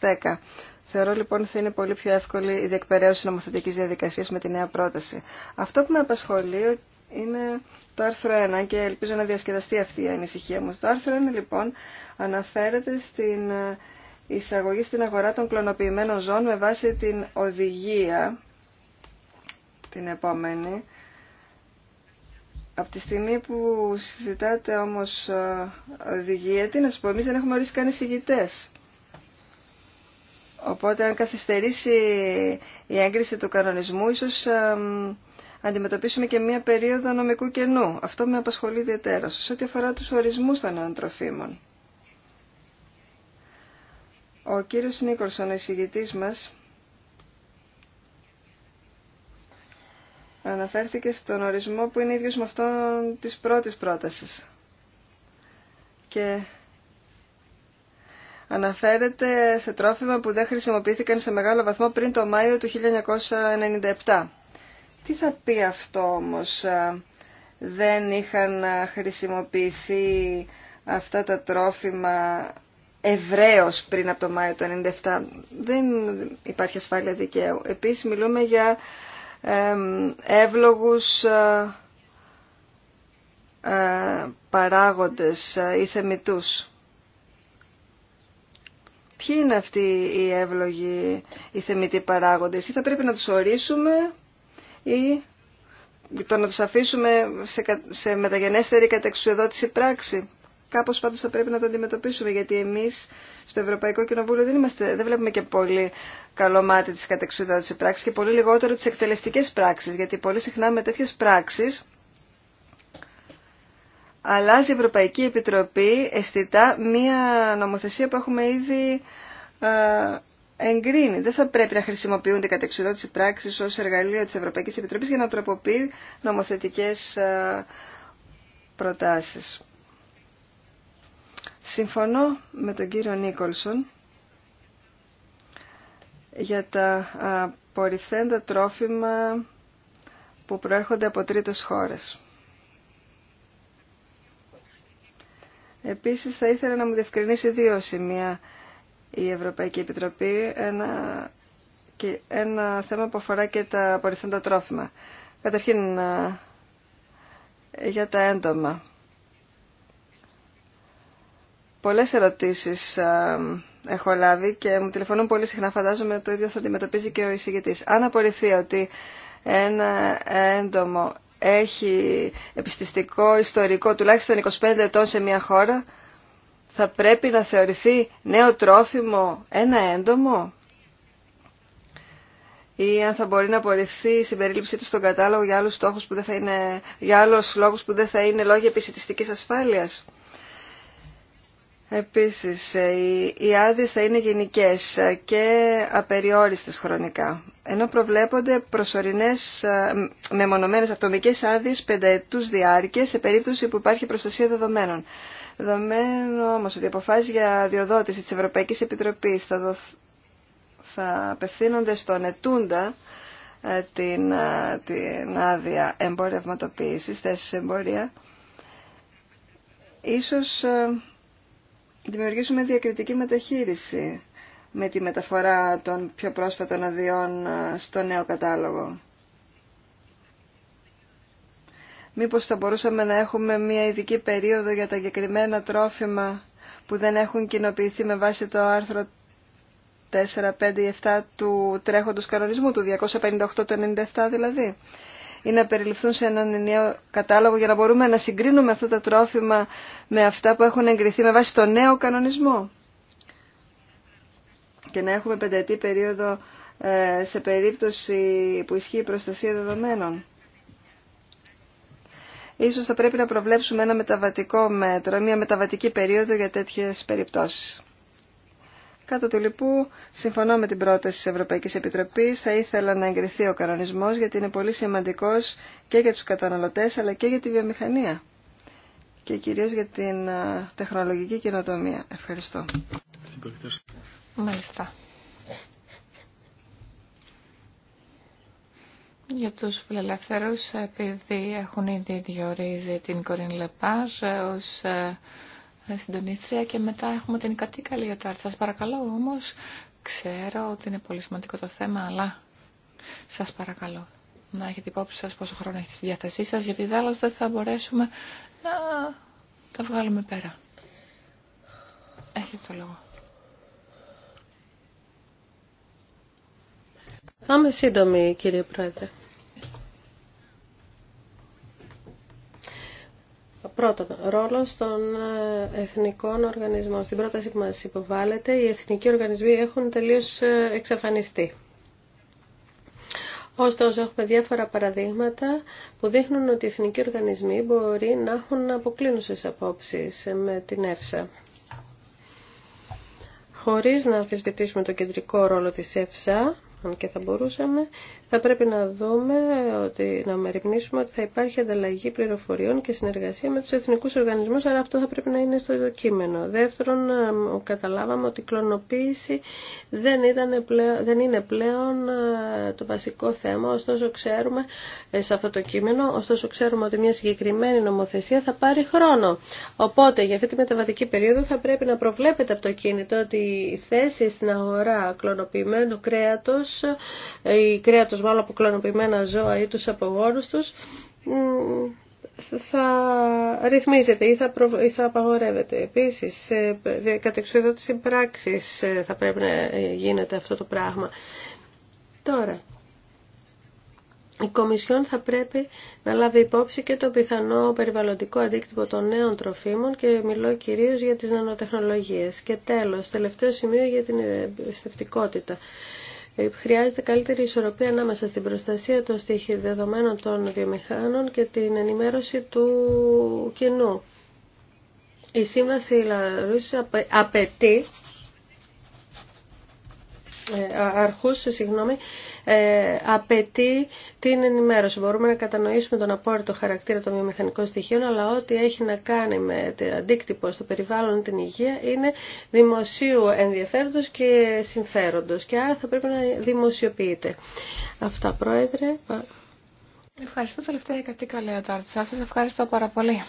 2010. Θεωρώ λοιπόν ότι θα είναι πολύ πιο εύκολη η διεκπαιρέωση νομοθετικής διαδικασίας με τη νέα πρόταση. Αυτό που με απασχολεί είναι το άρθρο 1 και ελπίζω να διασκεδαστεί αυτή η ανησυχία μου. Το άρθρο 1 λοιπόν αναφέρεται στην ε, η εισαγωγή στην αγορά των κλωνοποιημένων ζώων με βάση την οδηγία την επόμενη. Από τη στιγμή που συζητάτε όμως ε, οδηγία, τι να σας πω, εμείς δεν έχουμε ορίσει καν εισηγητές. Οπότε αν καθυστερήσει η έγκριση του κανονισμού, ίσως ε, αντιμετωπίσουμε και μία περίοδο νομικού κενού. Αυτό με απασχολεί ιδιαίτερα. Σε ό,τι αφορά τους ορισμούς των νέων τροφίμων. Ο κύριος Νίκολσον, ο εισηγητής μας, αναφέρθηκε στον ορισμό που είναι ίδιος με αυτόν της πρώτης πρότασης. Και αναφέρεται σε τρόφιμα που δεν χρησιμοποιήθηκαν σε μεγάλο βαθμό πριν το Μάιο του 1997. Τι θα πει αυτό όμως, δεν είχαν χρησιμοποιηθεί αυτά τα τρόφιμα Εβραίος πριν από το Μάιο του 1997. Δεν υπάρχει ασφάλεια δικαίου. Επίσης μιλούμε για εύλογους ε, ε, παράγοντες ε, ή θεμητούς. Ποιοι είναι αυτοί οι εύλογοι ή θεμητοί παράγοντες ή θα πρέπει να τους ορίσουμε ή το να τους αφήσουμε σε, σε μεταγενέστερη κατεξουδότηση πράξη. Κάπως πάντως θα πρέπει να το αντιμετωπίσουμε, γιατί εμείς στο Ευρωπαϊκό Κοινοβούλιο δεν, είμαστε, δεν βλέπουμε και πολύ καλό μάτι της κατεξουδότησης πράξης και πολύ λιγότερο τις εκτελεστικές πράξεις, γιατί πολύ συχνά με τέτοιες πράξεις αλλάζει η Ευρωπαϊκή Επιτροπή αισθητά μία νομοθεσία που έχουμε ήδη ε, εγκρίνει. Δεν θα πρέπει να χρησιμοποιούνται κατά εξουδότηση πράξης ως εργαλείο της Ευρωπαϊκής Επιτροπής για να τροποποιεί νομοθετικές ε, προτάσεις. Συμφωνώ με τον κύριο Νίκολσον για τα απορριφθέντα τρόφιμα που προέρχονται από τρίτες χώρες. Επίσης θα ήθελα να μου διευκρινίσει δύο σημεία η Ευρωπαϊκή Επιτροπή ένα, και ένα θέμα που αφορά και τα απορριφθέντα τρόφιμα. Καταρχήν ε, για τα έντομα. Πολλές ερωτήσεις ε, έχω λάβει και μου τηλεφωνούν πολύ συχνά. Φαντάζομαι το ίδιο θα αντιμετωπίζει και ο εισηγητής. Αν απορριφθεί ότι ένα έντομο έχει επιστηστικό ιστορικό τουλάχιστον 25 ετών σε μια χώρα, θα πρέπει να θεωρηθεί νέο τρόφιμο ένα έντομο ή αν θα μπορεί να απορριφθεί η συμπερίληψή του στον κατάλογο για άλλους, στόχους που δεν θα είναι, λόγους που δεν θα είναι λόγια επισητιστικής ασφάλειας. Επίσης, ε, οι άδειε θα είναι γενικές ε, και απεριόριστες χρονικά, ενώ προβλέπονται προσωρινές ε, μεμονωμένες ατομικές άδειε πενταετούς διάρκειας σε περίπτωση που υπάρχει προστασία δεδομένων. Δεδομένου όμως ότι οι αποφάσεις για διοδότηση της Ευρωπαϊκής Επιτροπής θα, θα απευθύνονται στον ετούντα την, άδεια εμπορευματοποίησης, θέσης εμπορία, ίσως δημιουργήσουμε διακριτική μεταχείριση με τη μεταφορά των πιο πρόσφατων αδειών ε, στο νέο κατάλογο. Μήπως θα μπορούσαμε να έχουμε μια ειδική περίοδο για τα εγκεκριμένα τρόφιμα που δεν έχουν κοινοποιηθεί με βάση το άρθρο 4, 5 ή 7 του τρέχοντος κανονισμού, του 258 97 δηλαδή ή να περιληφθούν σε έναν ενιαίο κατάλογο για να μπορούμε να συγκρίνουμε αυτά τα τρόφιμα με αυτά που έχουν εγκριθεί με βάση το νέο κανονισμό και να έχουμε πενταετή περίοδο ε, σε περίπτωση που ισχύει η προστασία δεδομένων. Ίσως θα πρέπει να προβλέψουμε ένα μεταβατικό μέτρο, μια μεταβατική περίοδο για τέτοιες περιπτώσεις. Κάτω του λοιπού, συμφωνώ με την πρόταση της Ευρωπαϊκής Επιτροπής. Θα ήθελα να εγκριθεί ο κανονισμός γιατί είναι πολύ σημαντικός και για τους καταναλωτές αλλά και για τη βιομηχανία και κυρίως για την τεχνολογική καινοτομία. Ευχαριστώ. Μάλιστα. Για τους φιλελεύθερους, επειδή έχουν ήδη διορίζει την Κορίν Λεπάζ ε, συντονίστρια και μετά έχουμε την κατήκα Λιωτάρ. Σας παρακαλώ όμως, ξέρω ότι είναι πολύ σημαντικό το θέμα, αλλά σας παρακαλώ να έχετε υπόψη σας πόσο χρόνο έχετε στη διάθεσή σας, γιατί δάλλως δεν θα μπορέσουμε να τα βγάλουμε πέρα. Έχετε το λόγο. Θα είμαι σύντομη, κύριε Πρόεδρε. Πρώτον, ρόλο των ε, εθνικών οργανισμών. Στην πρόταση που μας υποβάλλεται, οι εθνικοί οργανισμοί έχουν τελείως ε, εξαφανιστεί. Ωστόσο, έχουμε διάφορα παραδείγματα που δείχνουν ότι οι εθνικοί οργανισμοί μπορεί να έχουν αποκλίνουσες απόψεις ε, με την ΕΦΣΑ. Χωρίς να αμφισβητήσουμε το κεντρικό ρόλο της ΕΦΣΑ, και θα μπορούσαμε, θα πρέπει να δούμε, ότι, να μεριμνήσουμε ότι θα υπάρχει ανταλλαγή πληροφοριών και συνεργασία με τους εθνικούς οργανισμούς, αλλά αυτό θα πρέπει να είναι στο κείμενο. Δεύτερον, καταλάβαμε ότι η κλωνοποίηση δεν, ήταν δεν είναι πλέον το βασικό θέμα, ωστόσο ξέρουμε ε, σε αυτό το κείμενο, ωστόσο ξέρουμε ότι μια συγκεκριμένη νομοθεσία θα πάρει χρόνο. Οπότε, για αυτή τη μεταβατική περίοδο θα πρέπει να προβλέπετε από το κίνητο ότι η θέση στην αγορά κλωνοποιημένου κρέατος ή κρέατος μάλλον από κλωνοποιημένα ζώα ή τους απογόνους τους, θα ρυθμίζεται ή θα, η Κομισιόν θα πρέπει να λάβει υπόψη και το πιθανό περιβαλλοντικό αντίκτυπο των νέων τροφίμων και μιλώ κυρίως για τις νανοτεχνολογίες. Και τέλος, τελευταίο σημείο για την εμπιστευτικότητα. Ε, χρειάζεται καλύτερη ισορροπία ανάμεσα στην προστασία των δεδομένων των βιομηχάνων και την ενημέρωση του κοινού. Η σύμβαση Λαρούση απαιτεί ε, αρχούς συγγνώμη, ε, απαιτεί την ενημέρωση. Μπορούμε να κατανοήσουμε τον απόρριτο χαρακτήρα των βιομηχανικών στοιχείων, αλλά ό,τι έχει να κάνει με το αντίκτυπο στο περιβάλλον την υγεία είναι δημοσίου ενδιαφέροντος και συμφέροντος και άρα θα πρέπει να δημοσιοποιείται. Αυτά, Πρόεδρε. Ευχαριστώ τελευταία η καλή Σας ευχαριστώ πάρα πολύ.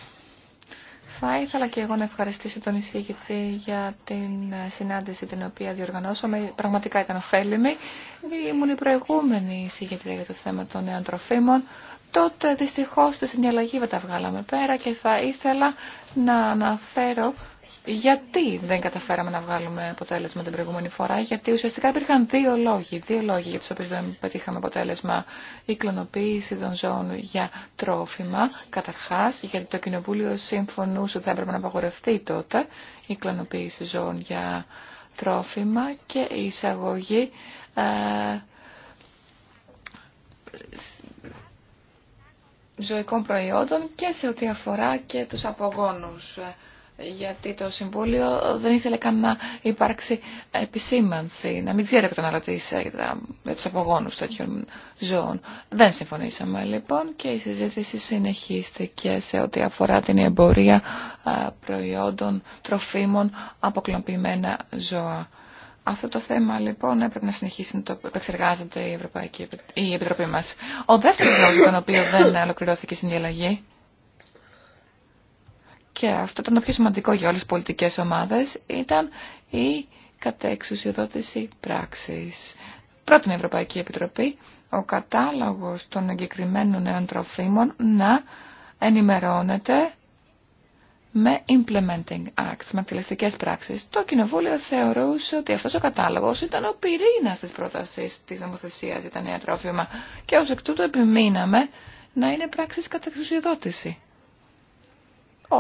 Θα ήθελα και εγώ να ευχαριστήσω τον εισηγητή για την συνάντηση την οποία διοργανώσαμε. Πραγματικά ήταν ωφέλιμη. Ήμουν η προηγούμενη εισηγητρία για το θέμα των νέων τροφίμων. Τότε δυστυχώς τη συνδιαλλαγή δεν τα βγάλαμε πέρα και θα ήθελα να αναφέρω γιατί δεν καταφέραμε να βγάλουμε αποτέλεσμα την προηγούμενη φορά, γιατί ουσιαστικά υπήρχαν δύο λόγοι, δύο λόγοι για τους οποίους δεν πετύχαμε αποτέλεσμα. Η κλωνοποίηση των ζώων για τρόφιμα, καταρχάς, γιατί το Κοινοβούλιο συμφωνούσε ότι θα έπρεπε να απαγορευτεί τότε η κλωνοποίηση ζώων για τρόφιμα και η εισαγωγή ε, ζωικών προϊόντων και σε ό,τι αφορά και τους απογόνους γιατί το Συμβούλιο δεν ήθελε καν να υπάρξει επισήμανση, να μην ξέρει να ρωτήσει για του απογόνου τέτοιων ζώων. Δεν συμφωνήσαμε λοιπόν και η συζήτηση συνεχίστηκε σε ό,τι αφορά την εμπορία προϊόντων, τροφίμων, αποκλοπημένα ζώα. Αυτό το θέμα λοιπόν έπρεπε να συνεχίσει να το επεξεργάζεται η, Ευρωπαϊκή, η Επιτροπή μας. Ο δεύτερος λόγος τον οποίο δεν ολοκληρώθηκε στην διαλλαγή και αυτό ήταν το πιο σημαντικό για όλες τις πολιτικές ομάδες, ήταν η κατεξουσιοδότηση πράξης. Πρώτη Ευρωπαϊκή Επιτροπή, ο κατάλογος των εγκεκριμένων νέων τροφίμων να ενημερώνεται με implementing acts, με εκτελεστικέ πράξεις. Το Κοινοβούλιο θεωρούσε ότι αυτός ο κατάλογος ήταν ο πυρήνας της πρότασης της νομοθεσίας για τα νέα τρόφιμα και ως εκ τούτου επιμείναμε να είναι πράξεις κατά εξουσιοδότηση.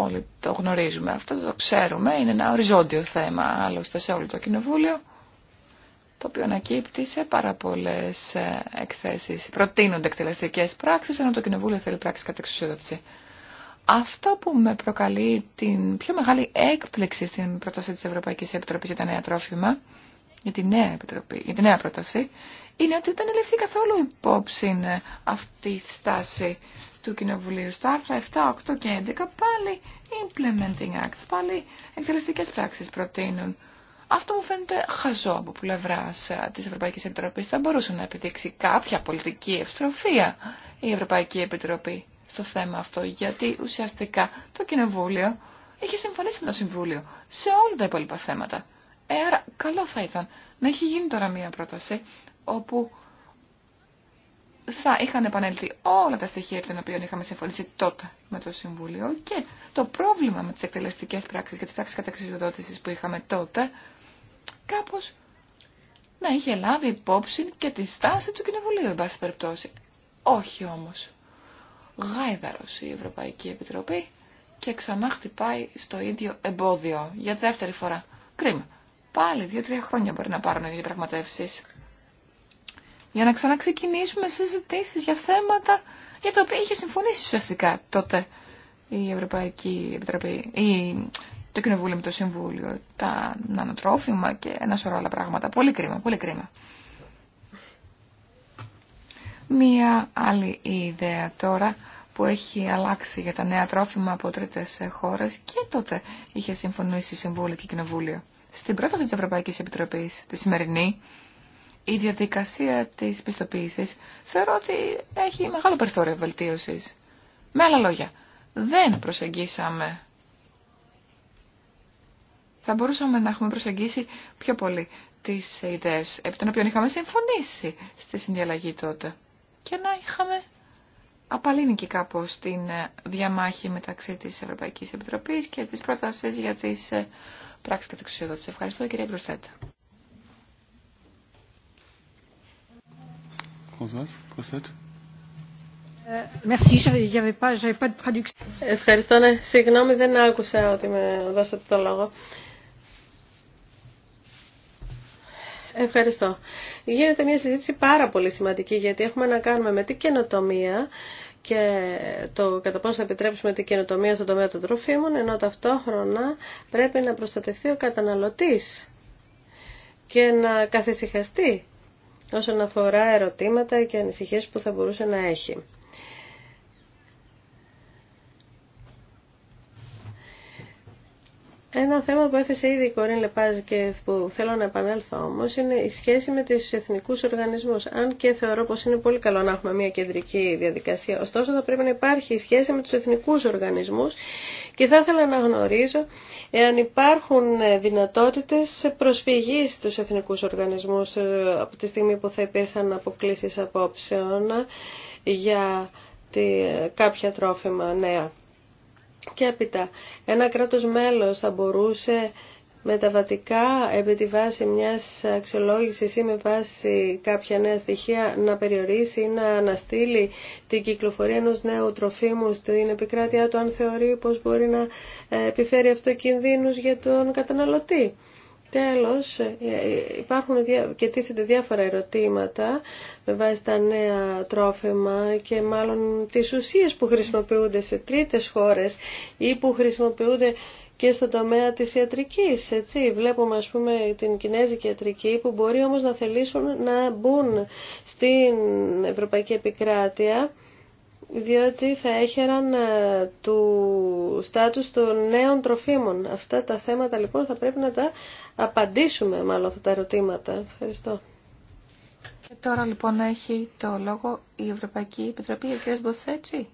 Όλοι το γνωρίζουμε αυτό, το ξέρουμε, είναι ένα οριζόντιο θέμα άλλωστε σε όλο το κοινοβούλιο, το οποίο ανακύπτει σε πάρα πολλέ ε, εκθέσει. Προτείνονται εκτελεστικέ πράξει, ενώ το κοινοβούλιο θέλει πράξει κατά Αυτό που με προκαλεί την πιο μεγάλη έκπληξη στην πρόταση τη Ευρωπαϊκή Επιτροπή για τα νέα τρόφιμα, για τη νέα, επιτροπή, για τη νέα πρόταση, είναι ότι δεν ελευθεί καθόλου υπόψη ε, αυτή η στάση του Κοινοβουλίου στα άρθρα 7, 8 και 11 πάλι implementing acts, πάλι εκτελεστικές πράξεις προτείνουν. Αυτό μου φαίνεται χαζό από πλευρά ε, τη Ευρωπαϊκή Επιτροπή. Θα μπορούσε να επιδείξει κάποια πολιτική ευστροφία η Ευρωπαϊκή Επιτροπή στο θέμα αυτό, γιατί ουσιαστικά το Κοινοβούλιο είχε συμφωνήσει με το Συμβούλιο σε όλα τα υπόλοιπα θέματα. Ε, άρα, καλό θα ήταν να έχει γίνει τώρα μία πρόταση όπου θα είχαν επανέλθει όλα τα στοιχεία από τα οποία είχαμε συμφωνήσει τότε με το Συμβούλιο και το πρόβλημα με τις εκτελεστικές πράξεις και τις πράξεις καταξιοδότησης που είχαμε τότε κάπως να είχε λάβει υπόψη και τη στάση του Κοινοβουλίου, εν πάση περιπτώσει. Όχι όμως. Γάιδαρος η Ευρωπαϊκή Επιτροπή και ξανά χτυπάει στο ίδιο εμπόδιο για δεύτερη φορά. Κρίμα. Πάλι δύο-τρία χρόνια μπορεί να πάρουν οι διαπραγματεύσει για να ξαναξεκινήσουμε συζητήσει για θέματα για τα οποία είχε συμφωνήσει ουσιαστικά τότε η Ευρωπαϊκή Επιτροπή, η, το Κοινοβούλιο με το Συμβούλιο, τα νανοτρόφιμα και ένα σωρό άλλα πράγματα. Πολύ κρίμα, πολύ κρίμα. Μία άλλη ιδέα τώρα που έχει αλλάξει για τα νέα τρόφιμα από τρίτε χώρε και τότε είχε συμφωνήσει Συμβούλιο και Κοινοβούλιο. Στην πρόταση της Ευρωπαϊκής Επιτροπής, τη σημερινή, η διαδικασία της πιστοποίησης θεωρώ ότι έχει μεγάλο περιθώριο βελτίωσης. Με άλλα λόγια, δεν προσεγγίσαμε. Θα μπορούσαμε να έχουμε προσεγγίσει πιο πολύ τις ιδέες επί των οποίων είχαμε συμφωνήσει στη συνδιαλλαγή τότε και να είχαμε απαλύνει και κάπως την διαμάχη μεταξύ της Ευρωπαϊκής Επιτροπής και της πρότασης για τις ε, πράξεις κατεξουσιοδότησης. Ευχαριστώ κυρία Γκροστέτα. Ε, Ευχαριστώ. Ναι. Συγγνώμη, δεν άκουσα ότι με δώσατε το λόγο. Ευχαριστώ. Γίνεται μια συζήτηση πάρα πολύ σημαντική γιατί έχουμε να κάνουμε με την καινοτομία και το κατά πόσο θα επιτρέψουμε την καινοτομία στον τομέα των τροφίμων ενώ ταυτόχρονα πρέπει να προστατευτεί ο καταναλωτής και να καθησυχαστεί όσον αφορά ερωτήματα και ανησυχίες που θα μπορούσε να έχει. Ένα θέμα που έθεσε ήδη η Κορίν Λεπάζ και που θέλω να επανέλθω όμω είναι η σχέση με του εθνικού οργανισμού. Αν και θεωρώ πω είναι πολύ καλό να έχουμε μια κεντρική διαδικασία, ωστόσο θα πρέπει να υπάρχει η σχέση με του εθνικού οργανισμού και θα ήθελα να γνωρίζω εάν υπάρχουν δυνατότητε προσφυγή στου εθνικού οργανισμού ε, από τη στιγμή που θα υπήρχαν αποκλήσει απόψεων για ε, κάποια τρόφιμα νέα. Και έπειτα, ένα κράτος μέλος θα μπορούσε μεταβατικά επί τη βάση μιας αξιολόγησης ή με βάση κάποια νέα στοιχεία να περιορίσει ή να αναστείλει την κυκλοφορία ενός νέου τροφίμου στην επικράτειά του αν θεωρεί πως μπορεί να ε, επιφέρει αυτό κινδύνους για τον καταναλωτή. Τέλος, ε, υπάρχουν και τίθενται διάφορα ερωτήματα με βάση τα νέα τρόφιμα και μάλλον τις ουσίες που χρησιμοποιούνται σε τρίτες χώρες ή που χρησιμοποιούνται και στον τομέα της ιατρικής. Έτσι. Βλέπουμε ας πούμε την κινέζικη ιατρική που μπορεί όμως να θελήσουν να μπουν στην ευρωπαϊκή επικράτεια διότι θα έχεραν ε, του στάτους των νέων τροφίμων. Αυτά τα θέματα λοιπόν θα πρέπει να τα απαντήσουμε μάλλον αυτά τα ερωτήματα. Ευχαριστώ. Και τώρα λοιπόν έχει το λόγο η Ευρωπαϊκή Επιτροπή, ο κ. Μποσέτσι.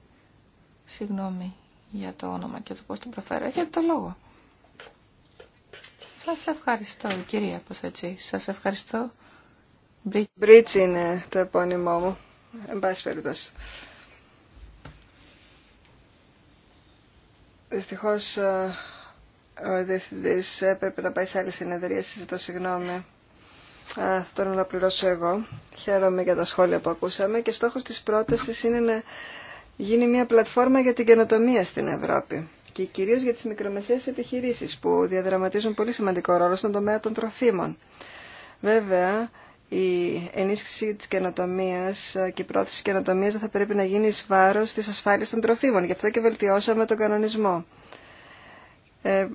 Συγγνώμη για το όνομα και το πώς τον προφέρω. Έχετε το λόγο. Σας ευχαριστώ κυρία Μποσέτσι. Σας ευχαριστώ. Μπρίτσι είναι το επώνυμό μου. Εν Δυστυχώ, ε, ο διευθυντή έπρεπε να πάει σε άλλη συνεδρία, συζητώ συγγνώμη. Θα τον να πληρώσω εγώ. Χαίρομαι για τα σχόλια που ακούσαμε και στόχος της πρότασης είναι να γίνει μια πλατφόρμα για την καινοτομία στην Ευρώπη και κυρίως για τις μικρομεσαίες επιχειρήσεις που διαδραματίζουν πολύ σημαντικό ρόλο στον τομέα των τροφίμων. Βέβαια, η ενίσχυση της καινοτομίας και η πρόθεση της καινοτομίας δεν θα πρέπει να γίνει εις βάρος της ασφάλειας των τροφίμων. Γι' αυτό και βελτιώσαμε τον κανονισμό. Ε, ε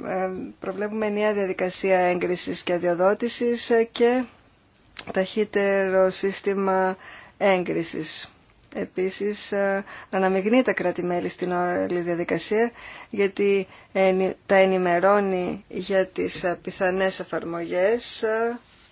προβλέπουμε νέα διαδικασία έγκρισης και αδειοδότησης και ταχύτερο σύστημα έγκρισης. Επίσης, ε, αναμειγνύει τα κράτη-μέλη στην όλη διαδικασία, γιατί τα ενημερώνει για τις ε, πιθανές εφαρμογές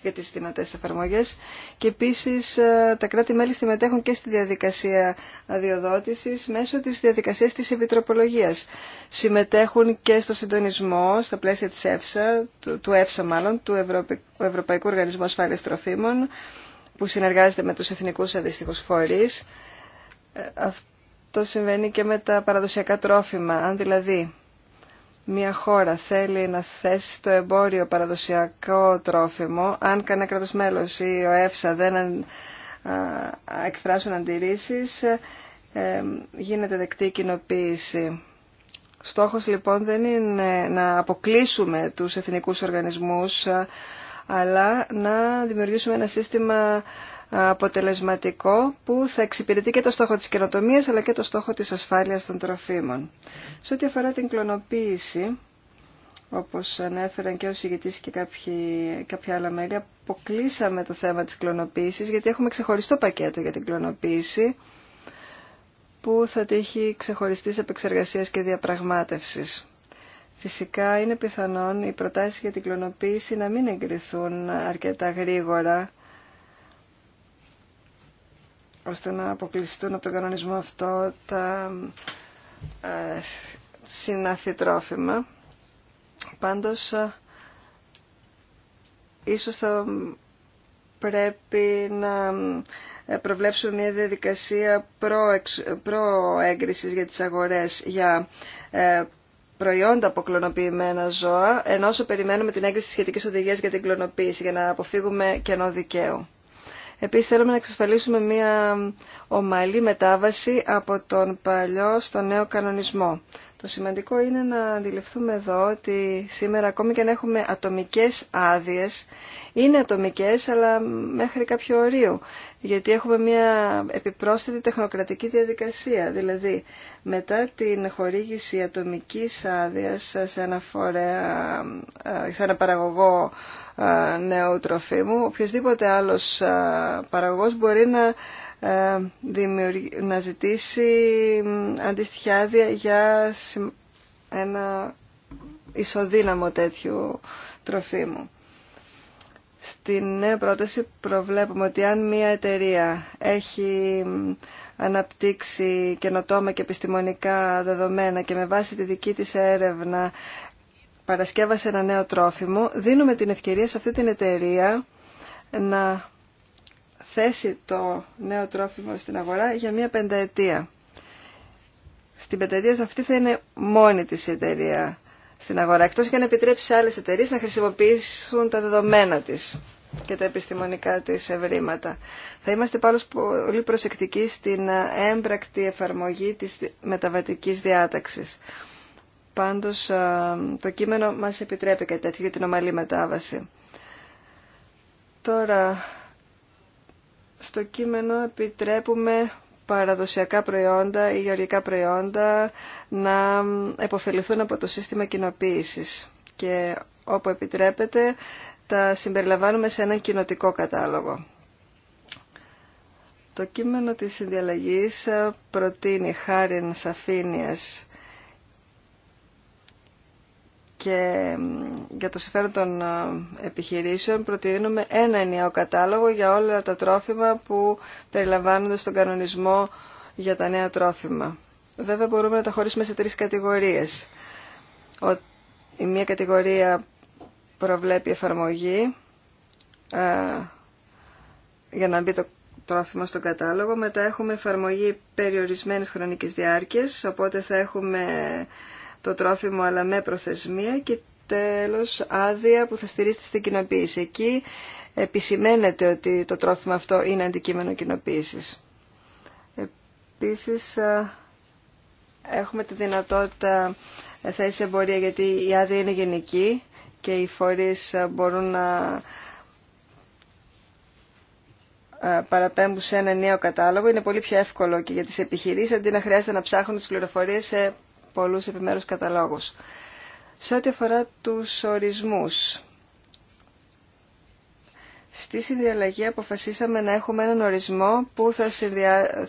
για τις δυνατές εφαρμογές και επίσης ε, τα κράτη-μέλη συμμετέχουν και στη διαδικασία αδειοδότησης μέσω της διαδικασίας της επιτροπολογίας. Συμμετέχουν και στο συντονισμό, στα πλαίσια της ΕΦΣΑ, του, του ΕΦΣΑ μάλλον, του Ευρωπαϊκού Οργανισμού Ασφάλειας Τροφίμων, που συνεργάζεται με τους εθνικούς αντίστοιχους φορείς. Ε, αυτό συμβαίνει και με τα παραδοσιακά τρόφιμα, αν δηλαδή μια χώρα θέλει να θέσει το εμπόριο παραδοσιακό τρόφιμο, αν κανένα κράτος μέλος ή ο ΕΦΣΑ δεν ε, εκφράσουν αντιρρήσεις, ε, γίνεται δεκτή η κοινοποίηση. Στόχος λοιπόν δεν είναι να αποκλείσουμε τους εθνικούς οργανισμούς, ε, αλλά να δημιουργήσουμε ένα σύστημα αποτελεσματικό που θα εξυπηρετεί και το στόχο της καινοτομίας αλλά και το στόχο της ασφάλειας των τροφίμων. Σε ό,τι αφορά την κλωνοποίηση, όπως ανέφεραν και ο συγγετής και κάποιοι, κάποια άλλα μέλη, αποκλείσαμε το θέμα της κλωνοποίησης γιατί έχουμε ξεχωριστό πακέτο για την κλωνοποίηση που θα τύχει ξεχωριστής επεξεργασίας και διαπραγμάτευσης. Φυσικά είναι πιθανόν οι προτάσεις για την κλωνοποίηση να μην εγκριθούν αρκετά γρήγορα ώστε να αποκλειστούν από τον κανονισμό αυτό τα ε, συνάφη τρόφιμα. Πάντως, ε, ίσως θα πρέπει να ε, προβλέψουμε μια διαδικασία προέγκρισης για τις αγορές για ε, προϊόντα από κλωνοποιημένα ζώα, ενώ όσο περιμένουμε την έγκριση της σχετικής οδηγίας για την κλωνοποίηση, για να αποφύγουμε κενό δικαίου. Επίσης θέλουμε να εξασφαλίσουμε μια ομαλή μετάβαση από τον παλιό στο νέο κανονισμό. Το σημαντικό είναι να αντιληφθούμε εδώ ότι σήμερα ακόμη και αν έχουμε ατομικές άδειες, είναι ατομικές αλλά μέχρι κάποιο ορίου, γιατί έχουμε μια επιπρόσθετη τεχνοκρατική διαδικασία. Δηλαδή, μετά την χορήγηση ατομικής άδειας σε, σε ένα παραγωγό νέου τροφίμου. Οποιοςδήποτε άλλος παραγωγός μπορεί να, να ζητήσει αντίστοιχη άδεια για ένα ισοδύναμο τέτοιου τροφίμου. Στην νέα πρόταση προβλέπουμε ότι αν μια εταιρεία έχει αναπτύξει καινοτόμα και επιστημονικά δεδομένα και με βάση τη δική της έρευνα παρασκεύασε ένα νέο τρόφιμο, δίνουμε την ευκαιρία σε αυτή την εταιρεία να θέσει το νέο τρόφιμο στην αγορά για μία πενταετία. Στην πενταετία αυτή θα είναι μόνη της η εταιρεία στην αγορά, εκτός για να επιτρέψει σε άλλες εταιρείες να χρησιμοποιήσουν τα δεδομένα της και τα επιστημονικά της ευρήματα. Θα είμαστε πάλι πολύ προσεκτικοί στην έμπρακτη εφαρμογή της μεταβατικής διάταξης. Πάντως το κείμενο μας επιτρέπει κάτι τέτοιο για την ομαλή μετάβαση. Τώρα, στο κείμενο επιτρέπουμε παραδοσιακά προϊόντα ή γεωργικά προϊόντα να επωφεληθούν από το σύστημα κοινοποίηση. Και όπου επιτρέπεται τα συμπεριλαμβάνουμε σε έναν κοινοτικό κατάλογο. Το κείμενο της συνδιαλλαγής προτείνει χάριν σαφήνειας και για το συμφέρον των ε, επιχειρήσεων προτείνουμε ένα ενιαίο κατάλογο για όλα τα τρόφιμα που περιλαμβάνονται στον κανονισμό για τα νέα τρόφιμα. Βέβαια μπορούμε να τα χωρίσουμε σε τρεις κατηγορίες. Η μία κατηγορία προβλέπει εφαρμογή ε, για να μπει το τρόφιμα στον κατάλογο. Μετά έχουμε εφαρμογή περιορισμένης χρονικής διάρκειας, οπότε θα έχουμε το τρόφιμο αλλά με προθεσμία και τέλος άδεια που θα στηρίζεται στην κοινοποίηση. Εκεί επισημαίνεται ότι το τρόφιμο αυτό είναι αντικείμενο κοινοποίηση. Επίσης έχουμε τη δυνατότητα θέση εμπορία γιατί η άδεια είναι γενική και οι φορείς μπορούν να παραπέμπουν σε ένα νέο κατάλογο. Είναι πολύ πιο εύκολο και για τις επιχειρήσεις αντί να χρειάζεται να ψάχνουν τις πληροφορίες σε πολλούς επιμέρους καταλόγους. Σε ό,τι αφορά τους ορισμούς, στη συνδιαλλαγή αποφασίσαμε να έχουμε έναν ορισμό που θα,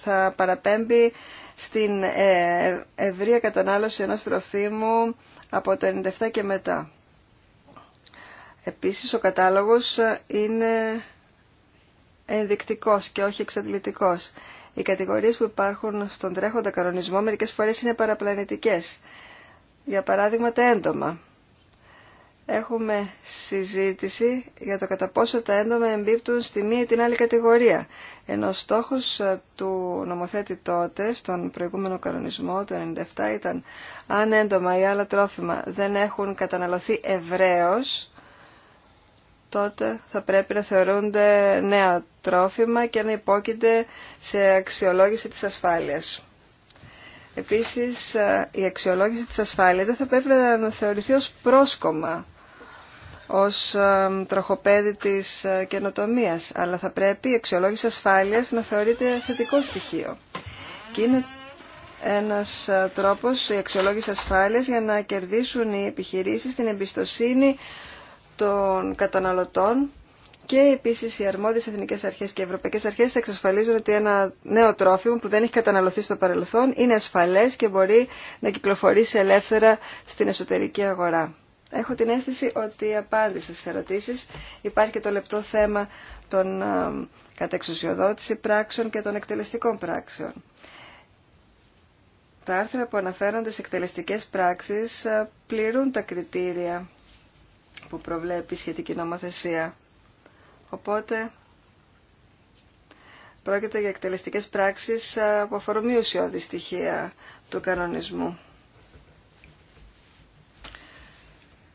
θα παραπέμπει στην ε, ευρία κατανάλωση ενός τροφίμου από το 97 και μετά. Επίσης ο κατάλογος είναι ενδεικτικός και όχι εξαντλητικός οι κατηγορίες που υπάρχουν στον τρέχοντα κανονισμό μερικές φορές είναι παραπλανητικές. Για παράδειγμα τα έντομα. Έχουμε συζήτηση για το κατά πόσο τα έντομα εμπίπτουν στη μία ή την άλλη κατηγορία. Ενώ ο ε, του νομοθέτη τότε, στον προηγούμενο κανονισμό, το 1997, ήταν αν έντομα ή άλλα τρόφιμα δεν έχουν καταναλωθεί ευρέως, τότε θα πρέπει να θεωρούνται νέα τρόφιμα και να υπόκεινται σε αξιολόγηση της ασφάλειας. Επίσης, η αξιολόγηση της ασφάλειας δεν θα πρέπει να θεωρηθεί ως πρόσκομα, ως ε, τροχοπέδι της ε, καινοτομίας, αλλά θα πρέπει η αξιολόγηση ασφάλειας να θεωρείται θετικό στοιχείο. Και είναι ένας ε, τρόπος η αξιολόγηση ασφάλειας για να κερδίσουν οι επιχειρήσεις την εμπιστοσύνη των καταναλωτών και επίσης οι αρμόδιες εθνικές αρχές και οι ευρωπαϊκές αρχές θα εξασφαλίζουν ότι ένα νέο τρόφιμο που δεν έχει καταναλωθεί στο παρελθόν είναι ασφαλές και μπορεί να κυκλοφορήσει ελεύθερα στην εσωτερική αγορά. Έχω την αίσθηση ότι απάντησα στις ερωτήσεις. Υπάρχει και το λεπτό θέμα των ε, κατεξουσιοδότηση πράξεων και των εκτελεστικών πράξεων. Τα άρθρα που αναφέρονται σε εκτελεστικές πράξεις ε, πληρούν τα κριτήρια που προβλέπει σχετική νομοθεσία. Οπότε πρόκειται για εκτελεστικές πράξεις ε, που αφορούν μη ουσιώδη στοιχεία του κανονισμού.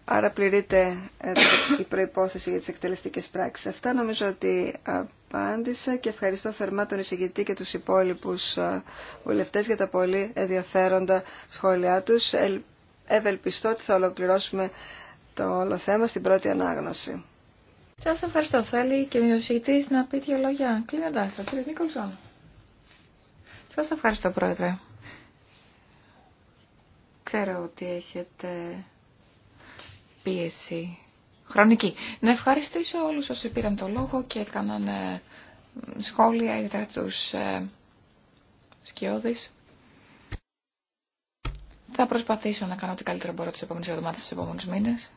Άρα πληρείται ε, η προϋπόθεση για τις εκτελεστικές πράξεις. Αυτά νομίζω ότι απάντησα και ευχαριστώ θερμά τον εισηγητή και τους υπόλοιπους ε, βουλευτές για τα πολύ ενδιαφέροντα σχόλιά τους. Ευελπιστώ ότι θα ολοκληρώσουμε το όλο θέμα στην πρώτη ανάγνωση. Σα ευχαριστώ. Θέλει και ο να πει δύο λόγια. Κλείνοντα, σα κύριε Νίκολσον. Σα ευχαριστώ, Πρόεδρε. Ξέρω ότι έχετε πίεση χρονική. Να ευχαριστήσω όλους όσοι πήραν το λόγο και έκαναν ε, σχόλια, ιδιαίτερα τους ε, Θα προσπαθήσω να κάνω ό,τι καλύτερο μπορώ τις επόμενες εβδομάδες, τις επόμενους μήνες.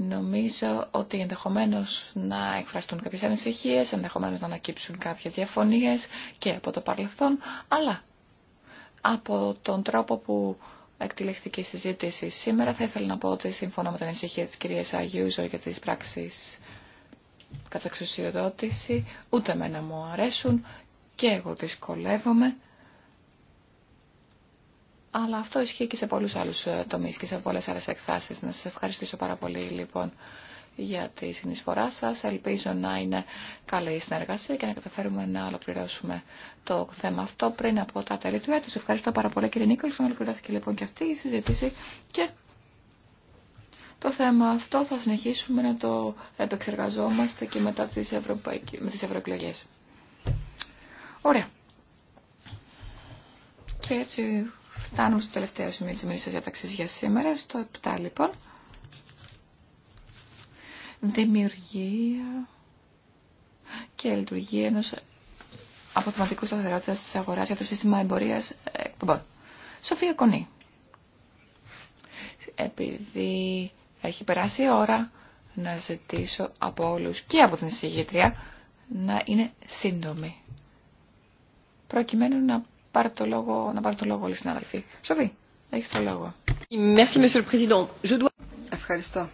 Νομίζω ότι ενδεχομένω να εκφραστούν κάποιε ανησυχίε, ενδεχομένω να ανακύψουν κάποιε διαφωνίε και από το παρελθόν, αλλά από τον τρόπο που η συζήτηση σήμερα θα ήθελα να πω ότι συμφωνώ με την ανησυχία τη κυρία Αγιούζο για τι πράξει κατά εξουσιοδότηση, ούτε εμένα μου αρέσουν και εγώ δυσκολεύομαι αλλά αυτό ισχύει και σε πολλούς άλλους ε, τομείς και σε πολλές άλλες εκθάσεις. Να σας ευχαριστήσω πάρα πολύ λοιπόν για τη συνεισφορά σας. Ελπίζω να είναι καλή η συνεργασία και να καταφέρουμε να ολοκληρώσουμε το θέμα αυτό πριν από τα τέλη του Ευχαριστώ πάρα πολύ κύριε Νίκολσον. Ολοκληρώθηκε λοιπόν και αυτή η συζήτηση και το θέμα αυτό θα συνεχίσουμε να το επεξεργαζόμαστε και μετά τις, με τις ευρωεκλογές. Ωραία. Και έτσι Φτάνουμε στο τελευταίο σημείο της μήνυσης διαταξής για σήμερα, στο 7 λοιπόν. Δημιουργία και λειτουργία ενός αποθεματικού σταθερότητας της αγοράς για το σύστημα εμπορίας ε, εκπομπών. Σοφία Κονή. Επειδή έχει περάσει η ώρα να ζητήσω από όλους και από την εισηγήτρια να είναι σύντομη προκειμένου να Πάρε το λόγο, να πάρει το λόγο όλοι οι συνάδελφοι. Σοβή, έχεις το λόγο. Ευχαριστώ.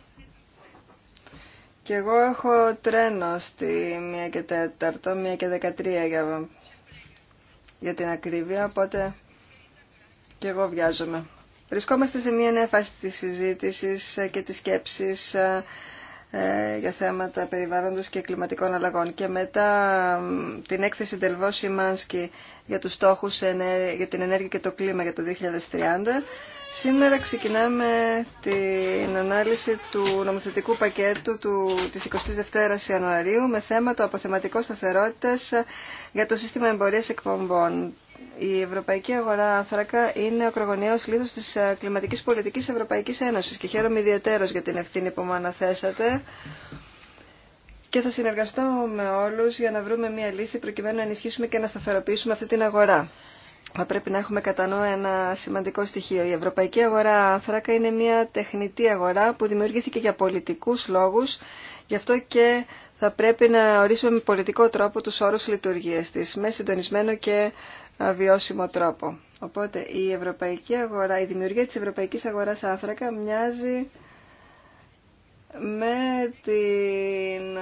Και εγώ έχω τρένο στη 1 και 4, 1 και 13 για, για την ακρίβεια, οπότε και εγώ βιάζομαι. Βρισκόμαστε σε μια νέα φάση της συζήτησης και της σκέψης ε, για θέματα περιβάλλοντος και κλιματικών αλλαγών. Και μετά την έκθεση Τελβό Σιμάνσκι για τους στόχους για την ενέργεια και το κλίμα για το 2030 Σήμερα ξεκινάμε την ανάλυση του νομοθετικού πακέτου του, της 22ης Ιανουαρίου με θέμα το αποθεματικό σταθερότητας για το σύστημα εμπορίας εκπομπών. Η Ευρωπαϊκή Αγορά Άνθρακα είναι ο κρογωνιαίος λίθος της κλιματικής πολιτικής Ευρωπαϊκής Ένωσης και χαίρομαι ιδιαίτερος για την ευθύνη που μου αναθέσατε και θα συνεργαστώ με όλους για να βρούμε μια λύση προκειμένου να ενισχύσουμε και να σταθεροποιήσουμε αυτή την αγορά θα πρέπει να έχουμε κατά νου ένα σημαντικό στοιχείο. Η ευρωπαϊκή αγορά άθρακα είναι μια τεχνητή αγορά που δημιουργήθηκε για πολιτικούς λόγους, γι' αυτό και θα πρέπει να ορίσουμε με πολιτικό τρόπο τους όρους λειτουργίας της, με συντονισμένο και βιώσιμο τρόπο. Οπότε η, ευρωπαϊκή αγορά, η δημιουργία της ευρωπαϊκής αγοράς άνθρακα μοιάζει με την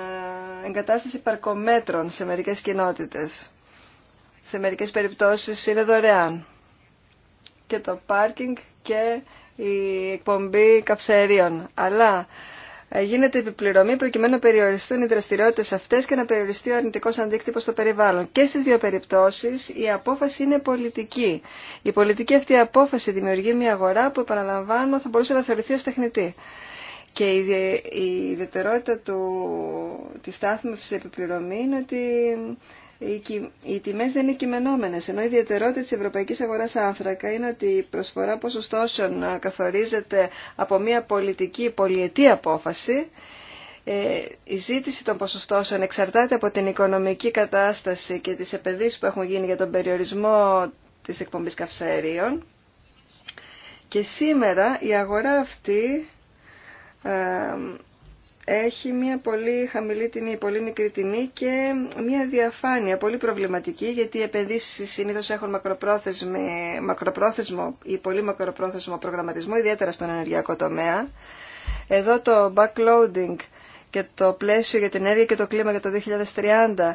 ε, εγκατάσταση παρκομέτρων σε μερικές κοινότητες σε μερικές περιπτώσεις είναι δωρεάν. Και το πάρκινγκ και η εκπομπή καυσαερίων. Αλλά ε, γίνεται επιπληρωμή προκειμένου να περιοριστούν οι δραστηριότητες αυτές και να περιοριστεί ο αρνητικός αντίκτυπος στο περιβάλλον. Και στις δύο περιπτώσεις η απόφαση είναι πολιτική. Η πολιτική αυτή απόφαση δημιουργεί μια αγορά που επαναλαμβάνω θα μπορούσε να θεωρηθεί ως τεχνητή. Και η ιδιαιτερότητα του, της στάθμευσης επιπληρωμή είναι ότι οι τιμέ δεν είναι κειμενόμενε. ενώ η ιδιαιτερότητα της ευρωπαϊκής αγοράς άνθρακα είναι ότι η προσφορά ποσοστώσεων ε, καθορίζεται από μια πολιτική πολιετή απόφαση. Ε, η ζήτηση των ποσοστώσεων εξαρτάται από την οικονομική κατάσταση και τις επενδύσεις που έχουν γίνει για τον περιορισμό της εκπομπής καυσαερίων. Και σήμερα η αγορά αυτή ε, έχει μια πολύ χαμηλή τιμή, πολύ μικρή τιμή και μια διαφάνεια πολύ προβληματική γιατί οι επενδύσεις συνήθως έχουν μακροπρόθεσμο ή πολύ μακροπρόθεσμο προγραμματισμό ιδιαίτερα στον ενεργειακό τομέα. Εδώ το backloading και το πλαίσιο για την ενέργεια και το κλίμα για το 2030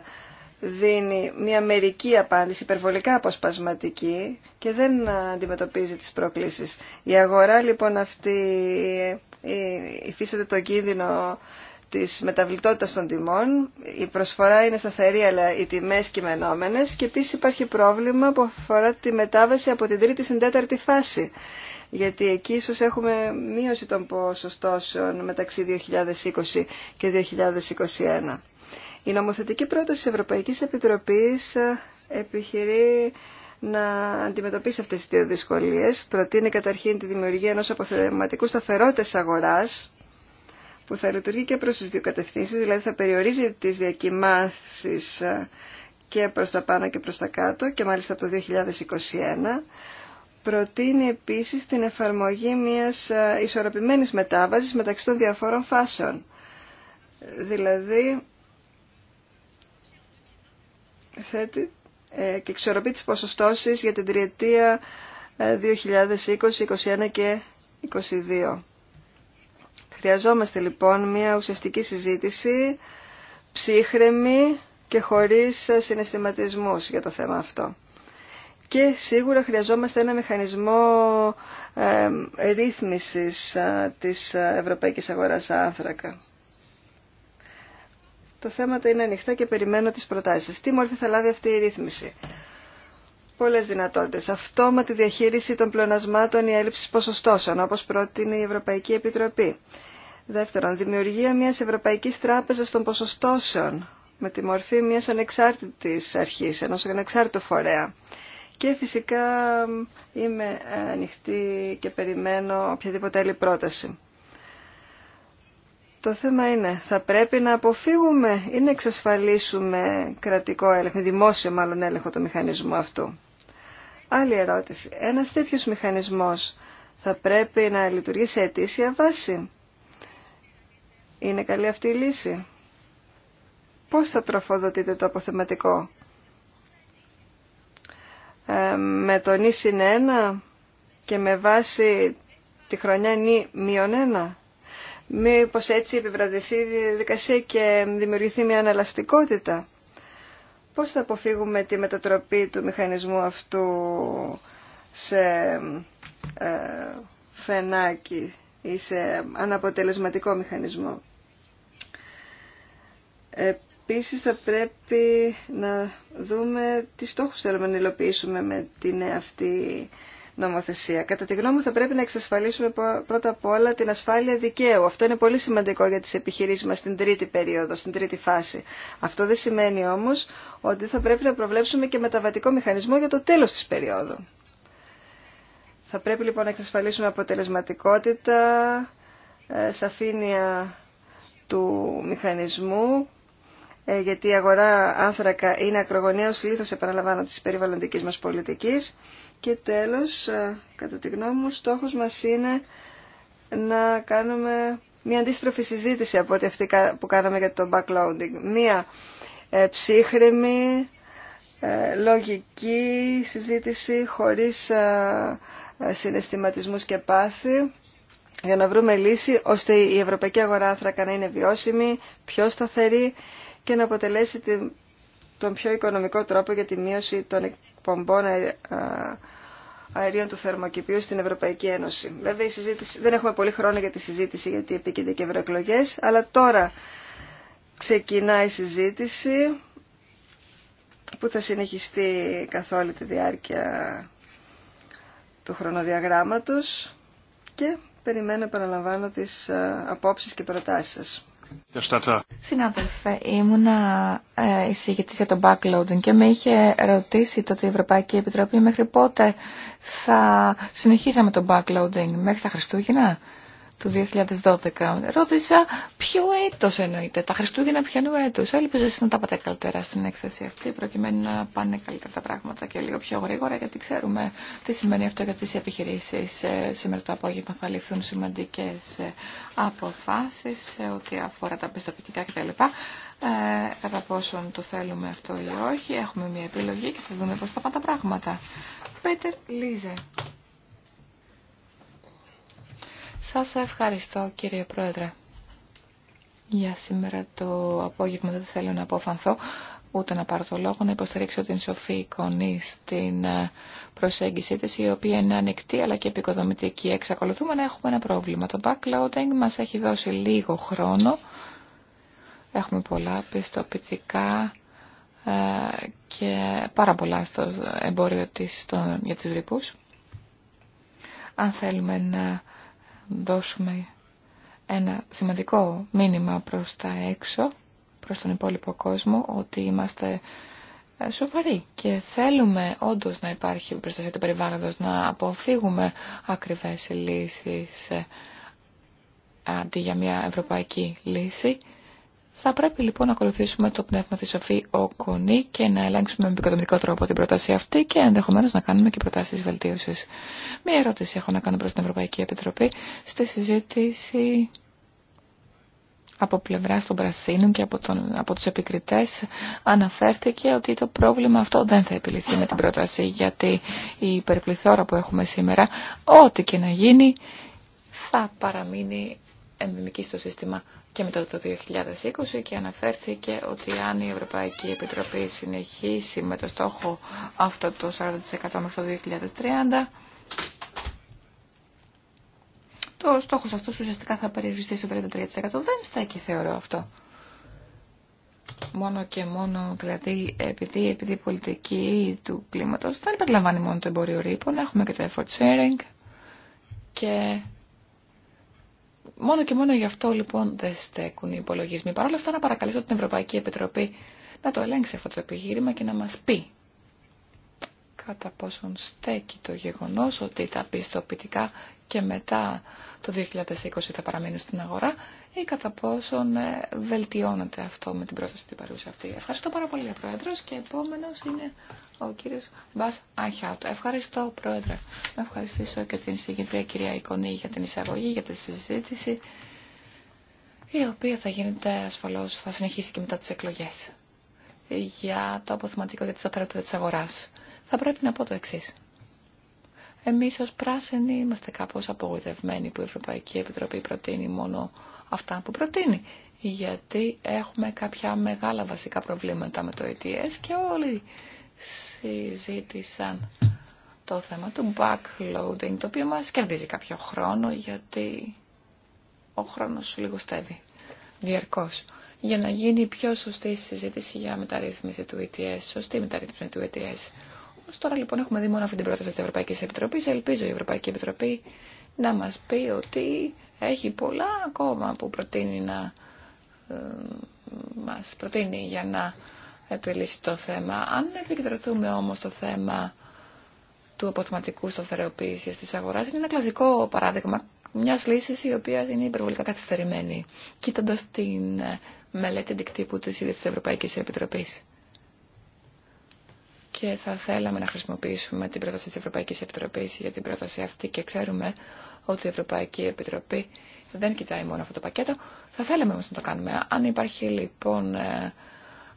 δίνει μια μερική απάντηση, υπερβολικά αποσπασματική και δεν αντιμετωπίζει τις προκλήσεις. Η αγορά λοιπόν αυτή ε, υφίσταται το κίνδυνο της μεταβλητότητας των τιμών, η προσφορά είναι σταθερή αλλά οι τιμές κειμενόμενες και επίσης υπάρχει πρόβλημα που αφορά τη μετάβαση από την τρίτη στην τέταρτη φάση γιατί εκεί ίσως έχουμε μείωση των ποσοστώσεων μεταξύ 2020 και 2021. Η νομοθετική πρόταση της Ευρωπαϊκής Επιτροπής ε, επιχειρεί να αντιμετωπίσει αυτές τις δύο δυσκολίες. Προτείνει καταρχήν τη δημιουργία ενός αποθεματικού σταθερότητας αγοράς που θα λειτουργεί και προς τις δύο κατευθύνσεις, δηλαδή θα περιορίζει τις διακοιμάνσεις ε, και προς τα πάνω και προς τα κάτω και μάλιστα από το 2021. Προτείνει επίσης την εφαρμογή μιας ε, ισορροπημένης μετάβασης μεταξύ των διαφόρων φάσεων. Δηλαδή θέτει ε, και εξορροπεί τις ποσοστώσεις για την τριετία 2020, ε, 2021 και 2022. Χρειαζόμαστε λοιπόν μια ουσιαστική συζήτηση, ψύχρεμη και χωρίς ε, συναισθηματισμούς για το θέμα αυτό. Και σίγουρα χρειαζόμαστε ένα μηχανισμό ε, ρύθμισης της ευρωπαϊκής αγοράς άνθρακα τα θέματα είναι ανοιχτά και περιμένω τις προτάσεις. Τι μόρφη θα λάβει αυτή η ρύθμιση. Πολλές δυνατότητες. Αυτόματη διαχείριση των πλεονασμάτων ή έλλειψη ποσοστώσεων, όπως πρότεινε η Ευρωπαϊκή Επιτροπή. Δεύτερον, δημιουργία μιας Ευρωπαϊκής Τράπεζας των Ποσοστώσεων, με τη μορφή μιας ανεξάρτητης αρχής, ενός ανεξάρτητου φορέα. Και φυσικά είμαι ανοιχτή και περιμένω οποιαδήποτε άλλη πρόταση. Το θέμα είναι, θα πρέπει να αποφύγουμε ή να εξασφαλίσουμε κρατικό έλεγχο, δημόσιο μάλλον έλεγχο του μηχανισμού αυτού. Άλλη ερώτηση. Ένας τέτοιος μηχανισμός θα πρέπει να λειτουργεί σε αιτήσια βάση. Είναι καλή αυτή η λύση. Πώς θα τροφοδοτείτε το αποθεματικό. Ε, με τον νη 1 και με βάση τη χρονιά νη μείον 1. Μήπως έτσι επιβραδευτεί η διαδικασία και δημιουργηθεί μια αναλαστικότητα. Πώς θα αποφύγουμε τη μετατροπή του μηχανισμού αυτού σε ε, φενάκι ή σε αναποτελεσματικό μηχανισμό. Επίσης θα πρέπει να δούμε τι στόχους θέλουμε να υλοποιήσουμε με την αυτή νομοθεσία. Κατά τη γνώμη μου θα πρέπει να εξασφαλίσουμε πρώτα απ' όλα την ασφάλεια δικαίου. Αυτό είναι πολύ σημαντικό για τις επιχειρήσεις μας στην τρίτη περίοδο, στην τρίτη φάση. Αυτό δεν σημαίνει όμως ότι θα πρέπει να προβλέψουμε και μεταβατικό μηχανισμό για το τέλος της περίοδου. Θα πρέπει λοιπόν να εξασφαλίσουμε αποτελεσματικότητα, ε, σαφήνεια του μηχανισμού, ε, γιατί η αγορά άνθρακα είναι ως λίθος, επαναλαμβάνω, της περιβαλλοντικής μας πολιτικής και τέλος, ε, κατά τη γνώμη μου, στόχος μας είναι να κάνουμε μια αντίστροφη συζήτηση από αυτή που κάναμε για το backloading. Μια ε, ψύχρεμη, ε, λογική συζήτηση χωρίς συναισθηματισμούς και πάθη για να βρούμε λύση ώστε η ευρωπαϊκή αγορά άθρακα να είναι βιώσιμη, πιο σταθερή και να αποτελέσει την τον πιο οικονομικό τρόπο για τη μείωση των εκπομπών αερίων του θερμοκηπίου στην Ευρωπαϊκή Ένωση. Βέβαια, συζήτηση, δεν έχουμε πολύ χρόνο για τη συζήτηση γιατί επίκειται και ευρωεκλογέ, αλλά τώρα ξεκινάει η συζήτηση που θα συνεχιστεί καθ' όλη τη διάρκεια του χρονοδιαγράμματος και περιμένω, επαναλαμβάνω, τις απόψεις και προτάσεις σας. Συνάδελφε, ήμουνα ε, εισηγητή για το backloading και με είχε ρωτήσει τότε η Ευρωπαϊκή Επιτροπή μέχρι πότε θα συνεχίσαμε το backloading, μέχρι τα Χριστούγεννα, του 2012. Ρώτησα ποιο έτο εννοείται, τα Χριστούγεννα πιανού έτος. Ελπίζω εσείς να τα πάτε καλύτερα στην έκθεση αυτή, προκειμένου να πάνε καλύτερα τα πράγματα και λίγο πιο γρήγορα, γιατί ξέρουμε τι σημαίνει αυτό για τις επιχειρήσεις. Ε, σήμερα το απόγευμα θα ληφθούν σημαντικέ ε, αποφάσει σε ό,τι αφορά τα πιστοποιητικά κτλ. Ε, κατά πόσον το θέλουμε αυτό ή όχι, έχουμε μια επιλογή και θα δούμε πώ θα πάνε τα πράγματα. Πέτερ Λίζε. Σας ευχαριστώ κύριε Πρόεδρε. Για σήμερα το απόγευμα δεν θέλω να αποφανθώ ούτε να πάρω το λόγο να υποστηρίξω την Σοφή εικόνη στην ε, προσέγγιση της η οποία είναι ανοιχτή αλλά και επικοδομητική. Εξακολουθούμε να έχουμε ένα πρόβλημα. Το backloading μας έχει δώσει λίγο χρόνο. Έχουμε πολλά πιστοποιητικά ε, και πάρα πολλά στο εμπόριο για τους ρηπούς. Αν θέλουμε να δώσουμε ένα σημαντικό μήνυμα προς τα έξω, προς τον υπόλοιπο κόσμο, ότι είμαστε ε, σοβαροί και θέλουμε όντως να υπάρχει προστασία του περιβάλλοντος, να αποφύγουμε ακριβές λύσεις ε, αντί για μια ευρωπαϊκή λύση θα πρέπει λοιπόν να ακολουθήσουμε το πνεύμα τη Σοφή Οκονή και να ελέγξουμε με επικοδομητικό τρόπο την πρόταση αυτή και ενδεχομένω να κάνουμε και προτάσει βελτίωση. Μία ερώτηση έχω να κάνω προ την Ευρωπαϊκή Επιτροπή στη συζήτηση από πλευρά των Πρασίνων και από, τον, από τους επικριτές αναφέρθηκε ότι το πρόβλημα αυτό δεν θα επιληθεί με την πρόταση γιατί η υπερπληθώρα που έχουμε σήμερα ό,τι και να γίνει θα παραμείνει ενδυμική στο σύστημα και μετά το 2020 και αναφέρθηκε ότι αν η Ευρωπαϊκή Επιτροπή συνεχίσει με το στόχο αυτό το 40% μέχρι το 2030, το στόχος αυτός ουσιαστικά θα περιοριστεί στο 33%. Δεν εκεί θεωρώ αυτό. Μόνο και μόνο, δηλαδή, επειδή, επειδή η πολιτική του κλίματος δεν περιλαμβάνει μόνο το εμπόριο ρήπων, έχουμε και το effort sharing και Μόνο και μόνο γι' αυτό λοιπόν δεν στέκουν οι υπολογισμοί. Παρ' όλα αυτά να παρακαλέσω την Ευρωπαϊκή Επιτροπή να το ελέγξει αυτό το επιχείρημα και να μας πει κατά πόσον στέκει το γεγονός ότι τα πιστοποιητικά και μετά το 2020 θα παραμείνουν στην αγορά ή κατά πόσον ε, βελτιώνεται αυτό με την πρόταση την παρουσία αυτή. Ευχαριστώ πάρα πολύ, Πρόεδρος, και επόμενος είναι ο κύριος Μπάς Αχιάτο. Ευχαριστώ, Πρόεδρε. Να ευχαριστήσω και την συγκεντρία κυρία Εικονή για την εισαγωγή, για τη συζήτηση, η οποία θα γίνεται ασφαλώς, θα συνεχίσει και μετά τις εκλογές για το αποθυματικό για τη σταθερότητα της αγοράς θα πρέπει να πω το εξή. Εμείς ως πράσινοι είμαστε κάπως απογοητευμένοι που η Ευρωπαϊκή Επιτροπή προτείνει μόνο αυτά που προτείνει. Γιατί έχουμε κάποια μεγάλα βασικά προβλήματα με το ETS ε και όλοι συζήτησαν το θέμα του backloading, το οποίο μας κερδίζει κάποιο χρόνο γιατί ο χρόνος στέδει διαρκώς. Για να γίνει πιο σωστή συζήτηση για μεταρρύθμιση του ETS, ε σωστή μεταρρύθμιση του ETS. Ε ως τώρα λοιπόν έχουμε δει μόνο αυτή την πρόταση της Ευρωπαϊκής Επιτροπής. Ελπίζω η Ευρωπαϊκή Επιτροπή να μας πει ότι έχει πολλά ακόμα που προτείνει να ε, προτείνει για να επιλύσει το θέμα. Αν επικεντρωθούμε όμως το θέμα του αποθυματικού σταθεροποίηση τη αγορά, είναι ένα κλασικό παράδειγμα μια λύση, η οποία είναι υπερβολικά καθυστερημένη, κοίτοντας την μελέτη αντικτύπου της ίδιας της Ευρωπαϊκής Επιτροπής και θα θέλαμε να χρησιμοποιήσουμε την πρόταση της Ευρωπαϊκής Επιτροπής για την πρόταση αυτή και ξέρουμε ότι η Ευρωπαϊκή Επιτροπή δεν κοιτάει μόνο αυτό το πακέτο. Θα θέλαμε όμως να το κάνουμε. Αν υπάρχει λοιπόν ε,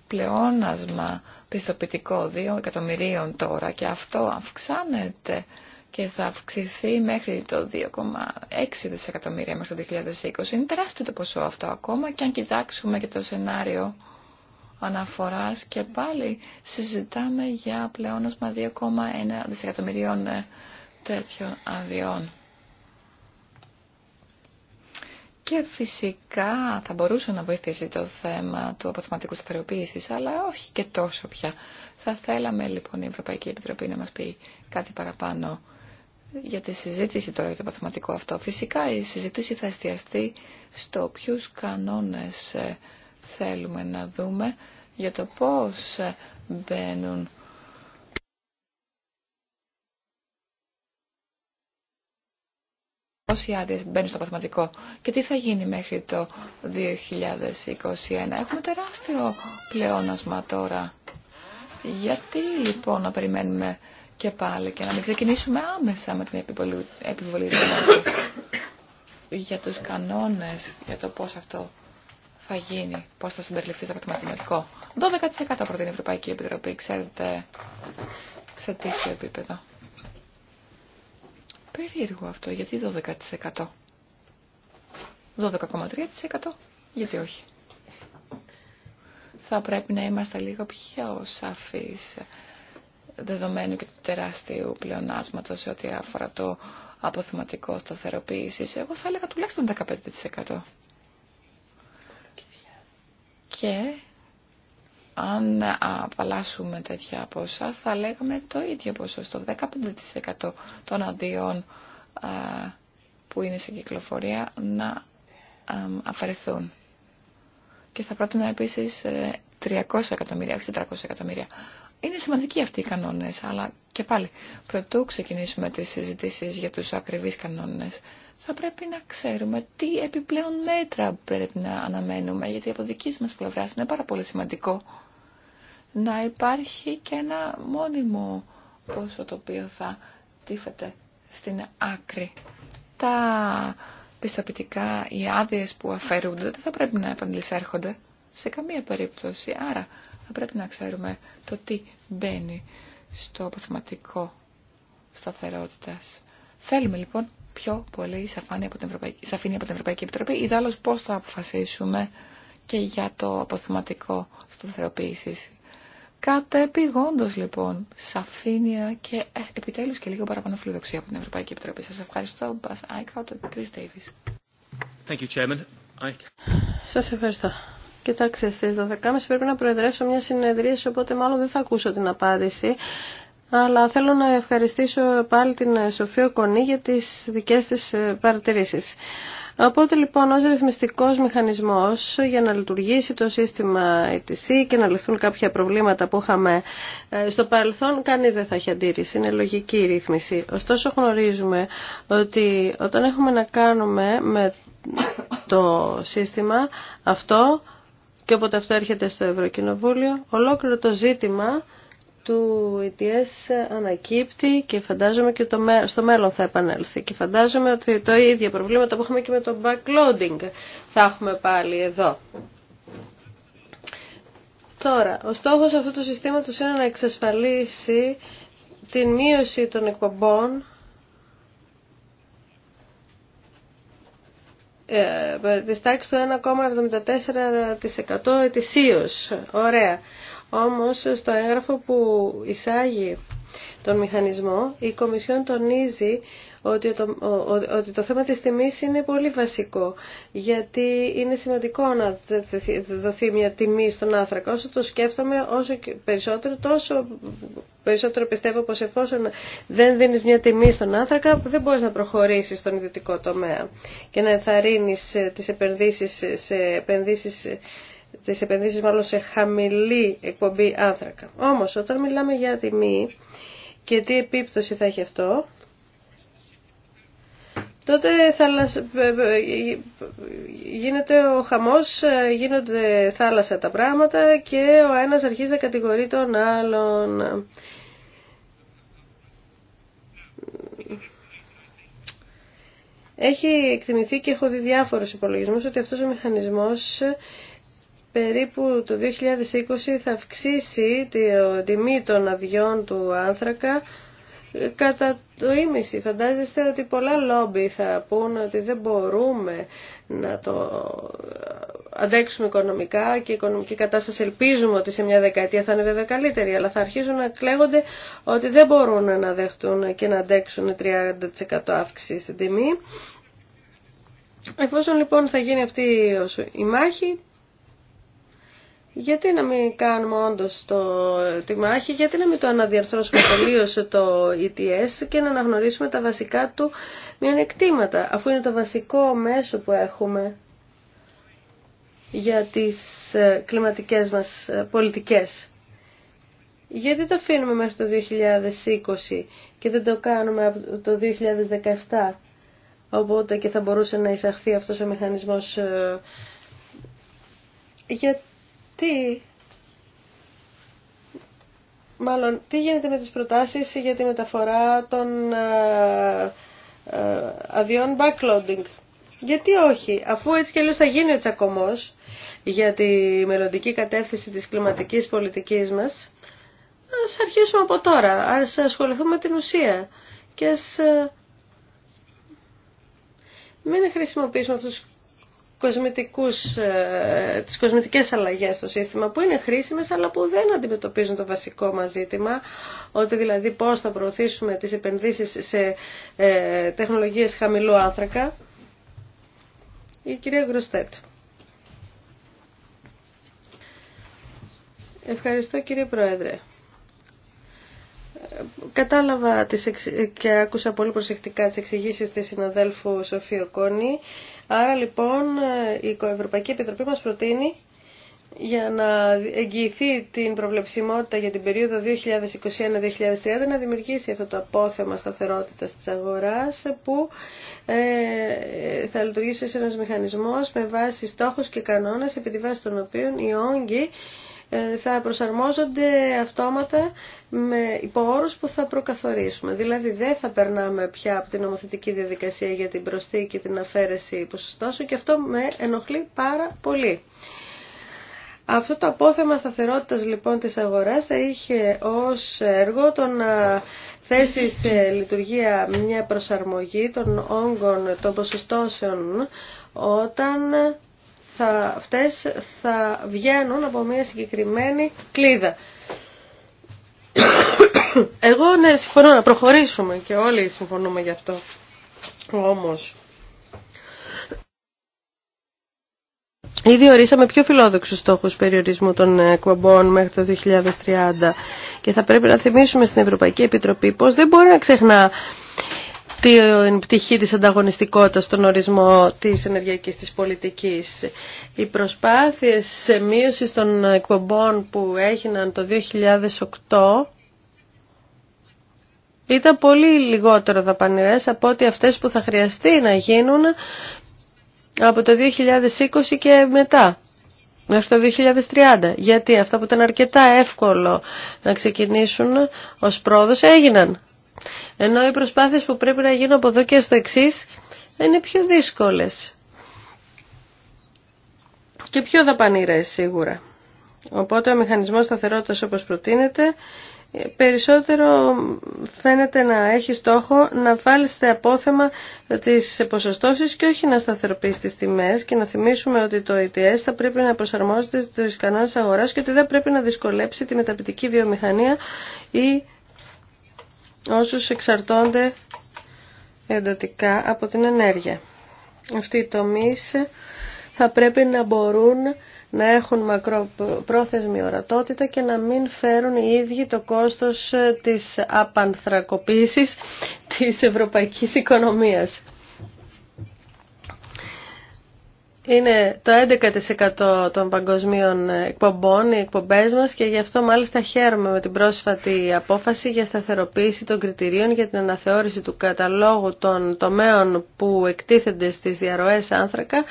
πλεόνασμα πιστοποιητικό 2 εκατομμυρίων τώρα και αυτό αυξάνεται και θα αυξηθεί μέχρι το 2,6 δισεκατομμύρια μέχρι το 2020. Είναι τεράστιο το ποσό αυτό ακόμα και αν κοιτάξουμε και το σενάριο αναφοράς και πάλι συζητάμε για πλεόνασμα 2,1 δισεκατομμυρίων ε, τέτοιων αδειών. Και φυσικά θα μπορούσε να βοηθήσει το θέμα του αποθεματικού σταθεροποίηση, αλλά όχι και τόσο πια. Θα θέλαμε λοιπόν η Ευρωπαϊκή Επιτροπή να μας πει κάτι παραπάνω για τη συζήτηση τώρα για το αποθεματικό αυτό. Φυσικά η συζήτηση θα εστιαστεί στο ποιου κανόνες ε, θέλουμε να δούμε για το πώς μπαίνουν όσοι άδειε μπαίνουν στο παθηματικό και τι θα γίνει μέχρι το 2021. Έχουμε τεράστιο πλεόνασμα τώρα. Γιατί λοιπόν να περιμένουμε και πάλι και να μην ξεκινήσουμε άμεσα με την επιβολή, επιβολή για τους κανόνες, για το πώς αυτό θα γίνει, πώ θα συμπεριληφθεί το μαθηματικό. 12% από την Ευρωπαϊκή Επιτροπή, ξέρετε σε τίσιο επίπεδο. Περίεργο αυτό, γιατί 12%. 12,3% γιατί όχι. Θα πρέπει να είμαστε λίγο πιο σαφείς δεδομένου και του τεράστιου πλεονάσματος σε ό,τι αφορά το αποθυματικό σταθεροποίηση. Εγώ θα έλεγα τουλάχιστον 15%. Και αν απαλλάσσουμε τέτοια ποσά θα λέγαμε το ίδιο ποσοστό, 15% των αδειών που είναι σε κυκλοφορία να αφαιρεθούν. Και θα πρότεινα επίσης 300 ε, εκατομμύρια, όχι 400 εκατομμύρια είναι σημαντικοί αυτοί οι κανόνες, αλλά και πάλι, πρωτού ξεκινήσουμε τις συζητήσεις για τους ακριβείς κανόνες, θα πρέπει να ξέρουμε τι επιπλέον μέτρα πρέπει να αναμένουμε, γιατί από δικής μας πλευράς είναι πάρα πολύ σημαντικό να υπάρχει και ένα μόνιμο πόσο το οποίο θα τύφεται στην άκρη. Τα πιστοποιητικά, οι άδειε που αφαιρούνται δεν θα πρέπει να επανειλησέρχονται σε καμία περίπτωση. Άρα θα πρέπει να ξέρουμε το τι μπαίνει στο αποθεματικό σταθερότητα. Θέλουμε λοιπόν πιο πολύ σαφήνεια από την Ευρωπαϊκή, Επιτροπή. Ιδάλλως πώς θα αποφασίσουμε και για το αποθεματικό σταθεροποίησης. επιγόντως λοιπόν, σαφήνεια και ε, επιτέλους και λίγο παραπάνω φιλοδοξία από την Ευρωπαϊκή Επιτροπή. Σας ευχαριστώ, Σας ευχαριστώ. Κοιτάξτε, στι 12.30 πρέπει να προεδρεύσω μια συνεδρίαση, οπότε μάλλον δεν θα ακούσω την απάντηση. Αλλά θέλω να ευχαριστήσω πάλι την ε, Σοφία Κονή για τι δικέ τη ε, παρατηρήσει. Οπότε λοιπόν ως ρυθμιστικός μηχανισμός για να λειτουργήσει το σύστημα ETC ε και να λυθούν κάποια προβλήματα που είχαμε στο παρελθόν, κανείς δεν θα έχει αντίρρηση, είναι λογική η ρύθμιση. Ωστόσο γνωρίζουμε ότι όταν έχουμε να κάνουμε με το σύστημα αυτό και όποτε αυτό έρχεται στο Ευρωκοινοβούλιο, ολόκληρο το ζήτημα του ETS ε ανακύπτει και φαντάζομαι και το στο μέλλον θα επανέλθει. Και φαντάζομαι ότι το ίδιο προβλήματα που έχουμε και με το backloading θα έχουμε πάλι εδώ. Τώρα, ο στόχος αυτού του συστήματος είναι να εξασφαλίσει την μείωση των εκπομπών Ε, ε, της τάξης του 1,74% ετησίως. Ωραία. Όμως στο έγγραφο που εισάγει τον μηχανισμό, η Κομισιόν τονίζει ότι το, ότι το θέμα της τιμής είναι πολύ βασικό, γιατί είναι σημαντικό να δοθεί μια τιμή στον άνθρακα. Όσο το σκέφτομαι, όσο περισσότερο, τόσο περισσότερο πιστεύω πως εφόσον δεν δίνεις μια τιμή στον άνθρακα, δεν μπορείς να προχωρήσεις στον ιδιωτικό τομέα και να ενθαρρύνεις ε, τις επενδύσεις σε επενδύσεις τις μάλλον σε χαμηλή εκπομπή άνθρακα. Όμως όταν μιλάμε για τιμή και τι επίπτωση θα έχει αυτό, τότε γίνεται ο χαμός, ε, γίνονται θάλασσα τα πράγματα και ο ένας αρχίζει να κατηγορεί τον άλλον. Έχει εκτιμηθεί και έχω δει διάφορους υπολογισμούς ότι αυτός ο μηχανισμός περίπου το 2020 θα αυξήσει τη τιμή των αδειών του άνθρακα κατά το ίμιση. Φαντάζεστε ότι πολλά λόμπι θα πούν ότι δεν μπορούμε να το αντέξουμε οικονομικά και η οικονομική κατάσταση ελπίζουμε ότι σε μια δεκαετία θα είναι βέβαια καλύτερη, αλλά θα αρχίζουν να κλαίγονται ότι δεν μπορούν να δεχτούν και να αντέξουν 30% αύξηση στην τιμή. Εφόσον λοιπόν θα γίνει αυτή η μάχη, γιατί να μην κάνουμε όντω τη μάχη, γιατί να μην το αναδιαρθρώσουμε τελείω το ETS και να αναγνωρίσουμε τα βασικά του μειονεκτήματα, αφού είναι το βασικό μέσο που έχουμε για τις ε, κλιματικές μας ε, πολιτικές. Γιατί το αφήνουμε μέχρι το 2020 και δεν το κάνουμε από το 2017, οπότε και θα μπορούσε να εισαχθεί αυτός ο μηχανισμός ε, γιατί τι... Μάλλον, τι γίνεται με τις προτάσεις για τη μεταφορά των ε, ε, αδειών backloading. Γιατί όχι, αφού έτσι και θα γίνει ο τσακωμός για τη μελλοντική κατεύθυνση της κλιματικής πολιτικής μας, ας αρχίσουμε από τώρα, ας ασχοληθούμε με την ουσία και ας ε, μην χρησιμοποιήσουμε αυτούς τους κοσμητικούς, ε, τις κοσμητικές αλλαγές στο σύστημα που είναι χρήσιμες αλλά που δεν αντιμετωπίζουν το βασικό μας ζήτημα ότι δηλαδή πώς θα προωθήσουμε τις επενδύσεις σε ε, τεχνολογίες χαμηλού άνθρακα η κυρία Γκροστέτ. Ευχαριστώ κύριε Πρόεδρε. Κατάλαβα τις και άκουσα πολύ προσεκτικά τις εξηγήσεις της συναδέλφου Σοφία Κόνη. Άρα λοιπόν ε, η Ευρωπαϊκή Επιτροπή μας προτείνει για να εγγυηθεί την προβλεψιμότητα για την περίοδο 2021-2030 να δημιουργήσει αυτό το απόθεμα σταθερότητας της αγοράς που ε, θα λειτουργήσει σε ένας μηχανισμός με βάση στόχους και κανόνες επί τη βάση των οποίων οι όγκοι ε, θα προσαρμόζονται αυτόματα με υπόρους που θα προκαθορίσουμε. Δηλαδή δεν θα περνάμε πια από την νομοθετική διαδικασία για την προσθήκη και την αφαίρεση ποσοστώσεων και αυτό με ενοχλεί πάρα πολύ. Αυτό το απόθεμα σταθερότητας λοιπόν της αγοράς θα είχε ως έργο το να θέσει σε λειτουργία μια προσαρμογή των όγκων των ποσοστώσεων όταν θα, αυτές θα βγαίνουν από μια συγκεκριμένη κλίδα. Εγώ ναι, συμφωνώ να προχωρήσουμε και όλοι συμφωνούμε γι' αυτό. Όμως, Ήδη ορίσαμε πιο φιλόδοξους στόχους περιορισμού των εκπομπών μέχρι το 2030 και θα πρέπει να θυμίσουμε στην Ευρωπαϊκή Επιτροπή πως δεν μπορεί να ξεχνά την πτυχή της ανταγωνιστικότητας στον ορισμό της ενεργειακής της πολιτικής. Οι προσπάθειες μείωση των εκπομπών που έγιναν το 2008 ήταν πολύ λιγότερο δαπανηρές από ότι αυτές που θα χρειαστεί να γίνουν από το 2020 και μετά μέχρι το 2030. Γιατί αυτά που ήταν αρκετά εύκολο να ξεκινήσουν ως πρόοδος έγιναν. Ενώ οι προσπάθειες που πρέπει να γίνουν από εδώ και στο εξή είναι πιο δύσκολες και πιο δαπανηρές σίγουρα. Οπότε ο μηχανισμός σταθερότητας όπως προτείνεται περισσότερο φαίνεται να έχει στόχο να βάλει σε απόθεμα τις ποσοστώσεις και όχι να σταθεροποιήσει τις τιμές και να θυμίσουμε ότι το ETS θα πρέπει να προσαρμόζεται στις κανόνες αγοράς και ότι δεν πρέπει να δυσκολέψει τη μεταπητική βιομηχανία ή όσους εξαρτώνται εντατικά από την ενέργεια. Αυτοί οι τομείς θα πρέπει να μπορούν να έχουν μακροπρόθεσμη ορατότητα και να μην φέρουν οι ίδιοι το κόστος ε, της απανθρακοποίησης της ευρωπαϊκής οικονομίας. είναι το 11% των παγκοσμίων εκπομπών, οι εκπομπές μας και γι' αυτό μάλιστα χαίρομαι με την πρόσφατη απόφαση για σταθεροποίηση των κριτηρίων για την αναθεώρηση του καταλόγου των τομέων που εκτίθενται στις διαρροές άνθρακα.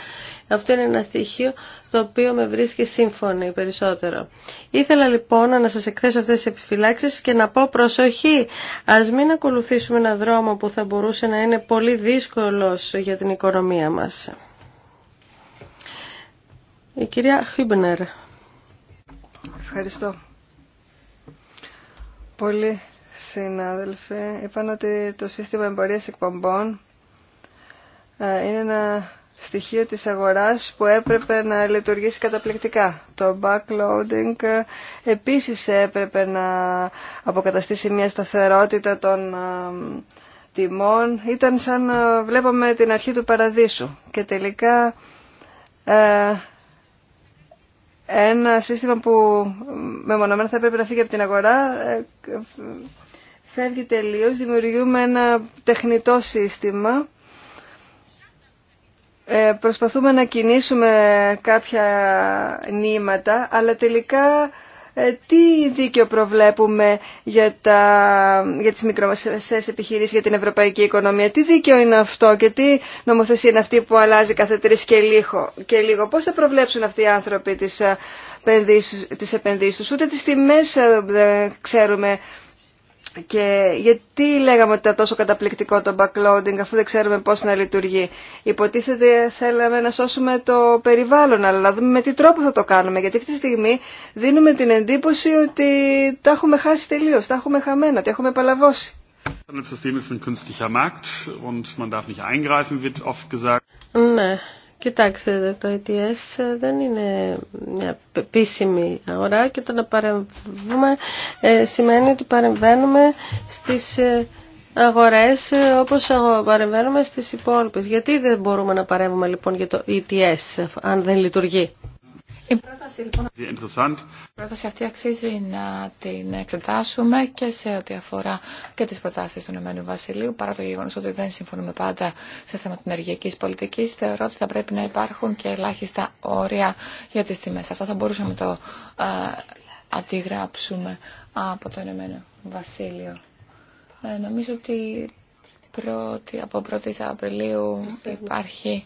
Αυτό είναι ένα στοιχείο το οποίο με βρίσκει σύμφωνη περισσότερο. Ήθελα λοιπόν να σας εκθέσω αυτές τις επιφυλάξεις και να πω προσοχή. Ας μην ακολουθήσουμε έναν δρόμο που θα μπορούσε να είναι πολύ δύσκολος για την οικονομία μας. Η κυρία Χίμπνερ. Ευχαριστώ. Πολλοί συνάδελφοι είπαν ότι το σύστημα εμπορίας εκπομπών ε, είναι ένα στοιχείο της αγοράς που έπρεπε να λειτουργήσει καταπληκτικά. Το backloading ε, επίσης έπρεπε να αποκαταστήσει μια σταθερότητα των ε, τιμών. Ήταν σαν να βλέπαμε την αρχή του παραδείσου και τελικά ένα σύστημα που μεμονωμένα θα έπρεπε να φύγει από την αγορά ε, φεύγει τελείως, δημιουργούμε ένα τεχνητό σύστημα ε, προσπαθούμε να κινήσουμε κάποια νήματα αλλά τελικά ε, τι δίκαιο προβλέπουμε για, τα, για τις μικρομεσαίες επιχειρήσεις, για την ευρωπαϊκή οικονομία. Τι δίκαιο είναι αυτό και τι νομοθεσία είναι αυτή που αλλάζει κάθε τρεις και λίγο. Και Πώς θα προβλέψουν αυτοί οι άνθρωποι τις, ε, τις επενδύσεις τους. Ούτε τις τιμές ε, δεν ξέρουμε και γιατί λέγαμε ότι ήταν τόσο καταπληκτικό το backloading αφού δεν ξέρουμε πώς να λειτουργεί. Υποτίθεται θέλαμε να σώσουμε το περιβάλλον, αλλά να δούμε με τι τρόπο θα το κάνουμε. Γιατί αυτή τη στιγμή δίνουμε την εντύπωση ότι τα έχουμε χάσει τελείως, τα έχουμε χαμένα, τα έχουμε παλαβώσει. Ναι. Κοιτάξτε, το ETS ε δεν είναι μια επίσημη αγορά και το να παρεμβούμε ε, σημαίνει ότι παρεμβαίνουμε στις ε, αγορές όπως παρεμβαίνουμε στις υπόλοιπες. Γιατί δεν μπορούμε να παρέμβουμε λοιπόν για το ETS αν δεν λειτουργεί. Η πρόταση, αυτή αξίζει να την εξετάσουμε και σε ό,τι αφορά και τις προτάσεις του Ηνωμένου Βασιλείου. Παρά το γεγονός ότι δεν συμφωνούμε πάντα σε θέματα ενεργειακής πολιτικής, θεωρώ ότι θα πρέπει να υπάρχουν και ελάχιστα όρια για τις τιμές. Αυτό θα μπορούσαμε να το α, αντιγράψουμε από το Ηνωμένο Βασίλειο. Ε, νομίζω ότι πρώτη, από 1η Απριλίου υπάρχει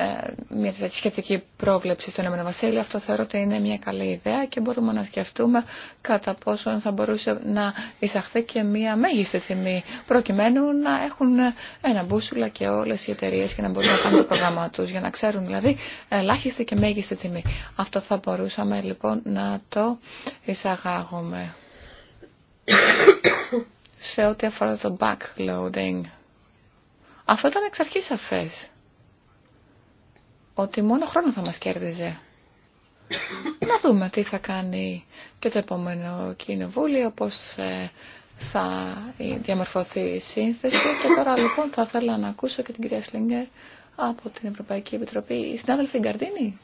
ε, μια σχετική πρόβλεψη στον Ε. Βασίλειο. Αυτό θεωρώ ότι είναι μια καλή ιδέα και μπορούμε να σκεφτούμε κατά πόσο θα μπορούσε να εισαχθεί και μια μέγιστη τιμή προκειμένου να έχουν ένα μπούσουλα και όλες οι εταιρείε και να μπορούν να κάνουν το πρόγραμμά του. για να ξέρουν δηλαδή ελάχιστη και μέγιστη τιμή. Αυτό θα μπορούσαμε λοιπόν να το εισαγάγουμε σε ό,τι αφορά το backloading. Αυτό ήταν εξ αρχής σαφές ότι μόνο χρόνο θα μας κέρδιζε. Να δούμε τι θα κάνει και το επόμενο κοινοβούλιο, πώς ε, θα διαμορφωθεί η σύνθεση. Και τώρα λοιπόν θα ήθελα να ακούσω και την κυρία Σλίνγκερ από την Ευρωπαϊκή Επιτροπή. Η συνάδελφη Καρδίνη.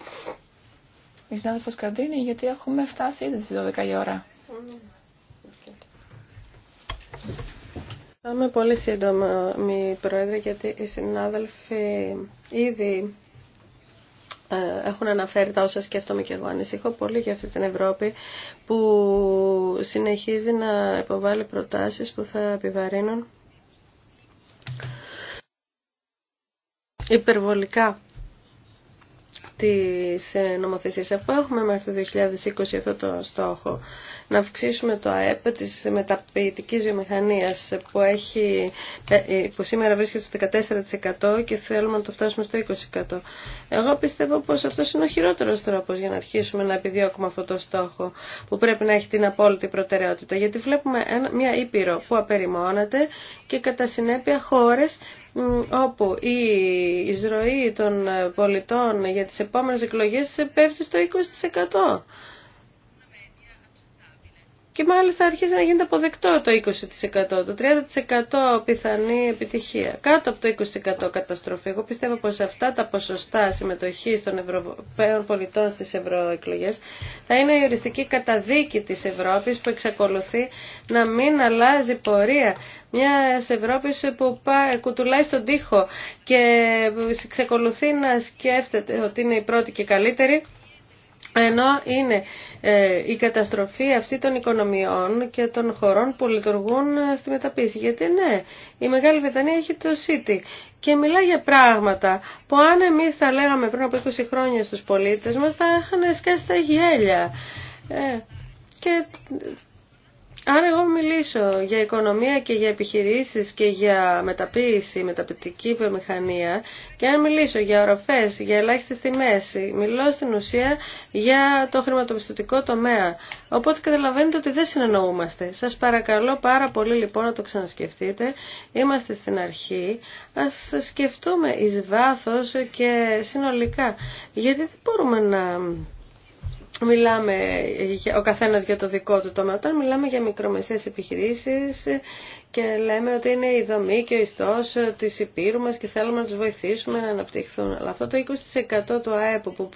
Η συνάδελφος Γκαρδίνη, γιατί έχουμε φτάσει ήδη στις 12 η ώρα. Θα είμαι πολύ σύντομα, μη Πρόεδρε, γιατί οι συνάδελφοι ήδη ε, έχουν αναφέρει τα όσα σκέφτομαι και εγώ. Ανησυχώ πολύ για αυτή την Ευρώπη που συνεχίζει να υποβάλλει προτάσεις που θα επιβαρύνουν υπερβολικά Τη ε, νομοθεσίας. Αφού έχουμε μέχρι το 2020 αυτό το στόχο να αυξήσουμε το ΑΕΠ της μεταποιητικής βιομηχανίας που, έχει, ε, ε, που σήμερα βρίσκεται στο 14% και θέλουμε να το φτάσουμε στο 20%. Εγώ πιστεύω πως αυτός είναι ο χειρότερος τρόπος για να αρχίσουμε να επιδιώκουμε αυτό το στόχο που πρέπει να έχει την απόλυτη προτεραιότητα γιατί βλέπουμε μια ήπειρο που απεριμώνεται και κατά συνέπεια χώρες όπου η εισρωή των πολιτών για τις επόμενες εκλογές πέφτει στο 20% και μάλιστα αρχίζει να γίνεται αποδεκτό το 20%, το 30% πιθανή επιτυχία. Κάτω από το 20% καταστροφή. Εγώ πιστεύω πως αυτά τα ποσοστά συμμετοχής των Ευρωπαίων πολιτών στις ευρωεκλογέ θα είναι η οριστική καταδίκη της Ευρώπης που εξακολουθεί να μην αλλάζει πορεία. Μια Ευρώπη που πάει, κουτουλάει στον τοίχο και εξακολουθεί να σκέφτεται ότι είναι η πρώτη και καλύτερη ενώ είναι ε, η καταστροφή αυτή των οικονομιών και των χωρών που λειτουργούν ε, στη μεταπίση. Γιατί ναι, η Μεγάλη Βρετανία έχει το City και μιλάει για πράγματα που αν εμείς τα λέγαμε πριν από 20 χρόνια στους πολίτες μας θα είχαν σκάσει τα γέλια. Ε, και αν εγώ μιλήσω για οικονομία και για επιχειρήσεις και για μεταποίηση, μεταπητική βιομηχανία και αν μιλήσω για οροφές, για ελάχιστες τιμές, μιλώ στην ουσία για το χρηματοπιστωτικό τομέα. Οπότε καταλαβαίνετε ότι δεν συνεννοούμαστε. Σας παρακαλώ πάρα πολύ λοιπόν να το ξανασκεφτείτε. Είμαστε στην αρχή. Ας σκεφτούμε εις βάθος και συνολικά. Γιατί δεν μπορούμε να Μιλάμε ο καθένας για το δικό του τομέα. Όταν μιλάμε για μικρομεσαίες επιχειρήσεις και λέμε ότι είναι η δομή και ο ιστός της υπήρου μας και θέλουμε να τους βοηθήσουμε να αναπτυχθούν. Αλλά αυτό το 20% του ΑΕΠ που,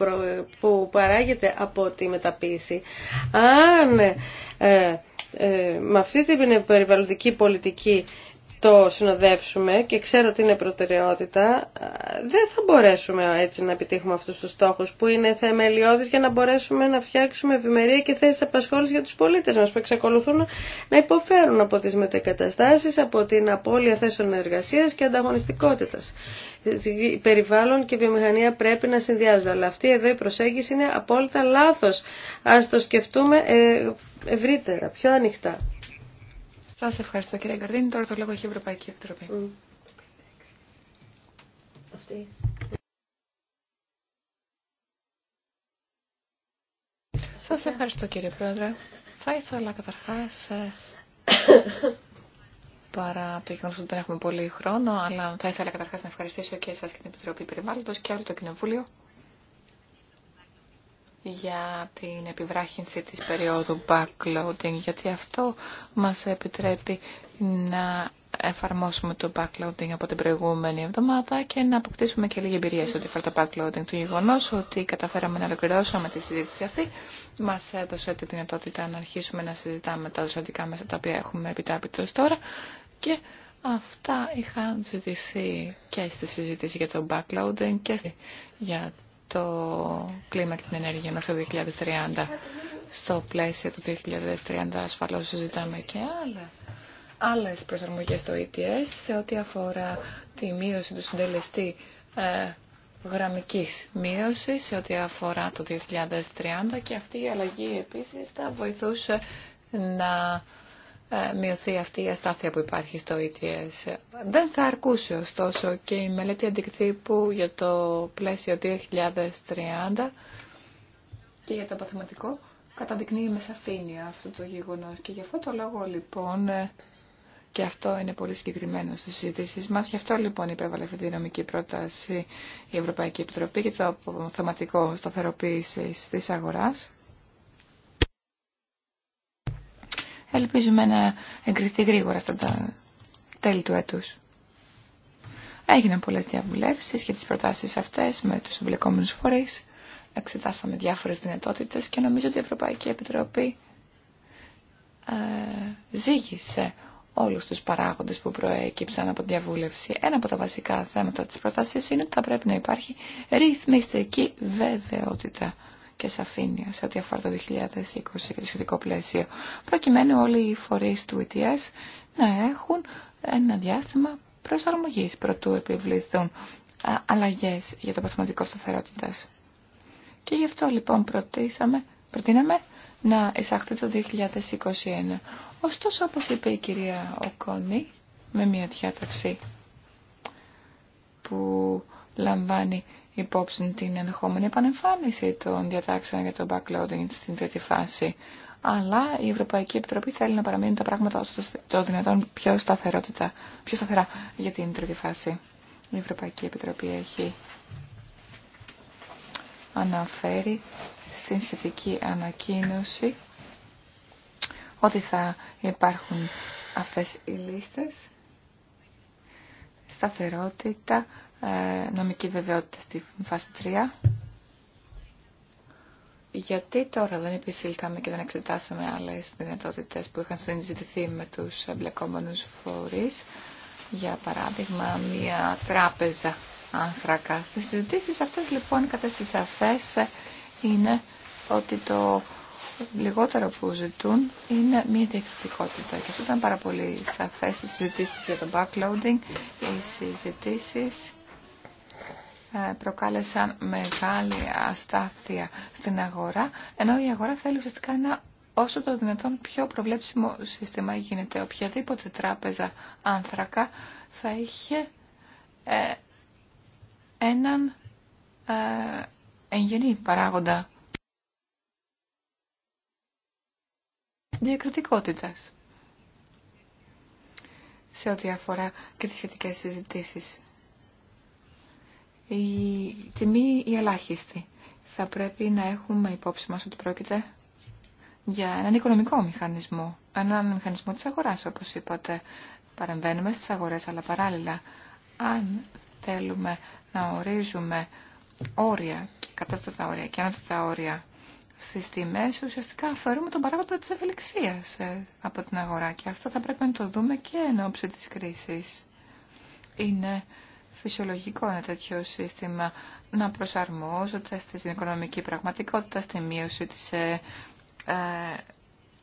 που παράγεται από τη μεταποίηση, αν ε, ε, με αυτή την περιβαλλοντική πολιτική το συνοδεύσουμε και ξέρω ότι είναι προτεραιότητα, δεν θα μπορέσουμε έτσι να επιτύχουμε αυτού του στόχου, που είναι θεμελιώδεις για να μπορέσουμε να φτιάξουμε ευημερία και θέσει απασχόλησης για του πολίτε μα που εξακολουθούν να υποφέρουν από τι μετεκαταστάσει, από την απώλεια θέσεων εργασία και ανταγωνιστικότητα. περιβάλλον και βιομηχανία πρέπει να συνδυάζονται, αλλά αυτή εδώ η προσέγγιση είναι απόλυτα λάθο Ας το σκεφτούμε ε, ευρύτερα, πιο ανοιχτά. Σας ευχαριστώ κύριε Γκαρδίνη. Τώρα το λόγο έχει η Ευρωπαϊκή Επιτροπή. Mm. Αυτή. Σας ευχαριστώ κύριε Πρόεδρε. Θα ήθελα καταρχάς, ε, παρά το γεγονό ότι δεν έχουμε πολύ χρόνο, αλλά θα ήθελα καταρχάς να ευχαριστήσω και εσάς και την Επιτροπή Περιβάλλοντος και όλο το Κοινοβούλιο για την επιβράχυνση της περίοδου backloading, γιατί αυτό μας επιτρέπει να εφαρμόσουμε το backloading από την προηγούμενη εβδομάδα και να αποκτήσουμε και λίγη εμπειρία σε ό,τι αφορά το backloading. Το γεγονό ότι καταφέραμε να ολοκληρώσουμε τη συζήτηση αυτή μα έδωσε τη δυνατότητα να αρχίσουμε να συζητάμε τα δοσιατικά μέσα τα οποία έχουμε επιτάπητο τώρα και αυτά είχαν ζητηθεί και στη συζήτηση για το backloading και για το κλίμα και την ενέργεια μέχρι το 2030. Στο πλαίσιο του 2030 ασφαλώς συζητάμε και άλλα. Άλλες προσαρμογές στο ETS σε ό,τι αφορά τη μείωση του συντελεστή ε, γραμμικής σε ό,τι αφορά το 2030 και αυτή η αλλαγή επίσης θα βοηθούσε να ε, μειωθεί αυτή η αστάθεια που υπάρχει στο ETS. Δεν θα αρκούσε ωστόσο και η μελέτη αντικτύπου για το πλαίσιο 2030 και για το αποθεματικό καταδεικνύει με σαφήνεια αυτό το γεγονός. Και γι' αυτό το λόγο λοιπόν, ε, και αυτό είναι πολύ συγκεκριμένο στις συζητήσεις μας, γι' αυτό λοιπόν υπέβαλε αυτή τη νομική πρόταση η Ευρωπαϊκή Επιτροπή και το θεματικό σταθεροποίηση της αγοράς ελπίζουμε να εγκριθεί γρήγορα στα τέλη του έτους. Έγιναν πολλές διαβουλεύσεις και τις προτάσεις αυτές με τους εμπλεκόμενους φορείς. Εξετάσαμε διάφορες δυνατότητες και νομίζω ότι η Ευρωπαϊκή Επιτροπή ε, ζήγησε όλους τους παράγοντες που προέκυψαν από τη διαβούλευση. Ένα από τα βασικά θέματα της πρότασης είναι ότι θα πρέπει να υπάρχει ρυθμιστική βεβαιότητα και σαφήνεια σε ό,τι αφορά το 2020 και το σχετικό πλαίσιο, προκειμένου όλοι οι φορείς του ETS να έχουν ένα διάστημα προσαρμογής προτού επιβληθούν αλλαγές για το παθηματικό σταθερότητα. Και γι' αυτό λοιπόν προτείναμε να εισαχθεί το 2021. Ωστόσο, όπως είπε η κυρία Οκόνη, με μια διάταξη που λαμβάνει υπόψη την ενδεχόμενη επανεμφάνιση των διατάξεων για το backloading στην τρίτη φάση. Αλλά η Ευρωπαϊκή Επιτροπή θέλει να παραμείνουν τα πράγματα όσο το δυνατόν πιο, σταθερότητα, πιο σταθερά για την τρίτη φάση. Η Ευρωπαϊκή Επιτροπή έχει αναφέρει στην σχετική ανακοίνωση ότι θα υπάρχουν αυτές οι λίστες σταθερότητα, ε, νομική βεβαιότητα στη φάση 3. Γιατί τώρα δεν επισήλθαμε και δεν εξετάσαμε άλλες δυνατότητες που είχαν συζητηθεί με τους εμπλεκόμενους φορείς. Για παράδειγμα, μια τράπεζα άνθρακα. Στις συζητήσεις αυτές λοιπόν κατά στις σαφές είναι ότι το λιγότερο που ζητούν είναι μια διεκδικότητα. Και αυτό ήταν πάρα πολύ σαφές στις συζητήσεις για το backloading. Οι συζητήσεις ε, προκάλεσαν μεγάλη αστάθεια στην αγορά, ενώ η αγορά θέλει ουσιαστικά ένα όσο το δυνατόν πιο προβλέψιμο σύστημα γίνεται. Οποιαδήποτε τράπεζα άνθρακα θα είχε ε, έναν ε, εγγενή παράγοντα διακριτικότητας σε ό,τι αφορά και τις σχετικές συζητήσεις η τιμή η ελάχιστη. Θα πρέπει να έχουμε υπόψη μας ότι πρόκειται για έναν οικονομικό μηχανισμό, έναν μηχανισμό της αγοράς, όπως είπατε. Παρεμβαίνουμε στις αγορές, αλλά παράλληλα, αν θέλουμε να ορίζουμε όρια, και όρια και ανώτατα όρια στις τιμές, ουσιαστικά αφαιρούμε τον παράγοντα της ευελιξίας ε, από την αγορά και αυτό θα πρέπει να το δούμε και εν ώψη της κρίσης. Είναι φυσιολογικό ένα τέτοιο σύστημα να προσαρμόζεται στην οικονομική πραγματικότητα, στη μείωση της ε, ε,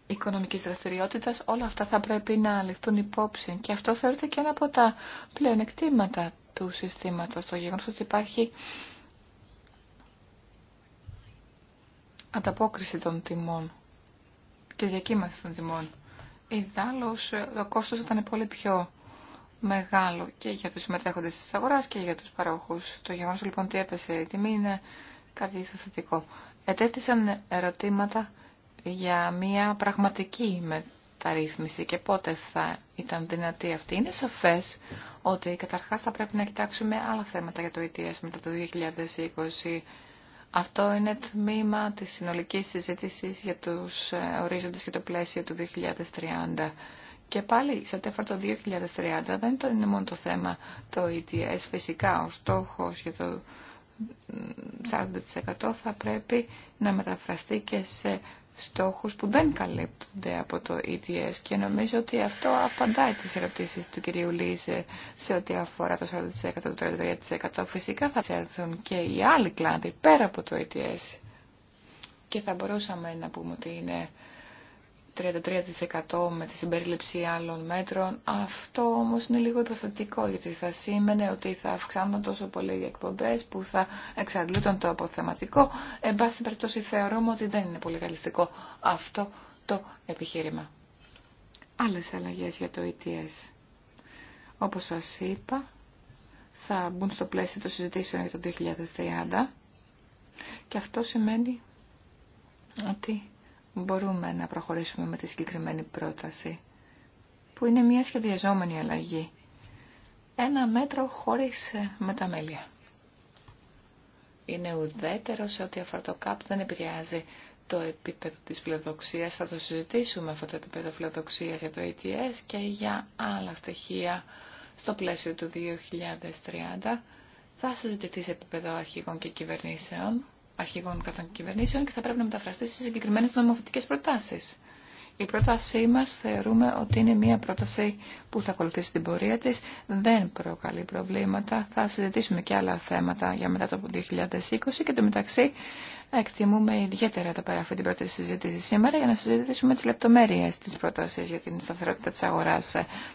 οικονομικής δραστηριότητας. Όλα αυτά θα πρέπει να ληφθούν υπόψη και αυτό θεωρείται και ένα από τα πλεονεκτήματα του συστήματος. Το γεγονός ότι υπάρχει ανταπόκριση των τιμών και διακύμαση των τιμών. Ιδάλλως ε, το κόστος ήταν πολύ πιο μεγάλο και για τους συμμετέχοντες της αγοράς και για τους παρόχους. Το γεγονός λοιπόν ότι έπεσε η τιμή είναι κάτι θετικό. Ετέθησαν ερωτήματα για μια πραγματική μεταρρύθμιση και πότε θα ήταν δυνατή αυτή. Είναι σαφές ότι καταρχάς θα πρέπει να κοιτάξουμε άλλα θέματα για το ETS μετά το 2020. Αυτό είναι τμήμα της συνολικής συζήτησης για τους ε, ορίζοντες και το πλαίσιο του 2030. Και πάλι σε ό,τι αφορά το 2030 δεν είναι μόνο το θέμα το ETS. Φυσικά ο στόχος για το 40% θα πρέπει να μεταφραστεί και σε στόχους που δεν καλύπτονται από το ETS και νομίζω ότι αυτό απαντάει τις ερωτήσεις του κυρίου Λίζε σε ό,τι αφορά το 40%, το 33%. Φυσικά θα έρθουν και οι άλλοι κλάδοι πέρα από το ETS και θα μπορούσαμε να πούμε ότι είναι 33% με τη συμπερίληψη άλλων μέτρων. Αυτό όμως είναι λίγο υποθετικό γιατί θα σήμαινε ότι θα αυξάνονταν τόσο πολύ οι εκπομπές που θα εξαντλούνταν το αποθεματικό. Εν πάση περιπτώσει θεωρούμε ότι δεν είναι πολύ καλιστικό αυτό το επιχείρημα. Άλλες αλλαγές για το ETS. Όπως σας είπα, θα μπουν στο πλαίσιο των συζητήσεων για το 2030 και αυτό σημαίνει ότι μπορούμε να προχωρήσουμε με τη συγκεκριμένη πρόταση, που είναι μια σχεδιαζόμενη αλλαγή. Ένα μέτρο χωρίς ε, μεταμέλεια. Είναι ουδέτερο σε ό,τι αφορά το ΚΑΠ, δεν επηρεάζει το επίπεδο της φιλοδοξίας. Θα το συζητήσουμε αυτό το επίπεδο φιλοδοξίας για το ETS ε και για άλλα στοιχεία στο πλαίσιο του 2030. Θα συζητηθεί σε επίπεδο αρχηγών και κυβερνήσεων αρχηγών κρατών κυβερνήσεων και θα πρέπει να μεταφραστεί σε συγκεκριμένε νομοθετικέ προτάσει. Η πρότασή μα θεωρούμε ότι είναι μια πρόταση που θα ακολουθήσει την πορεία τη, δεν προκαλεί προβλήματα. Θα συζητήσουμε και άλλα θέματα για μετά το 2020 και το μεταξύ εκτιμούμε ιδιαίτερα τα πέρα αυτή την πρώτη συζήτηση σήμερα για να συζητήσουμε τι λεπτομέρειε τη πρόταση για την σταθερότητα τη αγορά,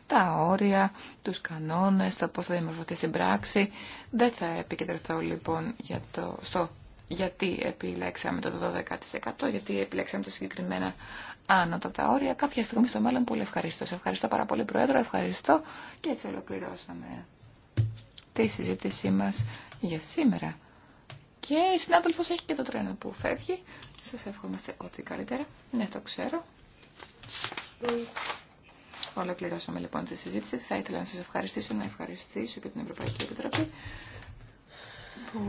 τα όρια, του κανόνε, το πώ θα δημορφωθεί στην πράξη. Δεν θα επικεντρωθώ λοιπόν για το, στο γιατί επιλέξαμε το 12%, γιατί επιλέξαμε τα συγκεκριμένα τα όρια. Κάποια στιγμή στο μέλλον πολύ ευχαριστώ. Σε ευχαριστώ πάρα πολύ Πρόεδρο, ευχαριστώ και έτσι ολοκληρώσαμε τη συζήτησή μας για σήμερα. Και η συνάδελφος έχει και το τρένο που φεύγει. Σας εύχομαστε ό,τι καλύτερα. Ναι, το ξέρω. Ολοκληρώσαμε λοιπόν τη συζήτηση. Θα ήθελα να σας ευχαριστήσω, να ευχαριστήσω και την Ευρωπαϊκή Επιτροπή που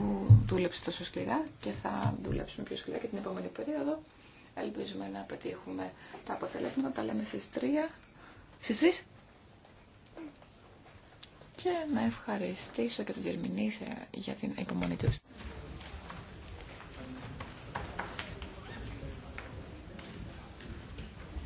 δούλεψε τόσο σκληρά και θα δουλέψουμε πιο σκληρά και την επόμενη περίοδο. Ελπίζουμε να πετύχουμε τα αποτελέσματα, τα λέμε στις 3. Στις 3. Και να ευχαριστήσω και τον Τζερμινή για την υπομονή του.